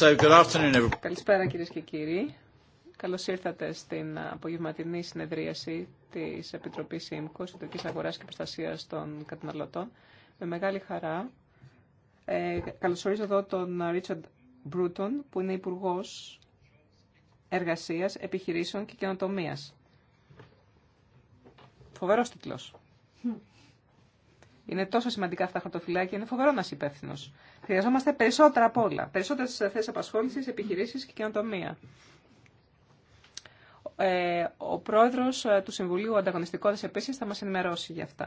So, good afternoon, everybody. Καλησπέρα κυρίε και κύριοι. Καλώ ήρθατε στην απογευματινή συνεδρίαση τη Επιτροπή ΣΥΜΚΟ, Συντροφή Αγορά και Προστασία των Καταναλωτών. Με μεγάλη χαρά ε, καλωσορίζω εδώ τον Ρίτσαρντ Μπρούτον, που είναι Υπουργό Εργασία, Επιχειρήσεων και Καινοτομία. Φοβερό τίτλο. Είναι τόσο σημαντικά αυτά τα χαρτοφυλάκια, είναι φοβερό να είσαι υπεύθυνο. Χρειαζόμαστε περισσότερα από όλα. Περισσότερε θέσει απασχόληση, επιχειρήσει και καινοτομία. Ε, ο πρόεδρο ε, του Συμβουλίου Ανταγωνιστικότητα επίση θα μα ενημερώσει για αυτά.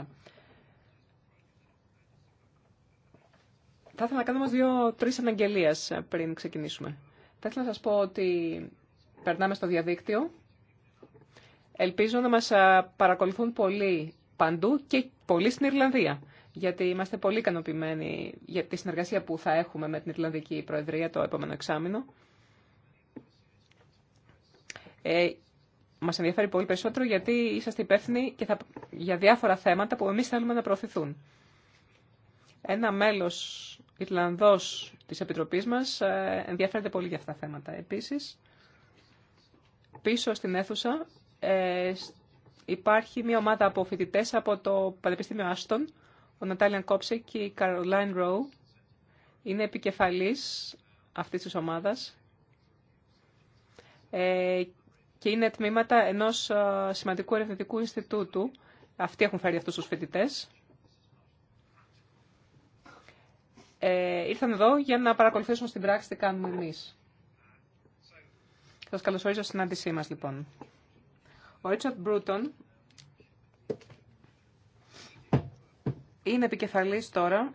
Θα ήθελα να κάνω δύο-τρει αναγγελίε ε, πριν ξεκινήσουμε. Θα ήθελα να σα πω ότι περνάμε στο διαδίκτυο. Ελπίζω να μας παρακολουθούν πολύ παντού και πολύ στην Ιρλανδία γιατί είμαστε πολύ ικανοποιημένοι για τη συνεργασία που θα έχουμε με την Ιρλανδική Προεδρία το επόμενο εξάμεινο. Ε, μας ενδιαφέρει πολύ περισσότερο γιατί είσαστε υπεύθυνοι και θα, για διάφορα θέματα που εμείς θέλουμε να προωθηθούν. Ένα μέλος Ιρλανδός της Επιτροπής μας ε, ενδιαφέρεται πολύ για αυτά τα θέματα. Επίση, πίσω στην αίθουσα ε, υπάρχει μια ομάδα από φοιτητέ από το Πανεπιστήμιο Άστον ο Νατάλιαν Κόψε και η Καρολάιν Ρο είναι επικεφαλής αυτής της ομάδας ε, και είναι τμήματα ενός ε, σημαντικού ερευνητικού Ινστιτούτου. Αυτοί έχουν φέρει αυτούς τους φοιτητές. Ε, ήρθαν εδώ για να παρακολουθήσουν στην πράξη τι κάνουμε εμείς. Σας καλωσορίζω στην συνάντησή μας, λοιπόν. Ο Ρίτσαρτ Μπρούτον είναι επικεφαλής τώρα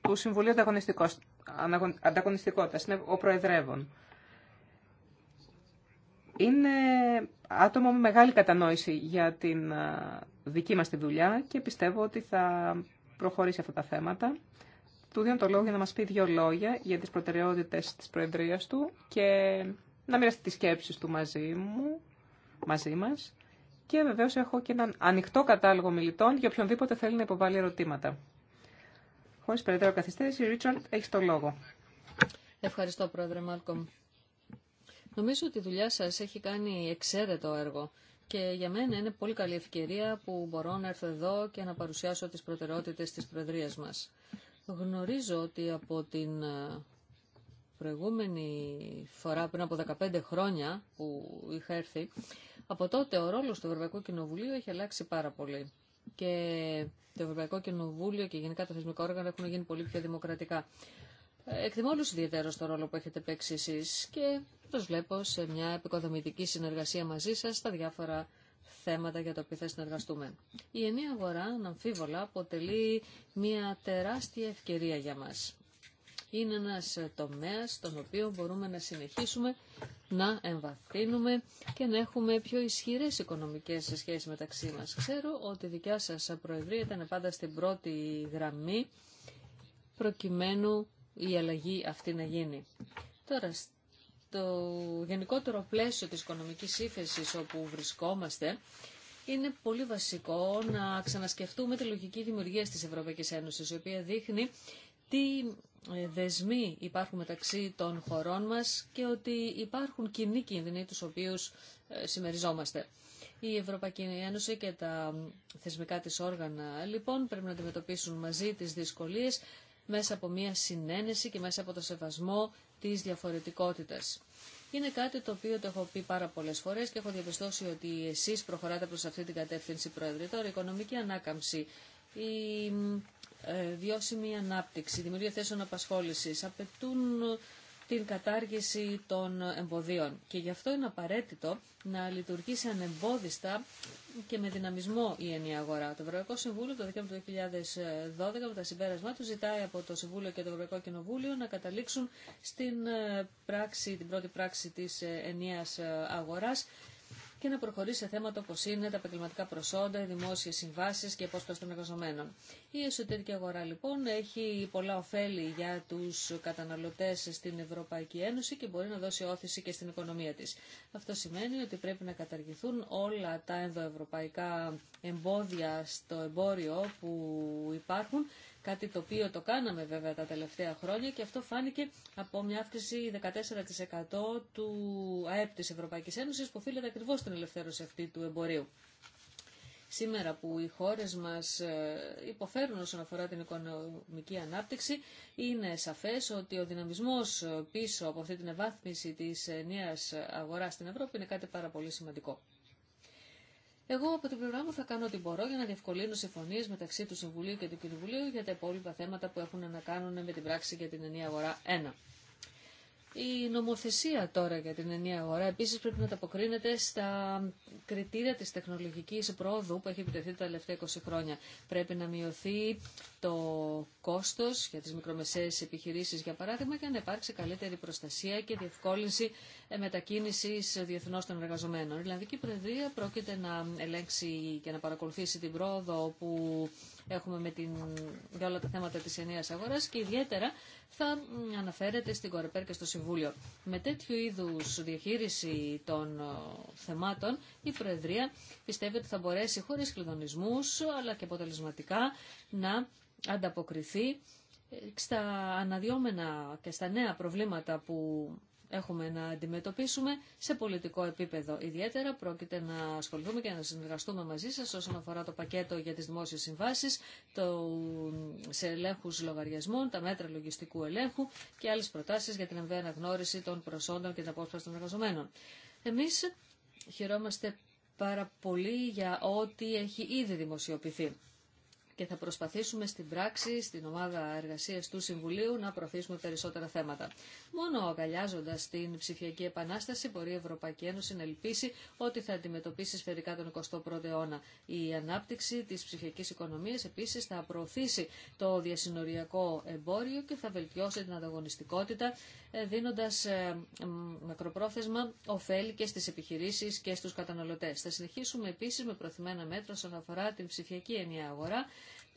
του Συμβουλίου Ανταγωνιστικότητας, είναι ο Προεδρεύων. Είναι άτομο με μεγάλη κατανόηση για την δική μας τη δουλειά και πιστεύω ότι θα προχωρήσει αυτά τα θέματα. Του δίνω το λόγο για να μας πει δύο λόγια για τις προτεραιότητες της Προεδρίας του και να μοιραστεί τις σκέψεις του μαζί μου, μαζί μας. Και βεβαίως έχω και έναν ανοιχτό κατάλογο μιλητών για οποιονδήποτε θέλει να υποβάλει ερωτήματα. Χωρίς περαιτέρω καθυστέρηση, Ρίτσαρντ, έχει το λόγο. Ευχαριστώ, Πρόεδρε Μάλκομ. Νομίζω ότι η δουλειά σας έχει κάνει εξαίρετο έργο και για μένα είναι πολύ καλή ευκαιρία που μπορώ να έρθω εδώ και να παρουσιάσω τις προτεραιότητες της Προεδρίας μας. Γνωρίζω ότι από την προηγούμενη φορά πριν από 15 χρόνια που είχα έρθει, από τότε ο ρόλος του Ευρωπαϊκού Κοινοβουλίου έχει αλλάξει πάρα πολύ. Και το Ευρωπαϊκό Κοινοβούλιο και γενικά τα θεσμικά όργανα έχουν γίνει πολύ πιο δημοκρατικά. Εκτιμώ όλους ιδιαίτερα στο ρόλο που έχετε παίξει εσείς και τους βλέπω σε μια επικοδομητική συνεργασία μαζί σας στα διάφορα θέματα για τα οποία θα συνεργαστούμε. Η ενή αγορά, αναμφίβολα, αποτελεί μια τεράστια ευκαιρία για μας είναι ένας ε, τομέας στον οποίο μπορούμε να συνεχίσουμε να εμβαθύνουμε και να έχουμε πιο ισχυρές οικονομικές σχέσεις μεταξύ μας. Ξέρω ότι η δικιά σας προεδρία ήταν πάντα στην πρώτη γραμμή προκειμένου η αλλαγή αυτή να γίνει. Τώρα, το γενικότερο πλαίσιο της οικονομικής ύφεσης όπου βρισκόμαστε, είναι πολύ βασικό να ξανασκεφτούμε τη λογική δημιουργία της Ευρωπαϊκής Ένωσης, η οποία δείχνει τι ε, δεσμοί υπάρχουν μεταξύ των χωρών μας και ότι υπάρχουν κοινοί κίνδυνοι τους οποίους ε, συμμεριζόμαστε. Η Ευρωπαϊκή Ένωση και τα θεσμικά της όργανα λοιπόν πρέπει να αντιμετωπίσουν μαζί τις δυσκολίες μέσα από μια συνένεση και μέσα από το σεβασμό της διαφορετικότητας. Είναι κάτι το οποίο το έχω πει πάρα πολλέ φορέ και έχω διαπιστώσει ότι εσεί προχωράτε προ αυτή την κατεύθυνση, Πρόεδρε. Τώρα, η οικονομική ανάκαμψη, η ε, βιώσιμη ανάπτυξη, δημιουργία θέσεων απασχόλησης, απαιτούν ε, την κατάργηση των εμποδίων. Και γι' αυτό είναι απαραίτητο να λειτουργήσει ανεμπόδιστα και με δυναμισμό η ενιαία αγορά. Το Ευρωπαϊκό Συμβούλιο το Δεκέμβριο του 2012 με τα συμπέρασμά του ζητάει από το Συμβούλιο και το Ευρωπαϊκό Κοινοβούλιο να καταλήξουν στην ε, πράξη, την πρώτη πράξη της ενιαίας αγοράς και να προχωρήσει σε θέματα όπω είναι τα επαγγελματικά προσόντα, οι δημόσιες συμβάσεις και η απόσπαση των εργαζομένων. Η εσωτερική αγορά λοιπόν έχει πολλά ωφέλη για τους καταναλωτές στην Ευρωπαϊκή Ένωση και μπορεί να δώσει όθηση και στην οικονομία της. Αυτό σημαίνει ότι πρέπει να καταργηθούν όλα τα ενδοευρωπαϊκά εμπόδια στο εμπόριο που υπάρχουν Κάτι το οποίο το κάναμε βέβαια τα τελευταία χρόνια και αυτό φάνηκε από μια αύξηση 14% του ΑΕΠ της Ευρωπαϊκής Ένωσης που οφείλεται ακριβώς στην ελευθέρωση αυτή του εμπορίου. Σήμερα που οι χώρες μας ε, υποφέρουν όσον αφορά την οικονομική ανάπτυξη, είναι σαφές ότι ο δυναμισμός πίσω από αυτή την ευάθμιση της νέας αγοράς στην Ευρώπη είναι κάτι πάρα πολύ σημαντικό. Εγώ από την πλευρά μου θα κάνω ό,τι μπορώ για να διευκολύνω συμφωνίε μεταξύ του Συμβουλίου και του Κοινοβουλίου για τα υπόλοιπα θέματα που έχουν να κάνουν με την πράξη για την ενία αγορά 1. Η νομοθεσία τώρα για την ενιαία αγορά επίσης πρέπει να αποκρίνεται στα κριτήρια της τεχνολογικής πρόοδου που έχει επιτεθεί τα τελευταία 20 χρόνια. Πρέπει να μειωθεί το κόστος για τις μικρομεσαίες επιχειρήσεις για παράδειγμα και να υπάρξει καλύτερη προστασία και διευκόλυνση μετακίνηση διεθνώ των εργαζομένων. Η Ιρλανδική Προεδρία πρόκειται να ελέγξει και να παρακολουθήσει την πρόοδο που έχουμε με την, για όλα τα θέματα της ενίας αγοράς και ιδιαίτερα θα αναφέρεται στην Κορεπέρ και στο Συμβούλιο. Με τέτοιου είδους διαχείριση των ε, θεμάτων η Προεδρία πιστεύει ότι θα μπορέσει χωρίς κλειδονισμούς αλλά και αποτελεσματικά να ανταποκριθεί ε, στα αναδιόμενα και στα νέα προβλήματα που έχουμε να αντιμετωπίσουμε σε πολιτικό επίπεδο. Ιδιαίτερα πρόκειται να ασχοληθούμε και να συνεργαστούμε μαζί σας όσον αφορά το πακέτο για τις δημόσιες συμβάσεις, το, σε ελέγχους λογαριασμών, τα μέτρα λογιστικού ελέγχου και άλλες προτάσεις για την εμβαία αναγνώριση των προσόντων και την απόσπαση των εργαζομένων. Εμείς χαιρόμαστε πάρα πολύ για ό,τι έχει ήδη δημοσιοποιηθεί και θα προσπαθήσουμε στην πράξη, στην ομάδα εργασίας του Συμβουλίου, να προωθήσουμε περισσότερα θέματα. Μόνο αγκαλιάζοντα την ψηφιακή επανάσταση μπορεί η Ευρωπαϊκή Ένωση να ελπίσει ότι θα αντιμετωπίσει σφαιρικά τον 21ο αιώνα. Η ανάπτυξη τη ψηφιακή οικονομία επίση θα προωθήσει το διασυνοριακό εμπόριο και θα βελτιώσει την ανταγωνιστικότητα, ε, δίνοντα ε, μακροπρόθεσμα ωφέλη και στι επιχειρήσει και στου καταναλωτέ. Θα συνεχίσουμε επίση με προθυμένα μέτρα όσον αφορά την ψηφιακή ενιαία αγορά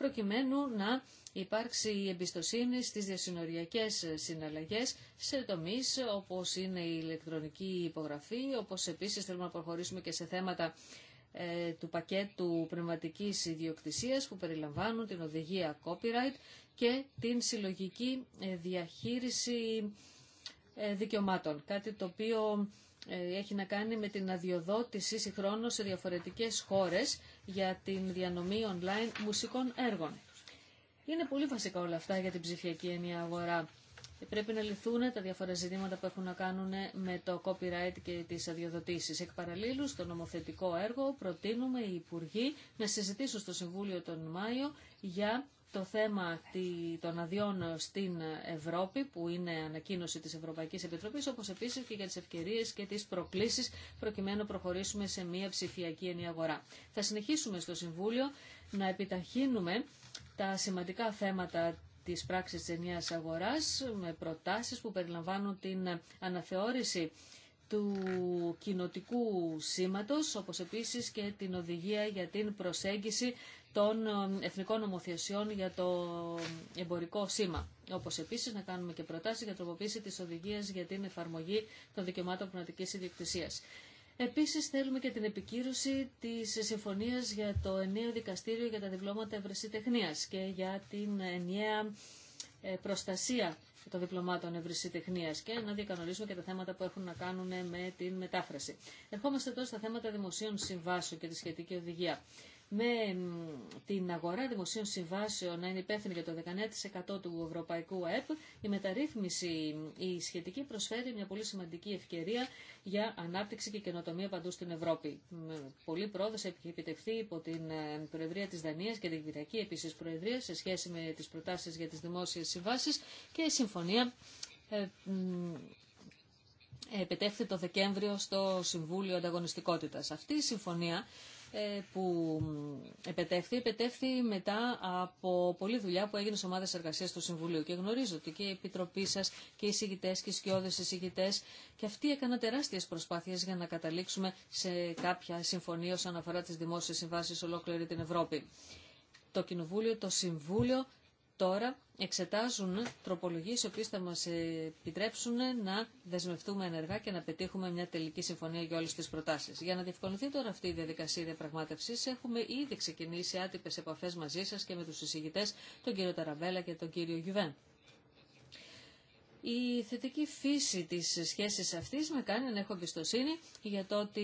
προκειμένου να υπάρξει εμπιστοσύνη στις διασυνοριακές συναλλαγές σε τομείς όπως είναι η ηλεκτρονική υπογραφή, όπως επίσης θέλουμε να προχωρήσουμε και σε θέματα ε, του πακέτου πνευματικής ιδιοκτησίας που περιλαμβάνουν την οδηγία copyright και την συλλογική ε, διαχείριση ε, δικαιωμάτων. Κάτι το οποίο έχει να κάνει με την αδειοδότηση συγχρόνως σε διαφορετικές χώρες για την διανομή online μουσικών έργων. Είναι πολύ βασικά όλα αυτά για την ψηφιακή ενιαία αγορά. Πρέπει να λυθούν τα διάφορα ζητήματα που έχουν να κάνουν με το copyright και τις αδειοδοτήσεις. Εκ παραλλήλου, στο νομοθετικό έργο προτείνουμε οι Υπουργοί να συζητήσουν στο Συμβούλιο τον Μάιο για το θέμα των αδειών στην Ευρώπη, που είναι ανακοίνωση της Ευρωπαϊκής Επιτροπής, όπως επίσης και για τις ευκαιρίες και τις προκλήσεις, προκειμένου να προχωρήσουμε σε μια ψηφιακή ενιαγορά. αγορά. Θα συνεχίσουμε στο Συμβούλιο να επιταχύνουμε τα σημαντικά θέματα της πράξης της ενιαίας αγοράς, με προτάσεις που περιλαμβάνουν την αναθεώρηση του κοινοτικού σήματος, όπως επίσης και την οδηγία για την προσέγγιση των ε, εθνικών νομοθεσιών για το εμπορικό σήμα. Όπω επίση να κάνουμε και προτάσει για τροποποίηση τη οδηγία για την εφαρμογή των δικαιωμάτων πνευματική ιδιοκτησία. Επίση, θέλουμε και την επικύρωση τη συμφωνία για το ενιαίο δικαστήριο για τα διπλώματα ευρεσιτεχνία και για την ενιαία ε, προστασία των διπλωμάτων ευρεσιτεχνία και να διακανονίσουμε και τα θέματα που έχουν να κάνουν με την μετάφραση. Ερχόμαστε τώρα στα θέματα δημοσίων συμβάσεων και τη σχετική οδηγία με την αγορά δημοσίων συμβάσεων να είναι υπεύθυνη για το 19% του ευρωπαϊκού ΑΕΠ, η μεταρρύθμιση η σχετική προσφέρει μια πολύ σημαντική ευκαιρία για ανάπτυξη και καινοτομία παντού στην Ευρώπη. Πολύ πρόοδο έχει επιτευχθεί υπό την ε, Προεδρία τη Δανία και την Κυριακή επίση Προεδρία σε σχέση με τι προτάσει για τι δημόσιε συμβάσει και η συμφωνία ε, επιτεύχθη το Δεκέμβριο στο Συμβούλιο Ανταγωνιστικότητας. Αυτή η συμφωνία ε, που επετεύθη. Επετεύθη μετά από πολλή δουλειά που έγινε σε ομάδε εργασία του Συμβουλίου. Και γνωρίζω ότι και η Επιτροπή σα και οι συγκητέ και οι σκιώδε και αυτοί έκαναν τεράστιε προσπάθειε για να καταλήξουμε σε κάποια συμφωνία όσον αφορά τι δημόσιε συμβάσει ολόκληρη την Ευρώπη. Το Κοινοβούλιο, το Συμβούλιο τώρα εξετάζουν τροπολογίες οι οποίες θα μας επιτρέψουν να δεσμευτούμε ενεργά και να πετύχουμε μια τελική συμφωνία για όλες τις προτάσεις. Για να διευκολυνθεί τώρα αυτή η διαδικασία διαπραγμάτευσης έχουμε ήδη ξεκινήσει άτυπες επαφές μαζί σας και με τους συζητητέ, τον κύριο Ταραμπέλα και τον κύριο Γιουβέν. Η θετική φύση της σχέσης αυτής με κάνει να έχω εμπιστοσύνη για το ότι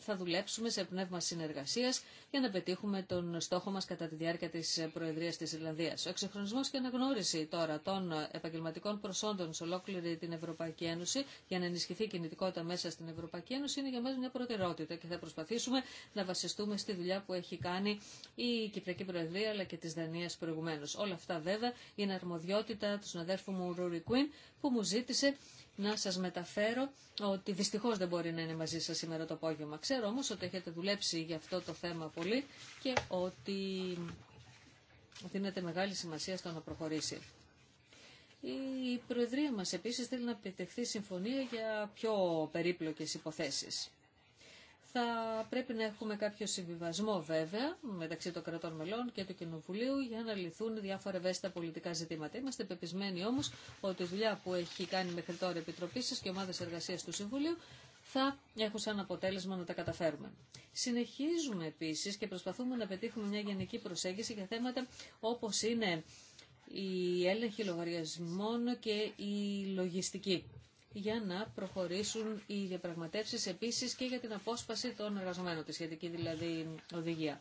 θα δουλέψουμε σε πνεύμα συνεργασίας για να πετύχουμε τον στόχο μας κατά τη διάρκεια της Προεδρίας της Ιρλανδίας. Ο εξεχρονισμός και αναγνώριση τώρα των επαγγελματικών προσόντων σε ολόκληρη την Ευρωπαϊκή Ένωση για να ενισχυθεί η κινητικότητα μέσα στην Ευρωπαϊκή Ένωση είναι για μας μια προτεραιότητα και θα προσπαθήσουμε να βασιστούμε στη δουλειά που έχει κάνει η Κυπριακή Προεδρία αλλά και της Δανίας προηγουμένως. Όλα αυτά βέβαια είναι αρμοδιότητα του συναδέρφου μου Ρούρι Κουίν που μου ζήτησε να σας μεταφέρω ότι δυστυχώς δεν μπορεί να είναι μαζί σας σήμερα το απόγευμα. Ξέρω όμως ότι έχετε δουλέψει για αυτό το θέμα πολύ και ότι δίνεται μεγάλη σημασία στο να προχωρήσει. Η Προεδρία μας επίσης θέλει να επιτευχθεί συμφωνία για πιο περίπλοκες υποθέσεις. Θα πρέπει να έχουμε κάποιο συμβιβασμό βέβαια μεταξύ των κρατών μελών και του Κοινοβουλίου για να λυθούν διάφορα ευαίσθητα πολιτικά ζητήματα. Είμαστε πεπισμένοι όμω ότι η δουλειά που έχει κάνει μέχρι τώρα η Επιτροπή σα και ομάδε εργασία του Συμβουλίου θα έχουν σαν αποτέλεσμα να τα καταφέρουμε. Συνεχίζουμε επίση και προσπαθούμε να πετύχουμε μια γενική προσέγγιση για θέματα όπω είναι η έλεγχη λογαριασμών και η λογιστική για να προχωρήσουν οι διαπραγματεύσεις επίσης και για την απόσπαση των εργαζομένων, τη σχετική δηλαδή οδηγία.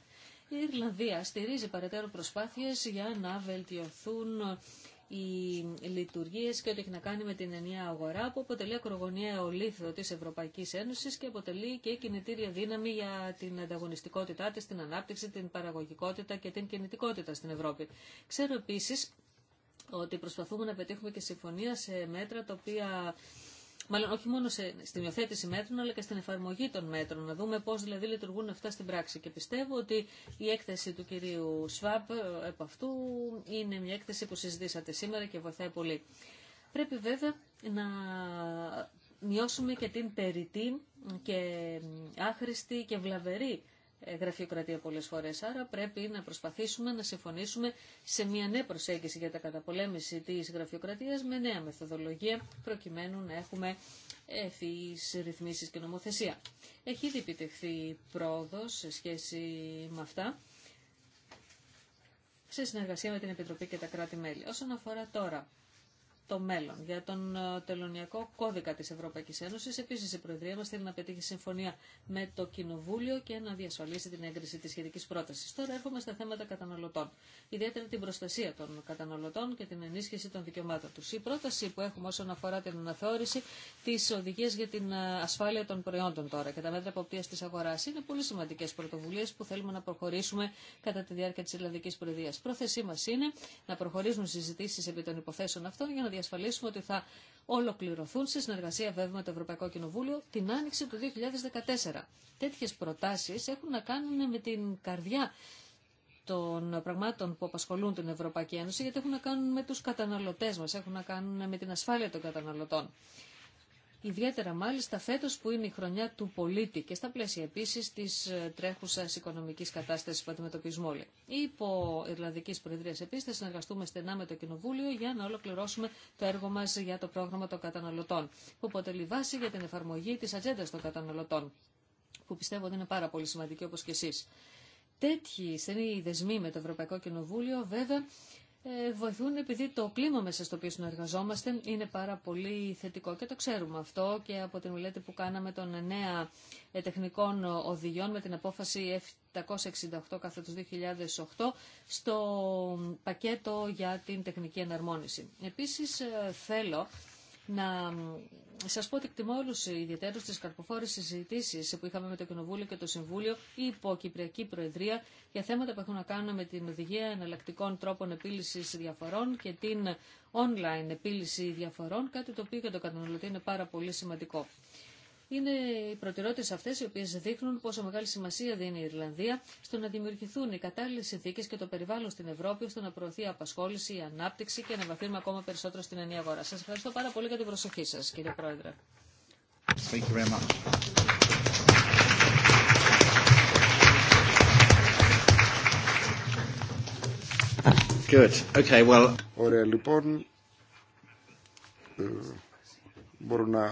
Η Ιρλανδία στηρίζει παρετέρω προσπάθειες για να βελτιωθούν οι λειτουργίε και ό,τι έχει να κάνει με την ενιαία αγορά που αποτελεί ακρογωνιαίο λίθο της Ευρωπαϊκής Ένωσης και αποτελεί και κινητήρια δύναμη για την ανταγωνιστικότητά τη, την ανάπτυξη, την παραγωγικότητα και την κινητικότητα στην Ευρώπη. Ξέρω επίσης ότι προσπαθούμε να πετύχουμε και συμφωνία σε μέτρα τα οποία μάλλον όχι μόνο σε, στην υιοθέτηση μέτρων, αλλά και στην εφαρμογή των μέτρων, να δούμε πώς δηλαδή λειτουργούν αυτά στην πράξη. Και πιστεύω ότι η έκθεση του κυρίου ΣΒΑΠ από ε, αυτού είναι μια έκθεση που συζητήσατε σήμερα και βοηθάει πολύ. Πρέπει βέβαια να μειώσουμε και την περιττή και άχρηστη και βλαβερή ε, γραφειοκρατία πολλέ φορές. Άρα πρέπει να προσπαθήσουμε να συμφωνήσουμε σε μια νέα προσέγγιση για τα καταπολέμηση της γραφειοκρατίας με νέα μεθοδολογία προκειμένου να έχουμε ευφυεί ρυθμίσει και νομοθεσία. Έχει ήδη επιτευχθεί πρόοδο σε σχέση με αυτά σε συνεργασία με την Επιτροπή και τα κράτη-μέλη. Όσον αφορά τώρα το μέλλον. Για τον ε, τελωνιακό κώδικα της Ευρωπαϊκής Ένωσης, Επίση η Προεδρία μα θέλει να πετύχει συμφωνία με το Κοινοβούλιο και να διασφαλίσει την έγκριση της σχετική πρότασης. Τώρα έρχομαι στα θέματα καταναλωτών, ιδιαίτερα την προστασία των καταναλωτών και την ενίσχυση των δικαιωμάτων του. Η πρόταση που έχουμε όσον αφορά την αναθεώρηση της οδηγίας για την ε, ασφάλεια των προϊόντων τώρα και τα μέτρα αποπτία της αγοράς είναι πολύ σημαντικέ πρωτοβουλίες που θέλουμε να προχωρήσουμε κατά τη διάρκεια της Ελλαδικής Προεδρίας. Πρόθεσή μας είναι να προχωρήσουν συζητήσεις επί των υποθέσεων αυτών για να ασφαλίσουμε ότι θα ολοκληρωθούν σε συνεργασία βέβαια με το Ευρωπαϊκό Κοινοβούλιο την άνοιξη του 2014. Τέτοιες προτάσεις έχουν να κάνουν με την καρδιά των πραγμάτων που απασχολούν την Ευρωπαϊκή Ένωση, γιατί έχουν να κάνουν με τους καταναλωτές μας, έχουν να κάνουν με την ασφάλεια των καταναλωτών ιδιαίτερα μάλιστα φέτος που είναι η χρονιά του πολίτη και στα πλαίσια επίσης της ε, τρέχουσας οικονομικής κατάστασης που αντιμετωπίζουμε όλοι. Υπό Ιρλανδικής Προεδρίας επίσης θα συνεργαστούμε στενά με το Κοινοβούλιο για να ολοκληρώσουμε το έργο μας για το πρόγραμμα των καταναλωτών, που αποτελεί βάση για την εφαρμογή της ατζέντα των καταναλωτών, που πιστεύω ότι είναι πάρα πολύ σημαντική όπως και εσείς. Τέτοιοι στενοί δεσμοί με το Ευρωπαϊκό Κοινοβούλιο βέβαια ε, βοηθούν επειδή το κλίμα μέσα στο οποίο συνεργαζόμαστε είναι πάρα πολύ θετικό και το ξέρουμε αυτό και από την μελέτη που κάναμε των νέα ε, τεχνικών οδηγιών με την απόφαση 768 του 2008 στο πακέτο για την τεχνική εναρμόνιση. Επίσης ε, θέλω να σας πω ότι εκτιμώ όλου ιδιαίτερω τι καρποφόρες συζητήσεις που είχαμε με το Κοινοβούλιο και το Συμβούλιο υπό Κυπριακή Προεδρία για θέματα που έχουν να κάνουν με την οδηγία εναλλακτικών τρόπων επίλυση διαφορών και την online επίλυση διαφορών, κάτι το οποίο για το καταναλωτή είναι πάρα πολύ σημαντικό είναι οι προτεραιότητε αυτέ οι οποίε δείχνουν πόσο μεγάλη σημασία δίνει η Ιρλανδία στο να δημιουργηθούν οι κατάλληλε συνθήκε και το περιβάλλον στην Ευρώπη ώστε να προωθεί η απασχόληση, η ανάπτυξη και να βαθύνουμε ακόμα περισσότερο στην ενιαία αγορά. Σα ευχαριστώ πάρα πολύ για την προσοχή σα, κύριε Πρόεδρε. Good. Okay, well... λοιπόν. Ε, Μπορούν να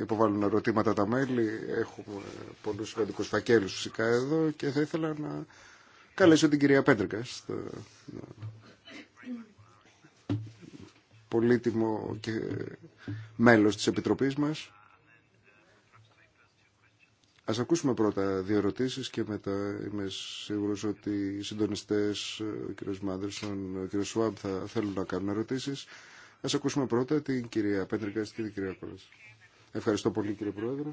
υποβάλουν ερωτήματα τα μέλη. Έχουμε πολλούς σημαντικού φακέλους φυσικά εδώ και θα ήθελα να καλέσω την κυρία Πέντρικα στο πολύτιμο και μέλος της Επιτροπής μας. Ας ακούσουμε πρώτα δύο ερωτήσεις και μετά είμαι σίγουρος ότι οι συντονιστές, ο κ. Μάντερσον, ο κ. Σουάμπ θα θέλουν να κάνουν ερωτήσεις. Α ακούσουμε πρώτα την κυρία Πέτρικα και την κυρία Κόλας. Ευχαριστώ πολύ κύριε Πρόεδρε.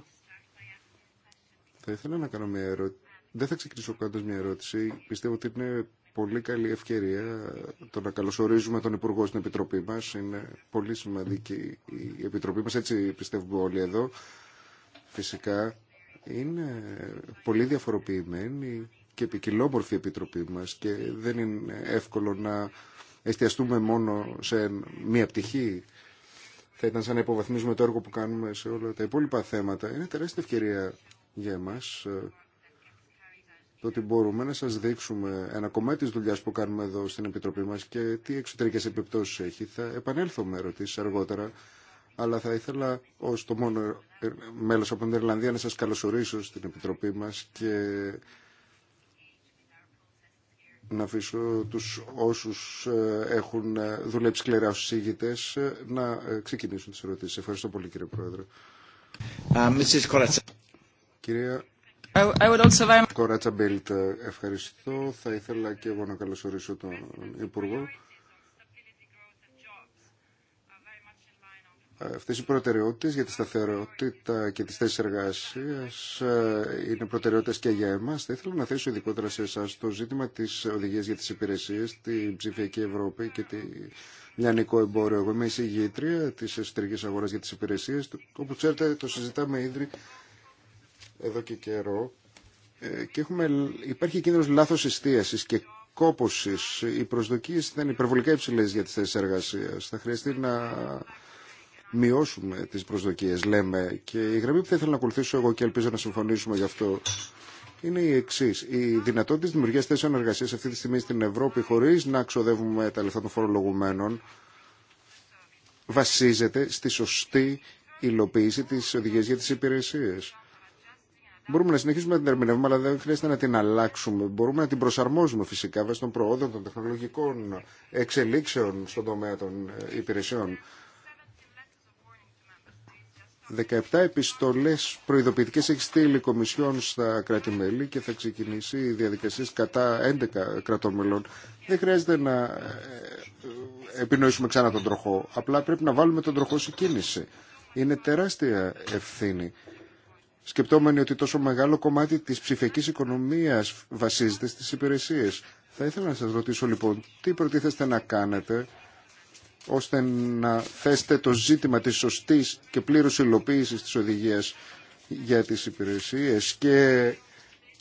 Θα ήθελα να κάνω μια ερώτηση. Δεν θα ξεκινήσω κάνοντα μια ερώτηση. Πιστεύω ότι είναι πολύ καλή ευκαιρία το να καλωσορίζουμε τον Υπουργό στην Επιτροπή μα. Είναι πολύ σημαντική η Επιτροπή μας, έτσι πιστεύουμε όλοι εδώ. Φυσικά είναι πολύ διαφοροποιημένη και επικοινόμορφη η Επιτροπή μας και δεν είναι εύκολο να εστιαστούμε μόνο σε μία πτυχή. Θα ήταν σαν να υποβαθμίζουμε το έργο που κάνουμε σε όλα τα υπόλοιπα θέματα. Είναι τεράστια ευκαιρία για εμάς ε, το ότι μπορούμε να σας δείξουμε ένα κομμάτι της δουλειάς που κάνουμε εδώ στην Επιτροπή μας και τι εξωτερικές επιπτώσεις έχει. Θα επανέλθω με ερωτήσεις αργότερα, αλλά θα ήθελα ως το μόνο ε, μέλος από την Ιρλανδία να σας καλωσορίσω στην Επιτροπή μας και να αφήσω τους όσους ε, έχουν ε, δουλέψει σκληρά ως Ήγητες ε, να ξεκινήσουν τις ερωτήσεις. Ευχαριστώ πολύ κύριε Πρόεδρε. Uh, Κυρία Κοράτσα Μπέλτ, ευχαριστώ. Θα ήθελα και εγώ να καλωσορίσω τον Υπουργό. Αυτές οι προτεραιότητες για τη σταθερότητα και τις θέσεις εργασίας ε, είναι προτεραιότητες και για εμάς. Θα ήθελα να θέσω ειδικότερα σε εσάς το ζήτημα της οδηγίας για τις υπηρεσίες, την ψηφιακή Ευρώπη και τη λιανικό εμπόριο. Εγώ είμαι εισηγήτρια της εσωτερικής αγοράς για τις υπηρεσίες. Όπω ξέρετε το συζητάμε ήδη εδώ και καιρό. Ε, και έχουμε, υπάρχει κίνδυνος λάθος εστίασης και κόπωσης. Οι προσδοκίες ήταν είναι υπερβολικά υψηλές για τις θέσεις εργασία. Θα χρειαστεί να μειώσουμε τι προσδοκίε, λέμε. Και η γραμμή που θα ήθελα να ακολουθήσω εγώ και ελπίζω να συμφωνήσουμε γι' αυτό είναι η εξή. Η δυνατότητα τη δημιουργία θέσεων εργασία αυτή τη στιγμή στην Ευρώπη, χωρί να ξοδεύουμε τα λεφτά των φορολογουμένων, βασίζεται στη σωστή υλοποίηση τη οδηγία για τι υπηρεσίε. Μπορούμε να συνεχίσουμε να την ερμηνεύουμε, αλλά δεν χρειάζεται να την αλλάξουμε. Μπορούμε να την προσαρμόζουμε φυσικά βάσει των προόδων των τεχνολογικών εξελίξεων στον τομέα των ε, υπηρεσιών. 17 επιστολές προειδοποιητικές έχει στείλει κομισιόν στα κράτη-μέλη και θα ξεκινήσει η διαδικασία κατά 11 κρατών μελών. Δεν χρειάζεται να ε, επινοήσουμε ξανά τον τροχό. Απλά πρέπει να βάλουμε τον τροχό σε κίνηση. Είναι τεράστια ευθύνη. Σκεπτόμενοι ότι τόσο μεγάλο κομμάτι της ψηφιακής οικονομίας βασίζεται στις υπηρεσίες. Θα ήθελα να σας ρωτήσω λοιπόν τι προτίθεστε να κάνετε ώστε να θέσετε το ζήτημα της σωστής και πλήρους υλοποίησης της οδηγίας για τις υπηρεσίες και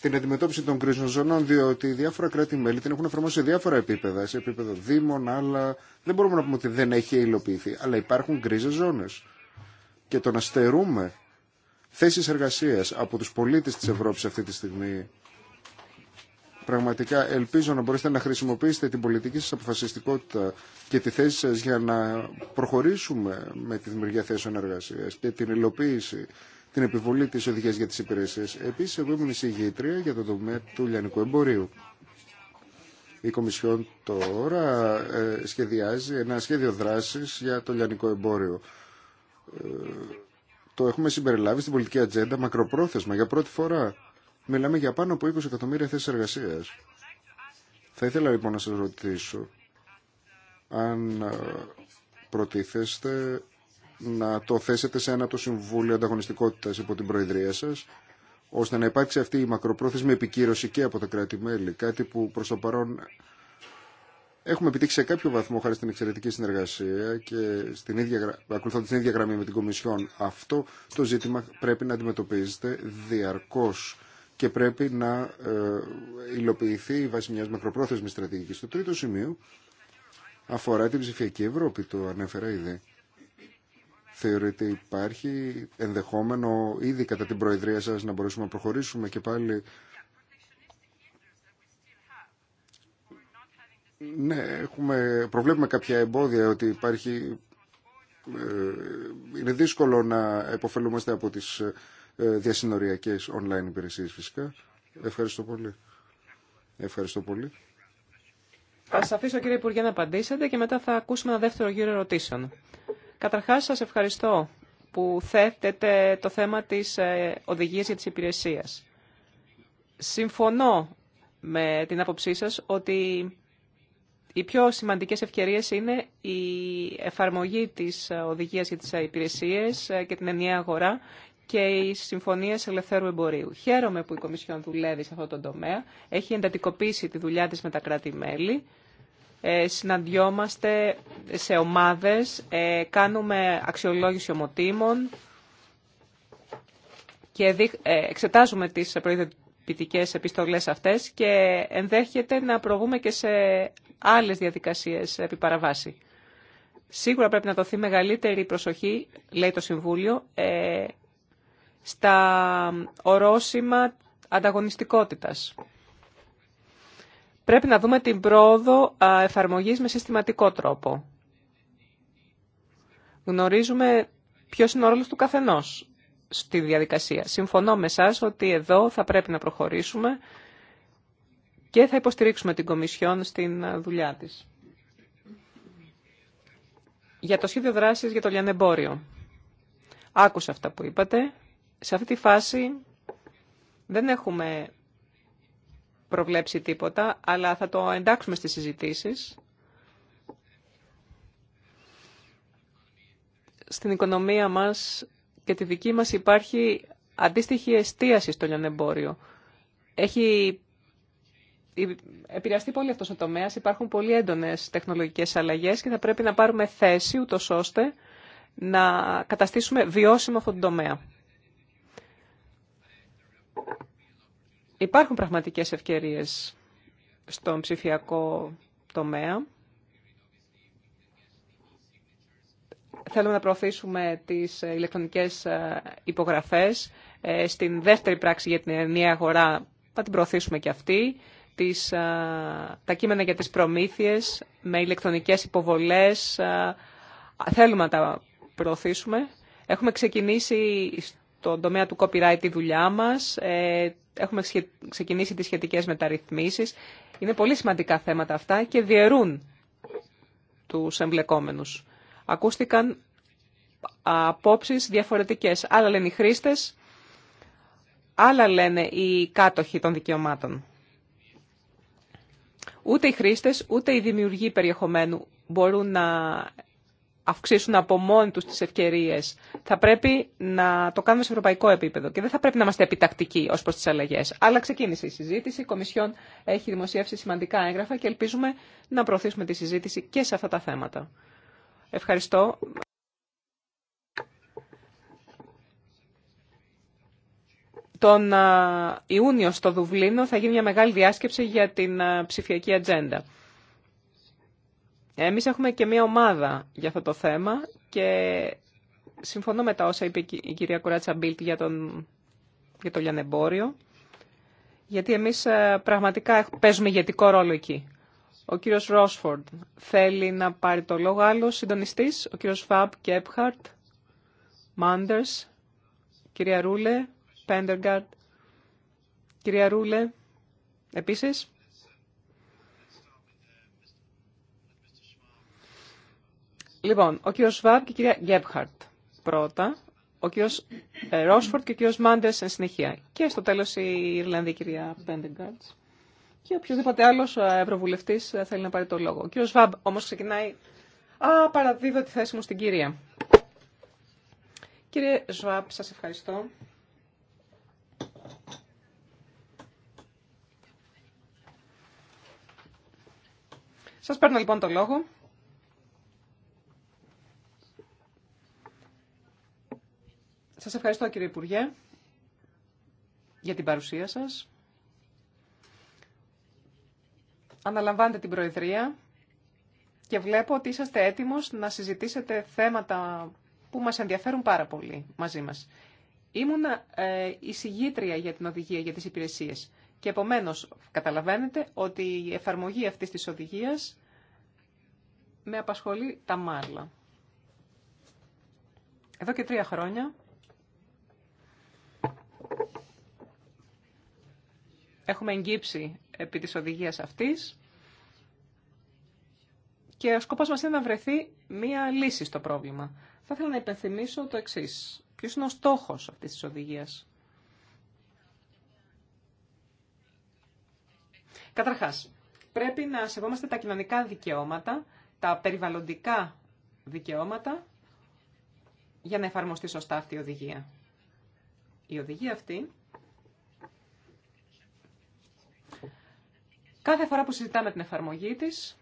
την αντιμετώπιση των κρίσεων ζωνών, διότι διάφορα κράτη-μέλη την έχουν εφαρμόσει σε διάφορα επίπεδα, σε επίπεδο δήμων, αλλά δεν μπορούμε να πούμε ότι δεν έχει υλοποιηθεί, αλλά υπάρχουν κρίσεις ζώνες. Και το να στερούμε θέσεις εργασίας από τους πολίτες της Ευρώπης αυτή τη στιγμή Πραγματικά ελπίζω να μπορέσετε να χρησιμοποιήσετε την πολιτική σας αποφασιστικότητα και τη θέση σας για να προχωρήσουμε με τη δημιουργία θέσεων εργασίας και την υλοποίηση, την επιβολή της οδηγίας για τις υπηρεσίες. Επίσης, εγώ ήμουν εισηγήτρια για το τομέα του λιανικού εμπορίου. Η Κομισιόν τώρα ε, σχεδιάζει ένα σχέδιο δράσης για το λιανικό εμπόριο. Ε, το έχουμε συμπεριλάβει στην πολιτική ατζέντα μακροπρόθεσμα για πρώτη φορά μιλάμε για πάνω από 20 εκατομμύρια θέσεις εργασίας. Θα ήθελα λοιπόν να σας ρωτήσω αν ε, προτίθεστε να το θέσετε σε ένα το Συμβούλιο Ανταγωνιστικότητας υπό την Προεδρία σας ώστε να υπάρξει αυτή η μακροπρόθεσμη επικύρωση και από τα κράτη-μέλη. Κάτι που προς το παρόν έχουμε επιτύχει σε κάποιο βαθμό χάρη στην εξαιρετική συνεργασία και στην ίδια, την ίδια γραμμή με την Κομισιόν. Αυτό το ζήτημα πρέπει να αντιμετωπίζεται διαρκώς και πρέπει να ε, υλοποιηθεί η βάση μακροπρόθεσμης στρατηγικής. Το τρίτο σημείο αφορά την ψηφιακή Ευρώπη, το ανέφερα ήδη. Θεωρείτε υπάρχει ενδεχόμενο ήδη κατά την Προεδρία σας να μπορέσουμε να προχωρήσουμε και πάλι Ναι, έχουμε, προβλέπουμε κάποια εμπόδια ότι υπάρχει, ε, είναι δύσκολο να επωφελούμαστε από τις ε, ε, διασυνοριακές online υπηρεσίες φυσικά. Ευχαριστώ πολύ. Ευχαριστώ πολύ. Θα σας αφήσω κύριε Υπουργέ να απαντήσετε και μετά θα ακούσουμε ένα δεύτερο γύρο ερωτήσεων. Καταρχάς σας ευχαριστώ που θέτετε το θέμα της ε, οδηγίας για τις υπηρεσίες. Συμφωνώ με την άποψή σας ότι οι πιο σημαντικές ευκαιρίες είναι η εφαρμογή της ε, οδηγίας για τις υπηρεσίες και την ενιαία αγορά και οι συμφωνίε ελευθέρου εμπορίου. Χαίρομαι που η Κομισιόν δουλεύει σε αυτό το τομέα. Έχει εντατικοποιήσει τη δουλειά τη με τα κράτη-μέλη. Ε, συναντιόμαστε σε ομάδες, ε, κάνουμε αξιολόγηση ομοτήμων και ε, εξετάζουμε τις προειδοποιητικέ επιστολές αυτές και ενδέχεται να προβούμε και σε άλλες διαδικασίες επί παραβάση. Σίγουρα πρέπει να δοθεί μεγαλύτερη προσοχή, λέει το Συμβούλιο, στα ορόσημα ανταγωνιστικότητας. Πρέπει να δούμε την πρόοδο εφαρμογής με συστηματικό τρόπο. Γνωρίζουμε ποιος είναι ο ρόλος του καθενός στη διαδικασία. Συμφωνώ με σας ότι εδώ θα πρέπει να προχωρήσουμε και θα υποστηρίξουμε την Κομισιόν στην δουλειά της. Για το σχέδιο δράσης για το λιανεμπόριο. Άκουσα αυτά που είπατε σε αυτή τη φάση δεν έχουμε προβλέψει τίποτα, αλλά θα το εντάξουμε στις συζητήσεις. Στην οικονομία μας και τη δική μας υπάρχει αντίστοιχη εστίαση στο λιονεμπόριο. Έχει επηρεαστεί πολύ αυτός ο τομέας, υπάρχουν πολύ έντονες τεχνολογικές αλλαγές και θα πρέπει να πάρουμε θέση ούτως ώστε να καταστήσουμε βιώσιμο αυτόν τον τομέα. Υπάρχουν πραγματικές ευκαιρίες στον ψηφιακό τομέα. Θέλουμε να προωθήσουμε τις ηλεκτρονικές υπογραφές. Ε, στην δεύτερη πράξη για την ενιαία αγορά θα την προωθήσουμε και αυτή. Τις, ε, τα κείμενα για τις προμήθειες με ηλεκτρονικές υποβολές ε, θέλουμε να τα προωθήσουμε. Έχουμε ξεκινήσει στον τομέα του copyright τη δουλειά μας, έχουμε ξεκινήσει τις σχετικές μεταρρυθμίσεις. Είναι πολύ σημαντικά θέματα αυτά και διαιρούν τους εμπλεκόμενους. Ακούστηκαν απόψεις διαφορετικές. Άλλα λένε οι χρήστες, άλλα λένε οι κάτοχοι των δικαιωμάτων. Ούτε οι χρήστες, ούτε οι δημιουργοί περιεχομένου μπορούν να αυξήσουν από μόνοι του τις ευκαιρίες. Θα πρέπει να το κάνουμε σε ευρωπαϊκό επίπεδο και δεν θα πρέπει να είμαστε επιτακτικοί ως προς τις αλλαγέ. Αλλά ξεκίνησε η συζήτηση, η Κομισιόν έχει δημοσιεύσει σημαντικά έγγραφα και ελπίζουμε να προωθήσουμε τη συζήτηση και σε αυτά τα θέματα. Ευχαριστώ. Τον Ιούνιο στο Δουβλίνο θα γίνει μια μεγάλη διάσκεψη για την ψηφιακή ατζέντα. Εμείς έχουμε και μία ομάδα για αυτό το θέμα και συμφωνώ με τα όσα είπε η κυρία Κουράτσα Μπίλτ για, τον, για το λιανεμπόριο, γιατί εμείς ε, πραγματικά παίζουμε ηγετικό ρόλο εκεί. Ο κύριος Ρόσφορντ θέλει να πάρει το λόγο άλλο συντονιστής, ο κύριος Φαμπ Κέπχαρτ, Μάντερς, κυρία Ρούλε, Πέντεργαρτ, κυρία Ρούλε, επίσης. Λοιπόν, ο κύριος Σβάμπ και η κυρία Γκέμπχαρτ πρώτα, ο κύριος ε, Ρόσφορτ και ο κύριος Μάντες εν συνεχεία. Και στο τέλος η Ιρλανδή κυρία Πέντεγκάρτ Και οποιοδήποτε άλλο ε, ευρωβουλευτή ε, θέλει να πάρει το λόγο. Ο κύριος Σβάμπ όμως ξεκινάει... Α, παραδίδω τη θέση μου στην κυρία. Κύριε Σβάμπ, σας ευχαριστώ. Σας παίρνω λοιπόν το λόγο. Σας ευχαριστώ κύριε Υπουργέ για την παρουσία σας. Αναλαμβάνετε την Προεδρία και βλέπω ότι είσαστε έτοιμος να συζητήσετε θέματα που μας ενδιαφέρουν πάρα πολύ μαζί μας. Ήμουν ε, εισηγήτρια για την οδηγία για τις υπηρεσίες και επομένως καταλαβαίνετε ότι η εφαρμογή αυτής της οδηγίας με απασχολεί τα μάρλα. Εδώ και τρία χρόνια έχουμε εγγύψει επί της οδηγίας αυτής και ο σκοπός μας είναι να βρεθεί μία λύση στο πρόβλημα. Θα ήθελα να υπενθυμίσω το εξής. Ποιος είναι ο στόχος αυτής της οδηγίας. Καταρχάς, πρέπει να σεβόμαστε τα κοινωνικά δικαιώματα, τα περιβαλλοντικά δικαιώματα, για να εφαρμοστεί σωστά αυτή η οδηγία. Η οδηγία αυτή Κάθε φορά που συζητάμε την εφαρμογή της,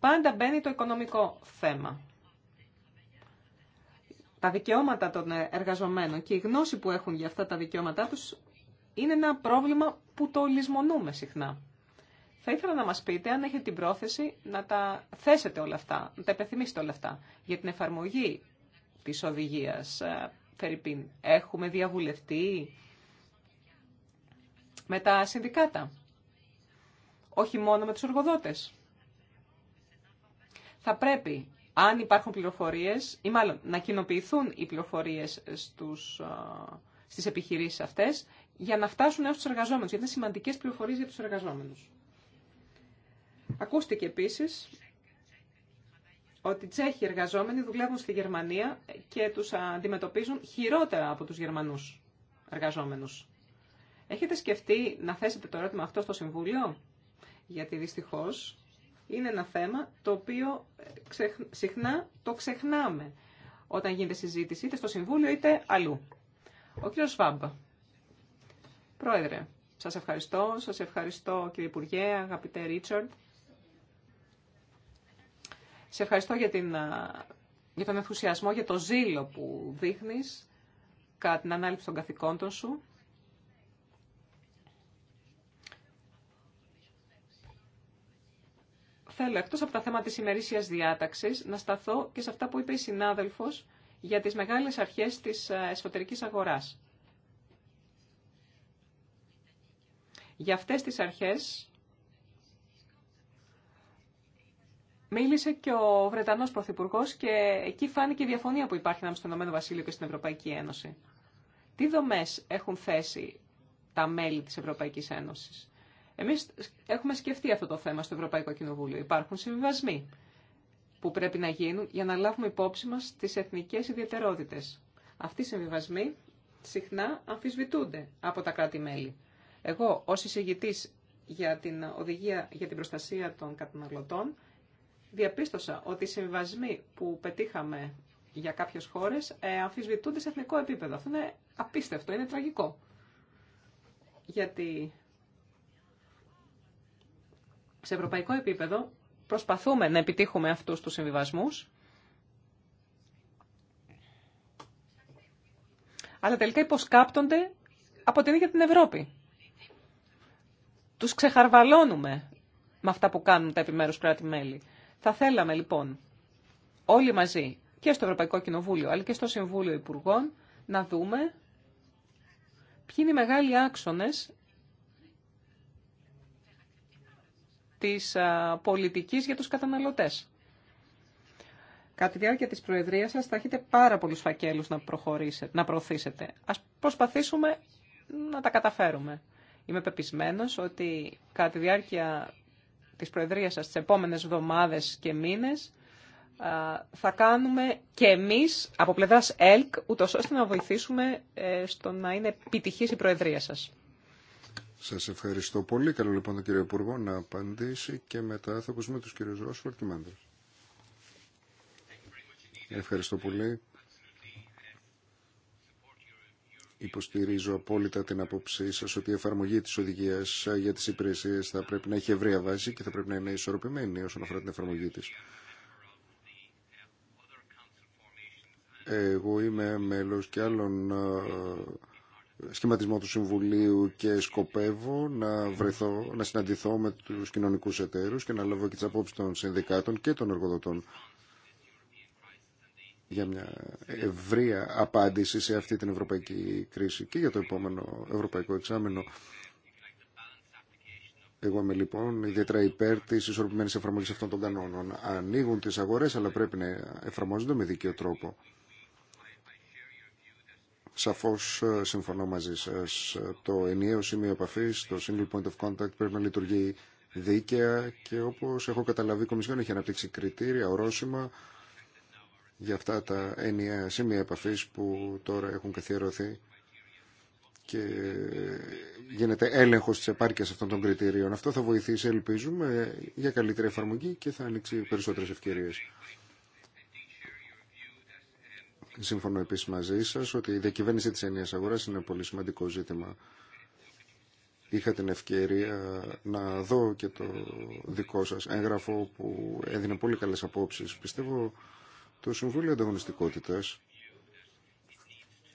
πάντα μπαίνει το οικονομικό θέμα. Τα δικαιώματα των εργαζομένων και η γνώση που έχουν για αυτά τα δικαιώματά τους είναι ένα πρόβλημα που το λησμονούμε συχνά. Θα ήθελα να μας πείτε αν έχετε την πρόθεση να τα θέσετε όλα αυτά, να τα επιθυμήσετε όλα αυτά. Για την εφαρμογή της οδηγίας, ε, Φερρυπίν, έχουμε διαβουλευτεί με τα συνδικάτα, όχι μόνο με τους εργοδότες. Θα πρέπει, αν υπάρχουν πληροφορίες, ή μάλλον να κοινοποιηθούν οι πληροφορίες στους, στις επιχειρήσεις αυτές, για να φτάσουν έως τους εργαζόμενους, γιατί είναι σημαντικές πληροφορίες για τους εργαζόμενους. Ακούστηκε επίσης ότι οι Τσέχοι εργαζόμενοι δουλεύουν στη Γερμανία και τους αντιμετωπίζουν χειρότερα από τους Γερμανούς εργαζόμενους. Έχετε σκεφτεί να θέσετε το ερώτημα αυτό στο Συμβούλιο, γιατί δυστυχώς είναι ένα θέμα το οποίο συχνά το ξεχνάμε όταν γίνεται συζήτηση είτε στο Συμβούλιο είτε αλλού. Ο κύριος Σφάμπ, Πρόεδρε, σας ευχαριστώ. Σας ευχαριστώ κύριε Υπουργέ, αγαπητέ Ρίτσαρντ. Σε ευχαριστώ για, την, για τον ενθουσιασμό, για το ζήλο που δείχνεις κατά την ανάληψη των καθηκόντων σου. θέλω εκτός από τα θέματα της ημερήσιας διάταξης να σταθώ και σε αυτά που είπε η συνάδελφος για τις μεγάλες αρχές της ε, εσωτερικής αγοράς. Για αυτές τις αρχές μίλησε και ο Βρετανός Πρωθυπουργό και εκεί φάνηκε η διαφωνία που υπάρχει ανάμεσα στον Ηνωμένο Βασίλειο και στην Ευρωπαϊκή Ένωση. Τι δομές έχουν θέσει τα μέλη της Ευρωπαϊκής Ένωσης. Εμείς έχουμε σκεφτεί αυτό το θέμα στο Ευρωπαϊκό Κοινοβούλιο. Υπάρχουν συμβιβασμοί που πρέπει να γίνουν για να λάβουμε υπόψη μας τις εθνικές ιδιαιτερότητες. Αυτοί οι συμβιβασμοί συχνά αμφισβητούνται από τα κράτη-μέλη. Εγώ ως εισηγητής για την οδηγία για την προστασία των καταναλωτών διαπίστωσα ότι οι συμβιβασμοί που πετύχαμε για κάποιες χώρες ε, αμφισβητούνται σε εθνικό επίπεδο. Αυτό είναι απίστευτο, είναι τραγικό. Γιατί σε ευρωπαϊκό επίπεδο προσπαθούμε να επιτύχουμε αυτούς τους συμβιβασμούς. Αλλά τελικά υποσκάπτονται από την ίδια την Ευρώπη. Τους ξεχαρβαλώνουμε με αυτά που κάνουν τα επιμέρους κράτη-μέλη. Θα θέλαμε λοιπόν όλοι μαζί και στο Ευρωπαϊκό Κοινοβούλιο αλλά και στο Συμβούλιο Υπουργών να δούμε ποιοι είναι οι μεγάλοι άξονες της πολιτικής για τους καταναλωτές. Κατά τη διάρκεια της Προεδρίας σας θα έχετε πάρα πολλούς φακέλους να, προχωρήσετε, να προωθήσετε. Ας προσπαθήσουμε να τα καταφέρουμε. Είμαι πεπισμένος ότι κατά τη διάρκεια της Προεδρίας σας τις επόμενες εβδομάδες και μήνες θα κάνουμε και εμείς από πλευράς ΕΛΚ ούτως ώστε να βοηθήσουμε ε, στο να είναι επιτυχής η Προεδρία σας. Σας ευχαριστώ πολύ. Καλό λοιπόν τον κύριο Υπουργό να απαντήσει και μετά θα ακούσουμε τους κύριους Ρόσφαρτ και Μάντρος. Ευχαριστώ πολύ. Υποστηρίζω απόλυτα την απόψή σας ότι η εφαρμογή της οδηγίας για τις υπηρεσίες θα πρέπει να έχει ευρεία βάση και θα πρέπει να είναι ισορροπημένη όσον αφορά την εφαρμογή της. Εγώ είμαι μέλος και άλλων ε, σχηματισμό του Συμβουλίου και σκοπεύω να, βρεθώ, να συναντηθώ με τους κοινωνικούς εταίρους και να λάβω και τις απόψεις των συνδικάτων και των εργοδοτών για μια ευρεία απάντηση σε αυτή την ευρωπαϊκή κρίση και για το επόμενο ευρωπαϊκό εξάμενο. Εγώ είμαι λοιπόν ιδιαίτερα υπέρ τη ισορροπημένη εφαρμογή αυτών των κανόνων. Ανοίγουν τι αγορέ, αλλά πρέπει να εφαρμόζονται με δίκαιο τρόπο. Σαφώς ε, συμφωνώ μαζί σας. Το ενιαίο σημείο επαφής, το single point of contact πρέπει να λειτουργεί δίκαια και όπως έχω καταλαβεί η Κομισιόν έχει αναπτύξει κριτήρια, ορόσημα για αυτά τα ενιαία σημεία επαφής που τώρα έχουν καθιερωθεί και γίνεται έλεγχος της επάρκειας αυτών των κριτήριων. Αυτό θα βοηθήσει, ελπίζουμε, για καλύτερη εφαρμογή και θα ανοίξει περισσότερες ευκαιρίες. Συμφωνώ επίση μαζί σα ότι η διακυβέρνηση τη ενιαία αγορά είναι πολύ σημαντικό ζήτημα. Είχα την ευκαιρία να δω και το δικό σας έγγραφο που έδινε πολύ καλές απόψεις. Πιστεύω το Συμβούλιο Ανταγωνιστικότητας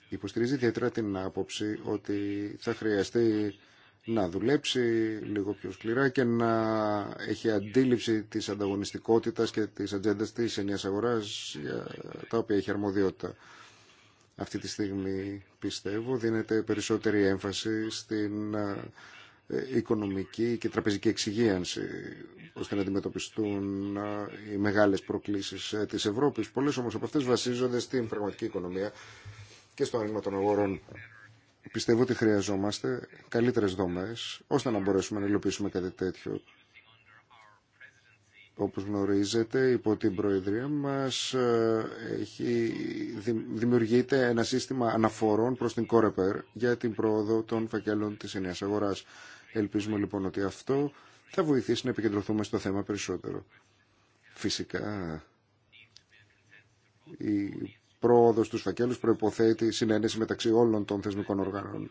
υποστηρίζει ιδιαίτερα την άποψη ότι θα χρειαστεί να δουλέψει λίγο πιο σκληρά και να έχει αντίληψη της ανταγωνιστικότητας και της ατζέντα της ενιαίας αγοράς για τα οποία έχει αρμοδιότητα. Αυτή τη στιγμή πιστεύω δίνεται περισσότερη έμφαση στην ε, οικονομική και τραπεζική εξυγίανση ώστε να αντιμετωπιστούν ε, οι μεγάλες προκλήσεις ε, της Ευρώπης. Πολλές όμως από αυτές βασίζονται στην πραγματική οικονομία και στο άνοιγμα των αγορών. Πιστεύω ότι χρειαζόμαστε καλύτερες δομές ώστε να μπορέσουμε να υλοποιήσουμε κάτι τέτοιο. Όπως γνωρίζετε, υπό την Προεδρία μας ε, έχει, δημιουργείται ένα σύστημα αναφορών προς την Κόρεπερ για την πρόοδο των φακέλων της ενιαίας αγοράς. Ελπίζουμε λοιπόν ότι αυτό θα βοηθήσει να επικεντρωθούμε στο θέμα περισσότερο. Φυσικά, πρόοδο στους φακέλους προποθέτει συνένεση μεταξύ όλων των θεσμικών οργάνων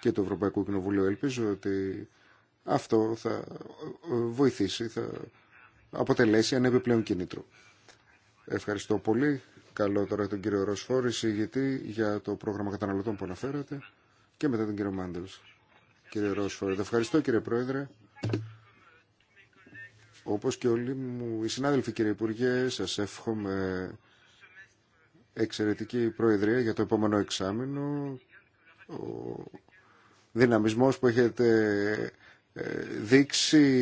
και του Ευρωπαϊκού Κοινοβουλίου. Ελπίζω ότι αυτό θα βοηθήσει, θα αποτελέσει ένα επιπλέον κίνητρο. Ευχαριστώ πολύ. Καλό τώρα τον κύριο Ροσφόρη, συγγητή για το πρόγραμμα καταναλωτών που αναφέρατε και μετά τον κύριο Μάντελ. Κύριε Ροσφόρη, ευχαριστώ κύριε Πρόεδρε. Όπως και όλοι μου οι συνάδελφοι κύριε Υπουργέ, σας εύχομαι εξαιρετική προεδρία για το επόμενο εξάμεινο. Ο δυναμισμός που έχετε ε, δείξει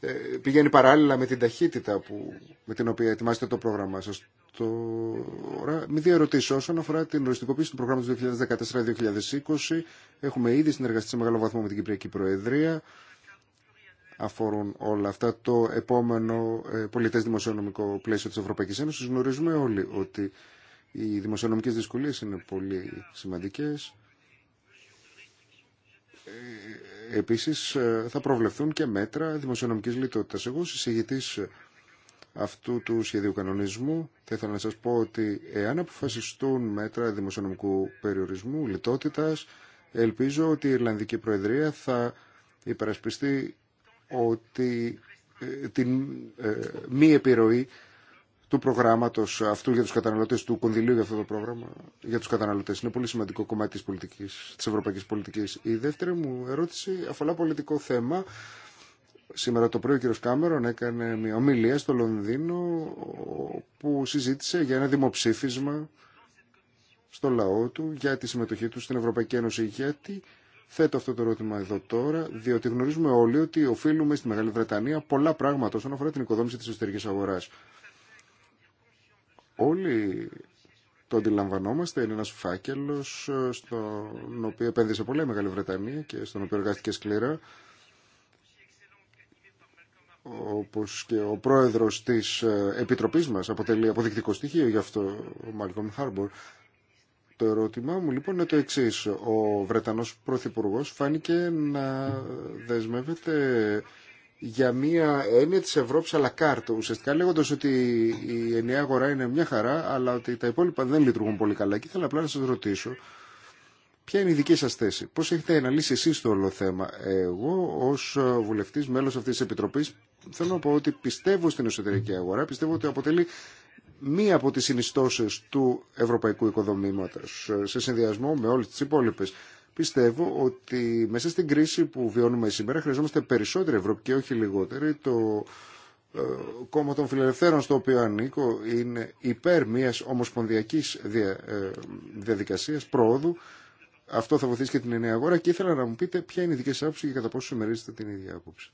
ε, πηγαίνει παράλληλα με την ταχύτητα που, με την οποία ετοιμάζετε το πρόγραμμα σας. Τώρα, μην διαρωτήσω όσον αφορά την οριστικοποίηση του προγράμματος 2014-2020. Έχουμε ήδη συνεργαστεί σε μεγάλο βαθμό με την Κυπριακή Προεδρία αφορούν όλα αυτά. Το επόμενο ε, πολιτές δημοσιονομικό πλαίσιο της Ευρωπαϊκής Ένωσης γνωρίζουμε όλοι ότι οι δημοσιονομικές δυσκολίες είναι πολύ σημαντικές. Ε, επίσης ε, θα προβλεφθούν και μέτρα δημοσιονομικής λιτότητας. Εγώ, συζητητής αυτού του σχεδίου κανονισμού, θα ήθελα να σας πω ότι εάν αποφασιστούν μέτρα δημοσιονομικού περιορισμού, λιτότητας, ελπίζω ότι η Ιρλανδική Προεδρία θα υπερασπιστεί ότι ε, την ε, μη επιρροή του προγράμματος αυτού για τους καταναλωτές, του κονδυλίου για αυτό το πρόγραμμα, για τους καταναλωτές. Είναι πολύ σημαντικό κομμάτι της, πολιτικής, της ευρωπαϊκής πολιτικής. Η δεύτερη μου ερώτηση αφορά πολιτικό θέμα. Σήμερα το πρωί ο κύριος Κάμερον έκανε μια ομιλία στο Λονδίνο που συζήτησε για ένα δημοψήφισμα στο λαό του για τη συμμετοχή του στην Ευρωπαϊκή Ένωση. Γιατί Θέτω αυτό το ερώτημα εδώ τώρα, διότι γνωρίζουμε όλοι ότι οφείλουμε στη Μεγάλη Βρετανία πολλά πράγματα όσον αφορά την οικοδόμηση της εσωτερική αγοράς. Όλοι το αντιλαμβανόμαστε, είναι ένας φάκελος ε, στον οποίο επένδυσε πολλά η Μεγάλη Βρετανία και στον οποίο εργάστηκε σκληρά όπως και ο πρόεδρο τη ε, επιτροπή μα αποτελεί αποδεικτικό στοιχείο γι' αυτό ο Μάλκομ Χάρμπορ. Το ερώτημά μου λοιπόν είναι το εξή. Ο Βρετανό Πρωθυπουργό φάνηκε να δεσμεύεται για μια έννοια της Ευρώπης αλλά κάρτο, ουσιαστικά λέγοντα ότι η ενιαία αγορά είναι μια χαρά, αλλά ότι τα υπόλοιπα δεν λειτουργούν πολύ καλά. Και ήθελα απλά να σα ρωτήσω, ποια είναι η δική σας θέση, πώς έχετε αναλύσει εσείς το όλο θέμα. Εγώ ως βουλευτής, μέλος αυτής της Επιτροπής, θέλω να πω ότι πιστεύω στην εσωτερική αγορά, πιστεύω ότι αποτελεί μία από τις συνιστώσεις του ευρωπαϊκού οικοδομήματος σε συνδυασμό με όλες τις υπόλοιπες. Πιστεύω ότι μέσα στην κρίση που βιώνουμε σήμερα χρειαζόμαστε περισσότερη Ευρώπη και όχι λιγότερη. Το ε, κόμμα των φιλελευθέρων στο οποίο ανήκω είναι υπέρ μιας ομοσπονδιακής ε, διαδικασίας προόδου. Αυτό θα βοηθήσει και την ενέα αγορά και ήθελα να μου πείτε ποια είναι η δική σας άποψη και κατά πόσο συμμερίζετε την ίδια άποψη.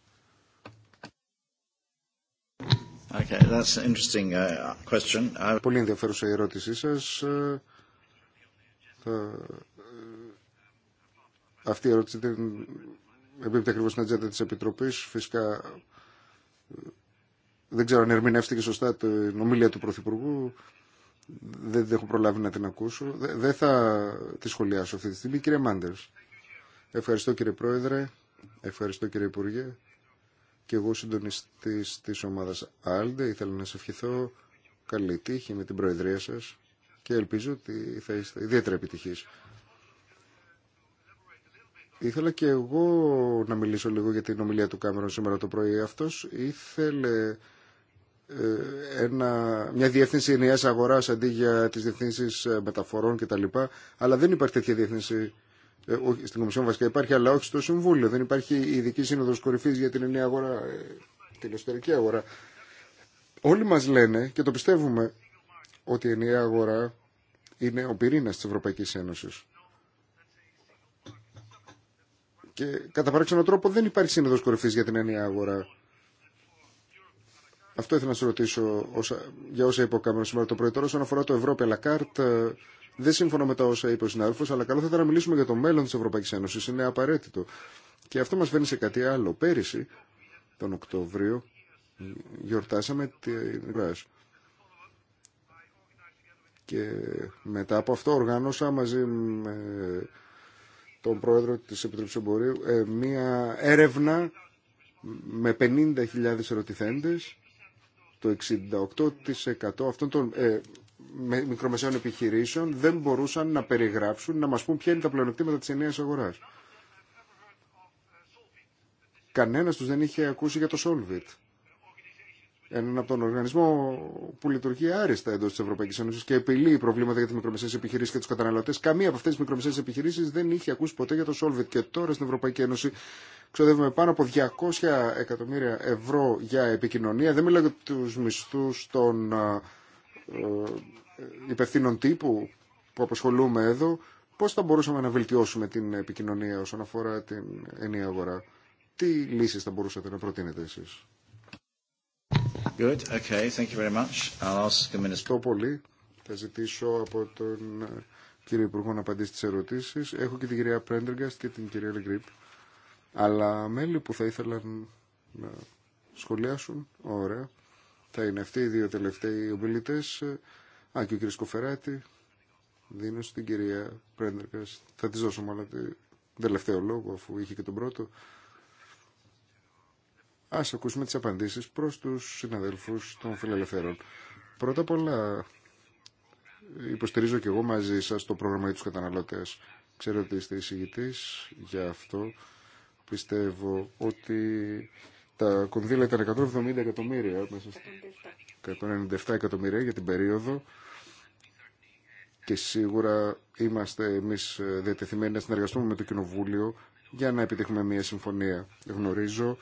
Okay, that's an interesting uh, question. Πολύ ενδιαφέρουσα η ερώτησή σας. Ε, αυτή η ερώτηση δεν επίπτει ακριβώ στην ατζέντα της Επιτροπής. Φυσικά ε, δεν ξέρω αν ερμηνεύστηκε σωστά την ομιλία του Πρωθυπουργού. Δεν, έχω προλάβει να την ακούσω. Δεν, θα τη σχολιάσω αυτή τη στιγμή. Κύριε Μάντερς, ευχαριστώ κύριε Πρόεδρε, ευχαριστώ κύριε Υπουργέ και εγώ συντονιστής της ομάδας ALDE ήθελα να σε ευχηθώ καλή τύχη με την προεδρία σας και ελπίζω ότι θα είστε ιδιαίτερα επιτυχείς. Ήθελα και εγώ να μιλήσω λίγο για την ομιλία του Κάμερον σήμερα το πρωί. Αυτός ήθελε ε, ένα, μια διεύθυνση ενιαίας αγοράς αντί για τις διευθύνσεις ε, μεταφορών κτλ. Αλλά δεν υπάρχει τέτοια διεύθυνση ε, στην Κομισιόν βασικά υπάρχει, αλλά όχι στο Συμβούλιο. Δεν υπάρχει ειδική σύνοδο κορυφή για την ενιαία αγορά, ε, την εσωτερική αγορά. Όλοι μα λένε και το πιστεύουμε ότι η ενιαία αγορά είναι ο πυρήνας τη Ευρωπαϊκή Ένωση. Και κατά παράξενο τρόπο δεν υπάρχει σύνοδο κορυφή για την ενιαία αγορά. Αυτό ήθελα να σα ρωτήσω για όσα είπε ο Κάμερο σήμερα το πρωί. Τώρα, όσον αφορά το Ευρώπη Λακάρτ, δεν σύμφωνα με τα όσα είπε ο συνάδελφο, αλλά καλό θα ήταν να μιλήσουμε για το μέλλον τη Ευρωπαϊκή Ένωση. Είναι απαραίτητο. Και αυτό μα φέρνει σε κάτι άλλο. Πέρυσι, τον Οκτώβριο, γιορτάσαμε την Γκράσ. Και μετά από αυτό οργάνωσα μαζί με τον πρόεδρο της Επιτροπή Εμπορίου ε, μία έρευνα με 50.000 ερωτηθέντε, το 68% αυτών των ε, μικρομεσαίων επιχειρήσεων δεν μπορούσαν να περιγράψουν, να μας πούν ποια είναι τα πλεονεκτήματα της ενιαίας αγοράς. Κανένας τους δεν είχε ακούσει για το Solvit. Έναν από τον οργανισμό που λειτουργεί άριστα εντό τη Ευρωπαϊκή Ένωση και επιλύει προβλήματα για τι μικρομεσαίε επιχειρήσει και του καταναλωτέ. Καμία από αυτέ τι μικρομεσαίε επιχειρήσει δεν είχε ακούσει ποτέ για το Solvit. Και τώρα στην Ευρωπαϊκή Ένωση ξοδεύουμε πάνω από 200 εκατομμύρια ευρώ για επικοινωνία. Δεν μιλάω για του μισθού των ε, υπευθύνων τύπου που απασχολούμε εδώ, πώς θα μπορούσαμε να βελτιώσουμε την επικοινωνία όσον αφορά την ενιαία αγορά. Τι λύσεις θα μπορούσατε να προτείνετε εσείς. Good. Okay. Thank you very much. Ευχαριστώ πολύ. Θα ζητήσω από τον ε, κύριο Υπουργό να απαντήσει στις ερωτήσεις. Έχω και την κυρία Πρέντεργαστ και την κυρία Λεγκρίπ. Αλλά μέλη που θα ήθελαν να σχολιάσουν. Ωραία θα είναι αυτοί οι δύο τελευταίοι ομιλητέ. Α, και ο κ. Κοφεράτη. Δίνω στην κυρία Πρέντερκα. Θα τη δώσω μάλλον τον τελευταίο λόγο, αφού είχε και τον πρώτο. Α ακούσουμε τι απαντήσει προ του συναδέλφου των φιλελευθέρων. Πρώτα απ' όλα, υποστηρίζω και εγώ μαζί σα το πρόγραμμα για του καταναλωτέ. Ξέρω ότι είστε εισηγητή για αυτό. Πιστεύω ότι τα κονδύλια ήταν 170 εκατομμύρια, 197 εκατομμύρια για την περίοδο και σίγουρα είμαστε εμείς ε, διατεθειμένοι να συνεργαστούμε με το Κοινοβούλιο για να επιτύχουμε μια συμφωνία. Γνωρίζω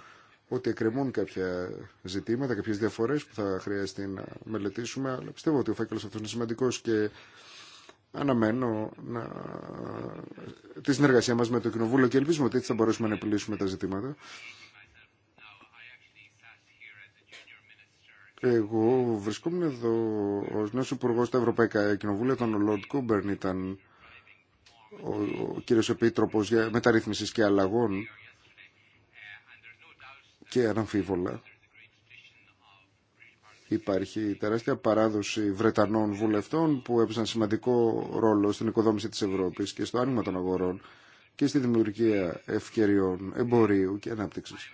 ότι εκκρεμούν κάποια ζητήματα, κάποιες διαφορές που θα χρειαστεί να μελετήσουμε, αλλά πιστεύω ότι ο φάκελος αυτός είναι σημαντικός και αναμένω να... τη συνεργασία μας με το Κοινοβούλιο και ελπίζουμε ότι έτσι θα μπορέσουμε να επιλύσουμε τα ζητήματα Εγώ βρισκόμουν εδώ ω νέο υπουργό στα Ευρωπαϊκά Κοινοβούλια. Τον Λόρτ Κούμπερν ήταν ο, ο κύριο επίτροπο μεταρρύθμιση και αλλαγών. Και αναμφίβολα υπάρχει τεράστια παράδοση Βρετανών βουλευτών που έπαιζαν σημαντικό ρόλο στην οικοδόμηση της Ευρώπης και στο άνοιγμα των αγορών και στη δημιουργία ευκαιριών εμπορίου και ανάπτυξης.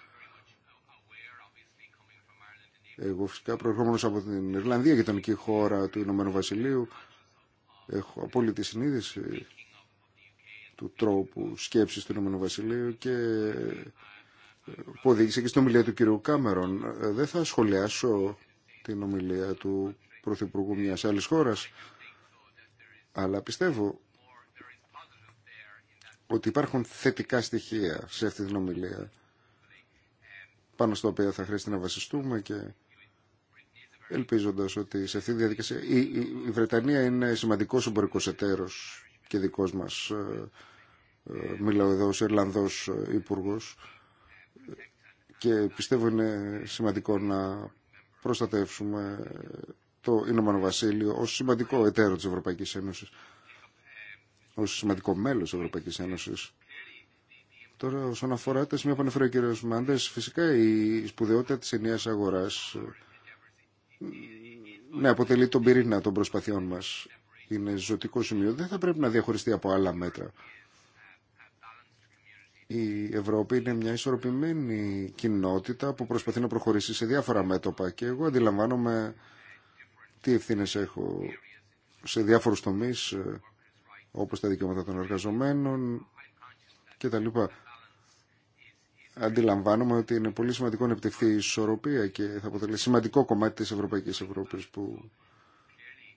Εγώ φυσικά προερχόμενος από την Ιρλανδία, γειτονική χώρα του Ηνωμένου Βασιλείου, έχω απόλυτη συνείδηση του τρόπου σκέψης του Ηνωμένου Βασιλείου και ε, που οδήγησε και στην ομιλία του κυρίου Κάμερον. Ε, δεν θα σχολιάσω την ομιλία του Πρωθυπουργού μιας άλλης χώρας, αλλά πιστεύω ότι υπάρχουν θετικά στοιχεία σε αυτή την ομιλία πάνω στα οποία θα χρειαστεί να βασιστούμε και ελπίζοντας ότι σε αυτή τη διαδικασία... Η, Βρετανία είναι σημαντικός εμπορικό εταίρο και δικός μας. Ε, ε, μιλάω εδώ ω Ιρλανδός ε, Υπουργός και πιστεύω είναι σημαντικό να προστατεύσουμε το Ηνωμένο Βασίλειο ως σημαντικό εταίρο της Ευρωπαϊκής Ένωσης, ως σημαντικό μέλος της Ευρωπαϊκής Ένωσης. Τώρα, όσον αφορά τα σημεία που ανέφερε ο κ. Μάντε, φυσικά η σπουδαιότητα της ενιαίας αγοράς ναι, αποτελεί τον πυρήνα των προσπαθειών μας. Είναι ζωτικό σημείο. Δεν θα πρέπει να διαχωριστεί από άλλα μέτρα. Η Ευρώπη είναι μια ισορροπημένη κοινότητα που προσπαθεί να προχωρήσει σε διάφορα μέτωπα και εγώ αντιλαμβάνομαι τι ευθύνες έχω σε διάφορους τομείς ε, όπως τα δικαιώματα των εργαζομένων και τα αντιλαμβάνομαι ότι είναι πολύ σημαντικό να επιτευχθεί η ισορροπία και θα αποτελεί σημαντικό κομμάτι της Ευρωπαϊκής Ευρώπης που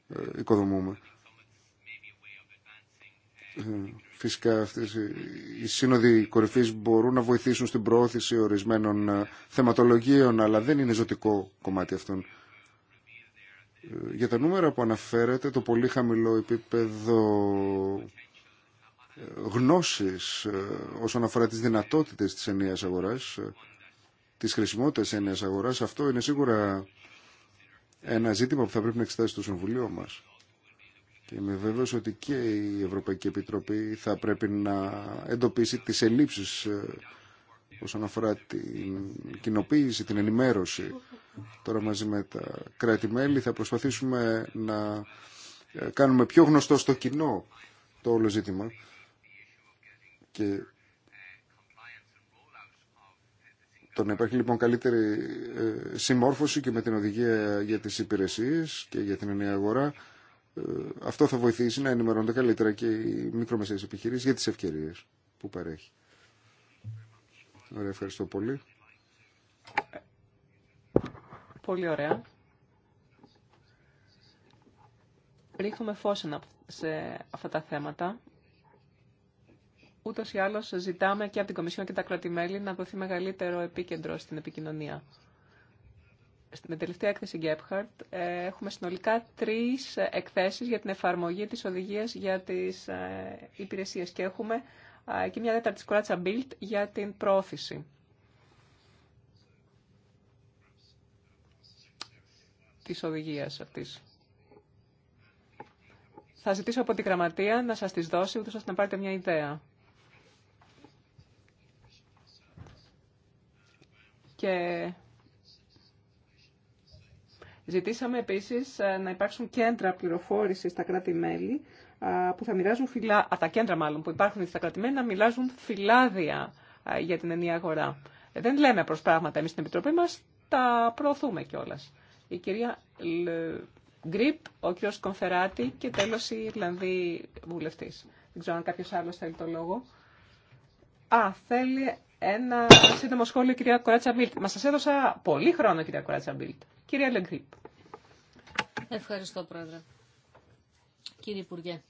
ε, οικοδομούμε. Ε, φυσικά αυτές οι σύνοδοι κορυφής μπορούν να βοηθήσουν στην προώθηση ορισμένων ε, θεματολογίων, αλλά δεν είναι ζωτικό κομμάτι αυτών. Για τα νούμερα που αναφέρετε, το πολύ χαμηλό επίπεδο γνώσεις ε, όσον αφορά τις δυνατότητες της ενιαίας αγοράς, ε, τις χρησιμότητες ενιαίας αγοράς. Αυτό είναι σίγουρα ένα ζήτημα που θα πρέπει να εξετάσει το Συμβουλίο μας. Και είμαι βέβαιος ότι και η Ευρωπαϊκή Επιτροπή θα πρέπει να εντοπίσει τις ελλείψεις ε, όσον αφορά την κοινοποίηση, την ενημέρωση. Τώρα μαζί με τα κράτη-μέλη θα προσπαθήσουμε να κάνουμε πιο γνωστό στο κοινό το όλο ζήτημα και το να υπάρχει λοιπόν καλύτερη ε, συμμόρφωση και με την οδηγία για τις υπηρεσίες και για την ενιαία αγορά, ε, αυτό θα βοηθήσει να ενημερώνονται καλύτερα και οι μικρομεσαίες επιχειρήσεις για τις ευκαιρίες που παρέχει. Ωραία, ευχαριστώ πολύ. Πολύ ωραία. Ρίχνουμε φως σε αυτά τα θέματα. Ούτω ή άλλω ζητάμε και από την Κομισιόν και τα κράτη-μέλη να δοθεί μεγαλύτερο επίκεντρο στην επικοινωνία. Στην τελευταία έκθεση Gephardt ε, έχουμε συνολικά τρει εκθέσεις για την εφαρμογή της οδηγία για τις ε, υπηρεσίες και έχουμε ε, και μια τέταρτη σκουράτσα build για την πρόθεση. της οδηγία αυτή. Θα ζητήσω από την γραμματεία να σας τις δώσει, ούτως ώστε να πάρετε μια ιδέα. Και ζητήσαμε επίσης ε, να υπάρξουν κέντρα πληροφόρηση στα κράτη-μέλη ε, που θα μοιράζουν φυλά... Α, τα κέντρα μάλλον που υπάρχουν στα κράτη-μέλη να μοιράζουν φυλάδια ε, για την ενιαία αγορά. Δεν λέμε προς πράγματα εμείς στην Επιτροπή μας, τα προωθούμε κιόλα. Η κυρία Γκριπ, ο κύριος Κονφεράτη και τέλος η Ιρλανδή βουλευτής. Δεν ξέρω αν κάποιος άλλος θέλει το λόγο. Α, θέλει ένα σύντομο σχόλιο, κυρία Κοράτσα Μπίλτ. Μα σα έδωσα πολύ χρόνο, κυρία Κοράτσα Μπίλτ. Κυρία Λεγκρίπ. Ευχαριστώ, Πρόεδρε. Κύριε Υπουργέ,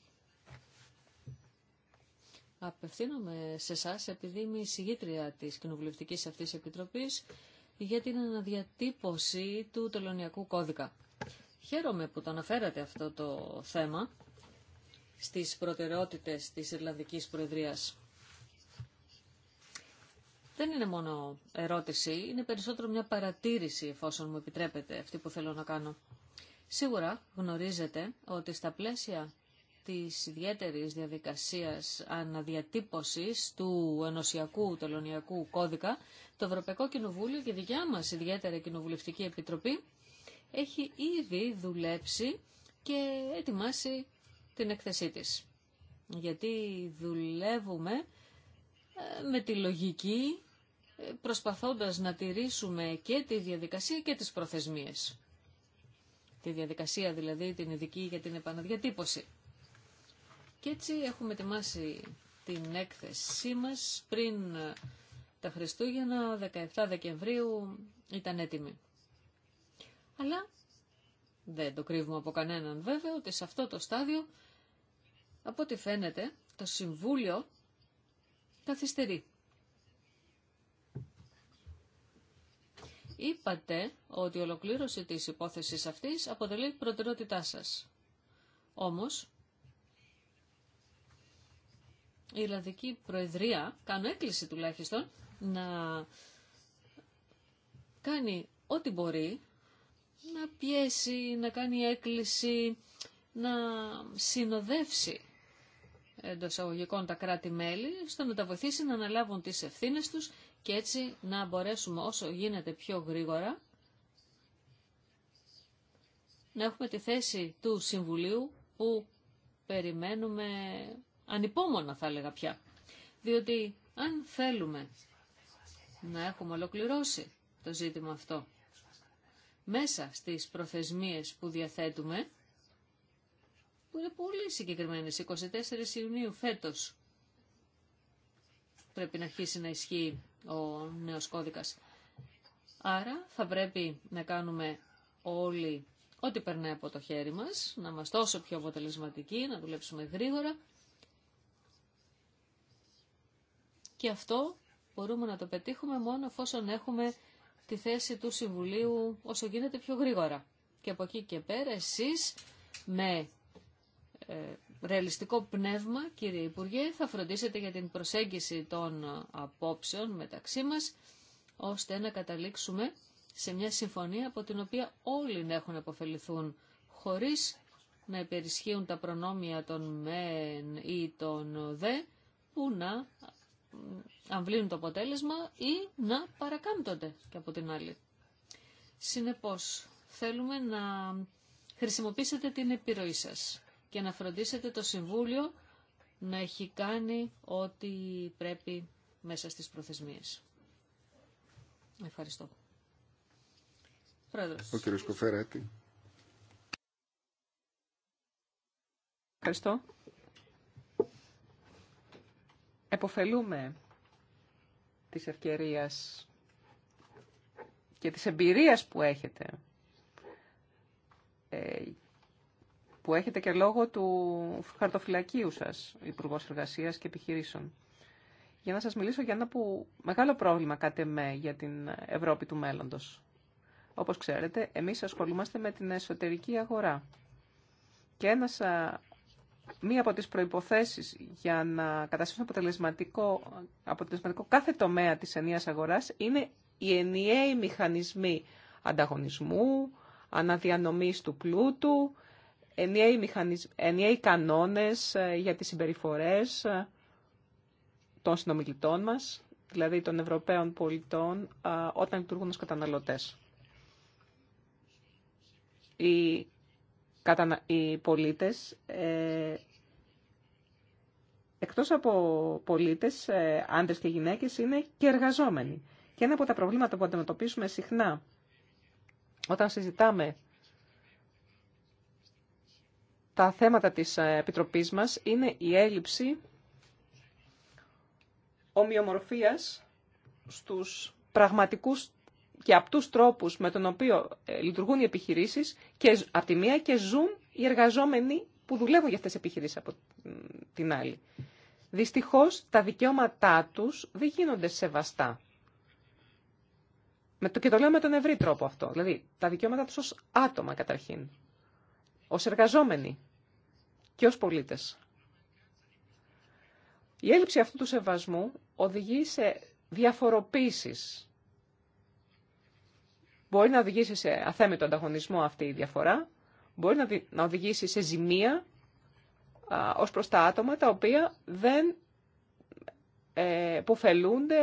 απευθύνομαι σε εσά επειδή είμαι η συγγήτρια της κοινοβουλευτική αυτής επιτροπής για την αναδιατύπωση του τελωνιακού κώδικα. Χαίρομαι που το αναφέρατε αυτό το θέμα στις προτεραιότητες της Ιρλανδικής Προεδρίας. Δεν είναι μόνο ερώτηση, είναι περισσότερο μια παρατήρηση, εφόσον μου επιτρέπετε, αυτή που θέλω να κάνω. Σίγουρα γνωρίζετε ότι στα πλαίσια της ιδιαίτερη διαδικασίας αναδιατύπωσης του ενωσιακού τελωνιακού κώδικα, το Ευρωπαϊκό Κοινοβούλιο και δικιά μας ιδιαίτερη Κοινοβουλευτική Επιτροπή έχει ήδη δουλέψει και ετοιμάσει την εκθεσή της. Γιατί δουλεύουμε ε, με τη λογική προσπαθώντας να τηρήσουμε και τη διαδικασία και τις προθεσμίες. Τη διαδικασία δηλαδή την ειδική για την επαναδιατύπωση. Και έτσι έχουμε ετοιμάσει την έκθεσή μας πριν τα Χριστούγεννα, 17 Δεκεμβρίου ήταν έτοιμη. Αλλά δεν το κρύβουμε από κανέναν βέβαια ότι σε αυτό το στάδιο, από ό,τι φαίνεται, το Συμβούλιο καθυστερεί. Είπατε ότι η ολοκλήρωση της υπόθεσης αυτής αποτελεί προτεραιότητά σας. Όμως, η Ελλαδική Προεδρία, κάνω έκκληση τουλάχιστον, να κάνει ό,τι μπορεί, να πιέσει, να κάνει έκκληση, να συνοδεύσει εντό αγωγικών τα κράτη-μέλη, στο να τα βοηθήσει να αναλάβουν τις ευθύνες τους και έτσι να μπορέσουμε όσο γίνεται πιο γρήγορα να έχουμε τη θέση του Συμβουλίου που περιμένουμε ανυπόμονα θα έλεγα πια. Διότι αν θέλουμε να έχουμε ολοκληρώσει το ζήτημα αυτό μέσα στις προθεσμίες που διαθέτουμε, που είναι πολύ συγκεκριμένες, 24 Ιουνίου φέτος πρέπει να αρχίσει να ισχύει ο νέος κώδικας. Άρα θα πρέπει να κάνουμε όλοι ό,τι περνάει από το χέρι μας, να είμαστε τόσο πιο αποτελεσματικοί, να δουλέψουμε γρήγορα. Και αυτό μπορούμε να το πετύχουμε μόνο εφόσον έχουμε τη θέση του Συμβουλίου όσο γίνεται πιο γρήγορα. Και από εκεί και πέρα εσείς με ε, ρεαλιστικό πνεύμα, κύριε Υπουργέ, θα φροντίσετε για την προσέγγιση των απόψεων μεταξύ μας, ώστε να καταλήξουμε σε μια συμφωνία από την οποία όλοι να έχουν αποφεληθούν, χωρίς να υπερισχύουν τα προνόμια των μεν ή των δε, που να αμβλύνουν το αποτέλεσμα ή να παρακάμπτονται και από την άλλη. Συνεπώς, θέλουμε να χρησιμοποιήσετε την επιρροή σας και να φροντίσετε το Συμβούλιο να έχει κάνει ό,τι πρέπει μέσα στις προθεσμίες. Ευχαριστώ. Πρόεδρος. Ο κύριος Κοφεράτη. Ευχαριστώ. Εποφελούμε της ευκαιρίας και της εμπειρίας που έχετε ε, που έχετε και λόγω του χαρτοφυλακίου σας, Υπουργό Εργασίας και Επιχειρήσεων. Για να σας μιλήσω για ένα που μεγάλο πρόβλημα κάτε με για την Ευρώπη του μέλλοντος. Όπως ξέρετε, εμείς ασχολούμαστε με την εσωτερική αγορά. Και ένας, μία από τις προϋποθέσεις για να καταστήσουμε αποτελεσματικό, αποτελεσματικό κάθε τομέα της ενίας αγοράς είναι οι ενιαίοι μηχανισμοί ανταγωνισμού, αναδιανομής του πλούτου, ενιαίοι, μηχανισ... ενιαίοι κανόνες ε, για τις συμπεριφορές ε, των συνομιλητών μας, δηλαδή των Ευρωπαίων πολιτών, ε, όταν λειτουργούν ως καταναλωτές. Οι, κατανα... οι πολίτες, εκτός από πολίτες, ε... και γυναίκες, είναι και εργαζόμενοι. Και ένα από τα προβλήματα που αντιμετωπίσουμε συχνά όταν συζητάμε τα θέματα της ε, Επιτροπής μας είναι η έλλειψη ομοιομορφίας στους πραγματικούς και απτούς τρόπους με τον οποίο ε, λειτουργούν οι επιχειρήσεις και από τη μία και ζουν οι εργαζόμενοι που δουλεύουν για αυτές τις επιχειρήσεις από την άλλη. Δυστυχώς τα δικαιώματά τους δεν γίνονται σεβαστά. το, και το λέω με τον ευρύ τρόπο αυτό. Δηλαδή, τα δικαιώματά τους ως άτομα καταρχήν. Ως εργαζόμενοι και ως πολίτες. Η έλλειψη αυτού του σεβασμού οδηγεί σε διαφοροποίησεις. Μπορεί να οδηγήσει σε αθέμητο ανταγωνισμό αυτή η διαφορά, μπορεί να οδηγήσει σε ζημία ως προς τα άτομα τα οποία δεν ε,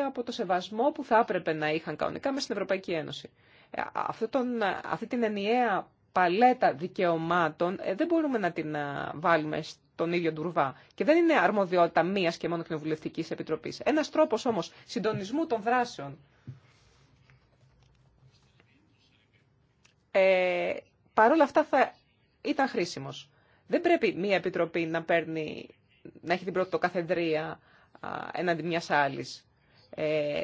από το σεβασμό που θα έπρεπε να είχαν κανονικά μέσα στην Ευρωπαϊκή Ένωση. Ε, αυτό τον, αυτή την ενιαία παλέτα δικαιωμάτων ε, δεν μπορούμε να την ε, βάλουμε στον ίδιο ντουρβά. Και δεν είναι αρμοδιότητα μία και μόνο κοινοβουλευτική επιτροπή. Ένα τρόπο όμω συντονισμού των δράσεων. Ε, Παρ' όλα αυτά θα ήταν χρήσιμο. Δεν πρέπει μία επιτροπή να παίρνει, να έχει την πρωτοκαθεδρία εναντί μια επιτροπη να παιρνει να εχει την καθεδρια εναντι μια αλλη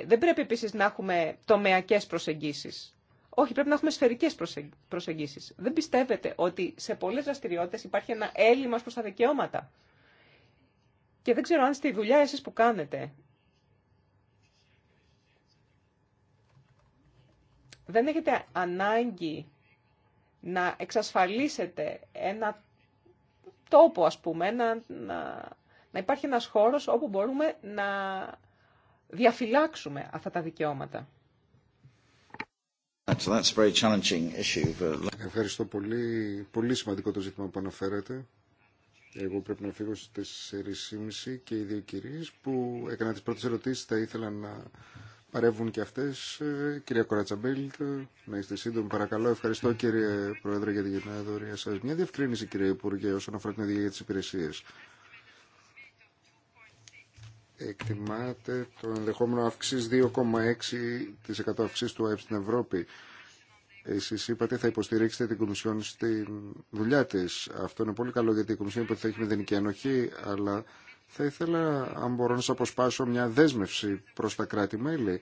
Ε, δεν πρέπει επίση να έχουμε τομεακέ προσεγγίσεις. Όχι, πρέπει να έχουμε σφαιρικέ προσεγγίσεις. Δεν πιστεύετε ότι σε πολλέ δραστηριότητε υπάρχει ένα έλλειμμα προ τα δικαιώματα. Και δεν ξέρω αν στη δουλειά εσεί που κάνετε δεν έχετε ανάγκη να εξασφαλίσετε ένα τόπο, ας πούμε, να, να, να υπάρχει ένας χώρος όπου μπορούμε να διαφυλάξουμε αυτά τα δικαιώματα. Ευχαριστώ πολύ. Πολύ σημαντικό το ζήτημα που αναφέρατε. Εγώ πρέπει να φύγω στις 4.30 και οι δύο κυρίες που έκαναν τις πρώτες ερωτήσεις θα ήθελαν να παρεύουν και αυτές. Ε, κυρία Κορατσαμπέλτ, να είστε σύντομοι παρακαλώ. Ευχαριστώ κύριε Πρόεδρε για την γενναία σα, σας. Μια διευκρίνηση κύριε Υπουργέ όσον αφορά την οδηγία για τις υπηρεσίες εκτιμάται το ενδεχόμενο αύξηση 2,6% αύξηση του ΑΕΠ στην Ευρώπη. Εσείς είπατε θα υποστηρίξετε την Κομισιόν στη δουλειά τη. Αυτό είναι πολύ καλό γιατί η Κομισιόν είπε ότι θα έχει μηδενική ενοχή, αλλά θα ήθελα, αν μπορώ να σα αποσπάσω, μια δέσμευση προ τα κράτη-μέλη,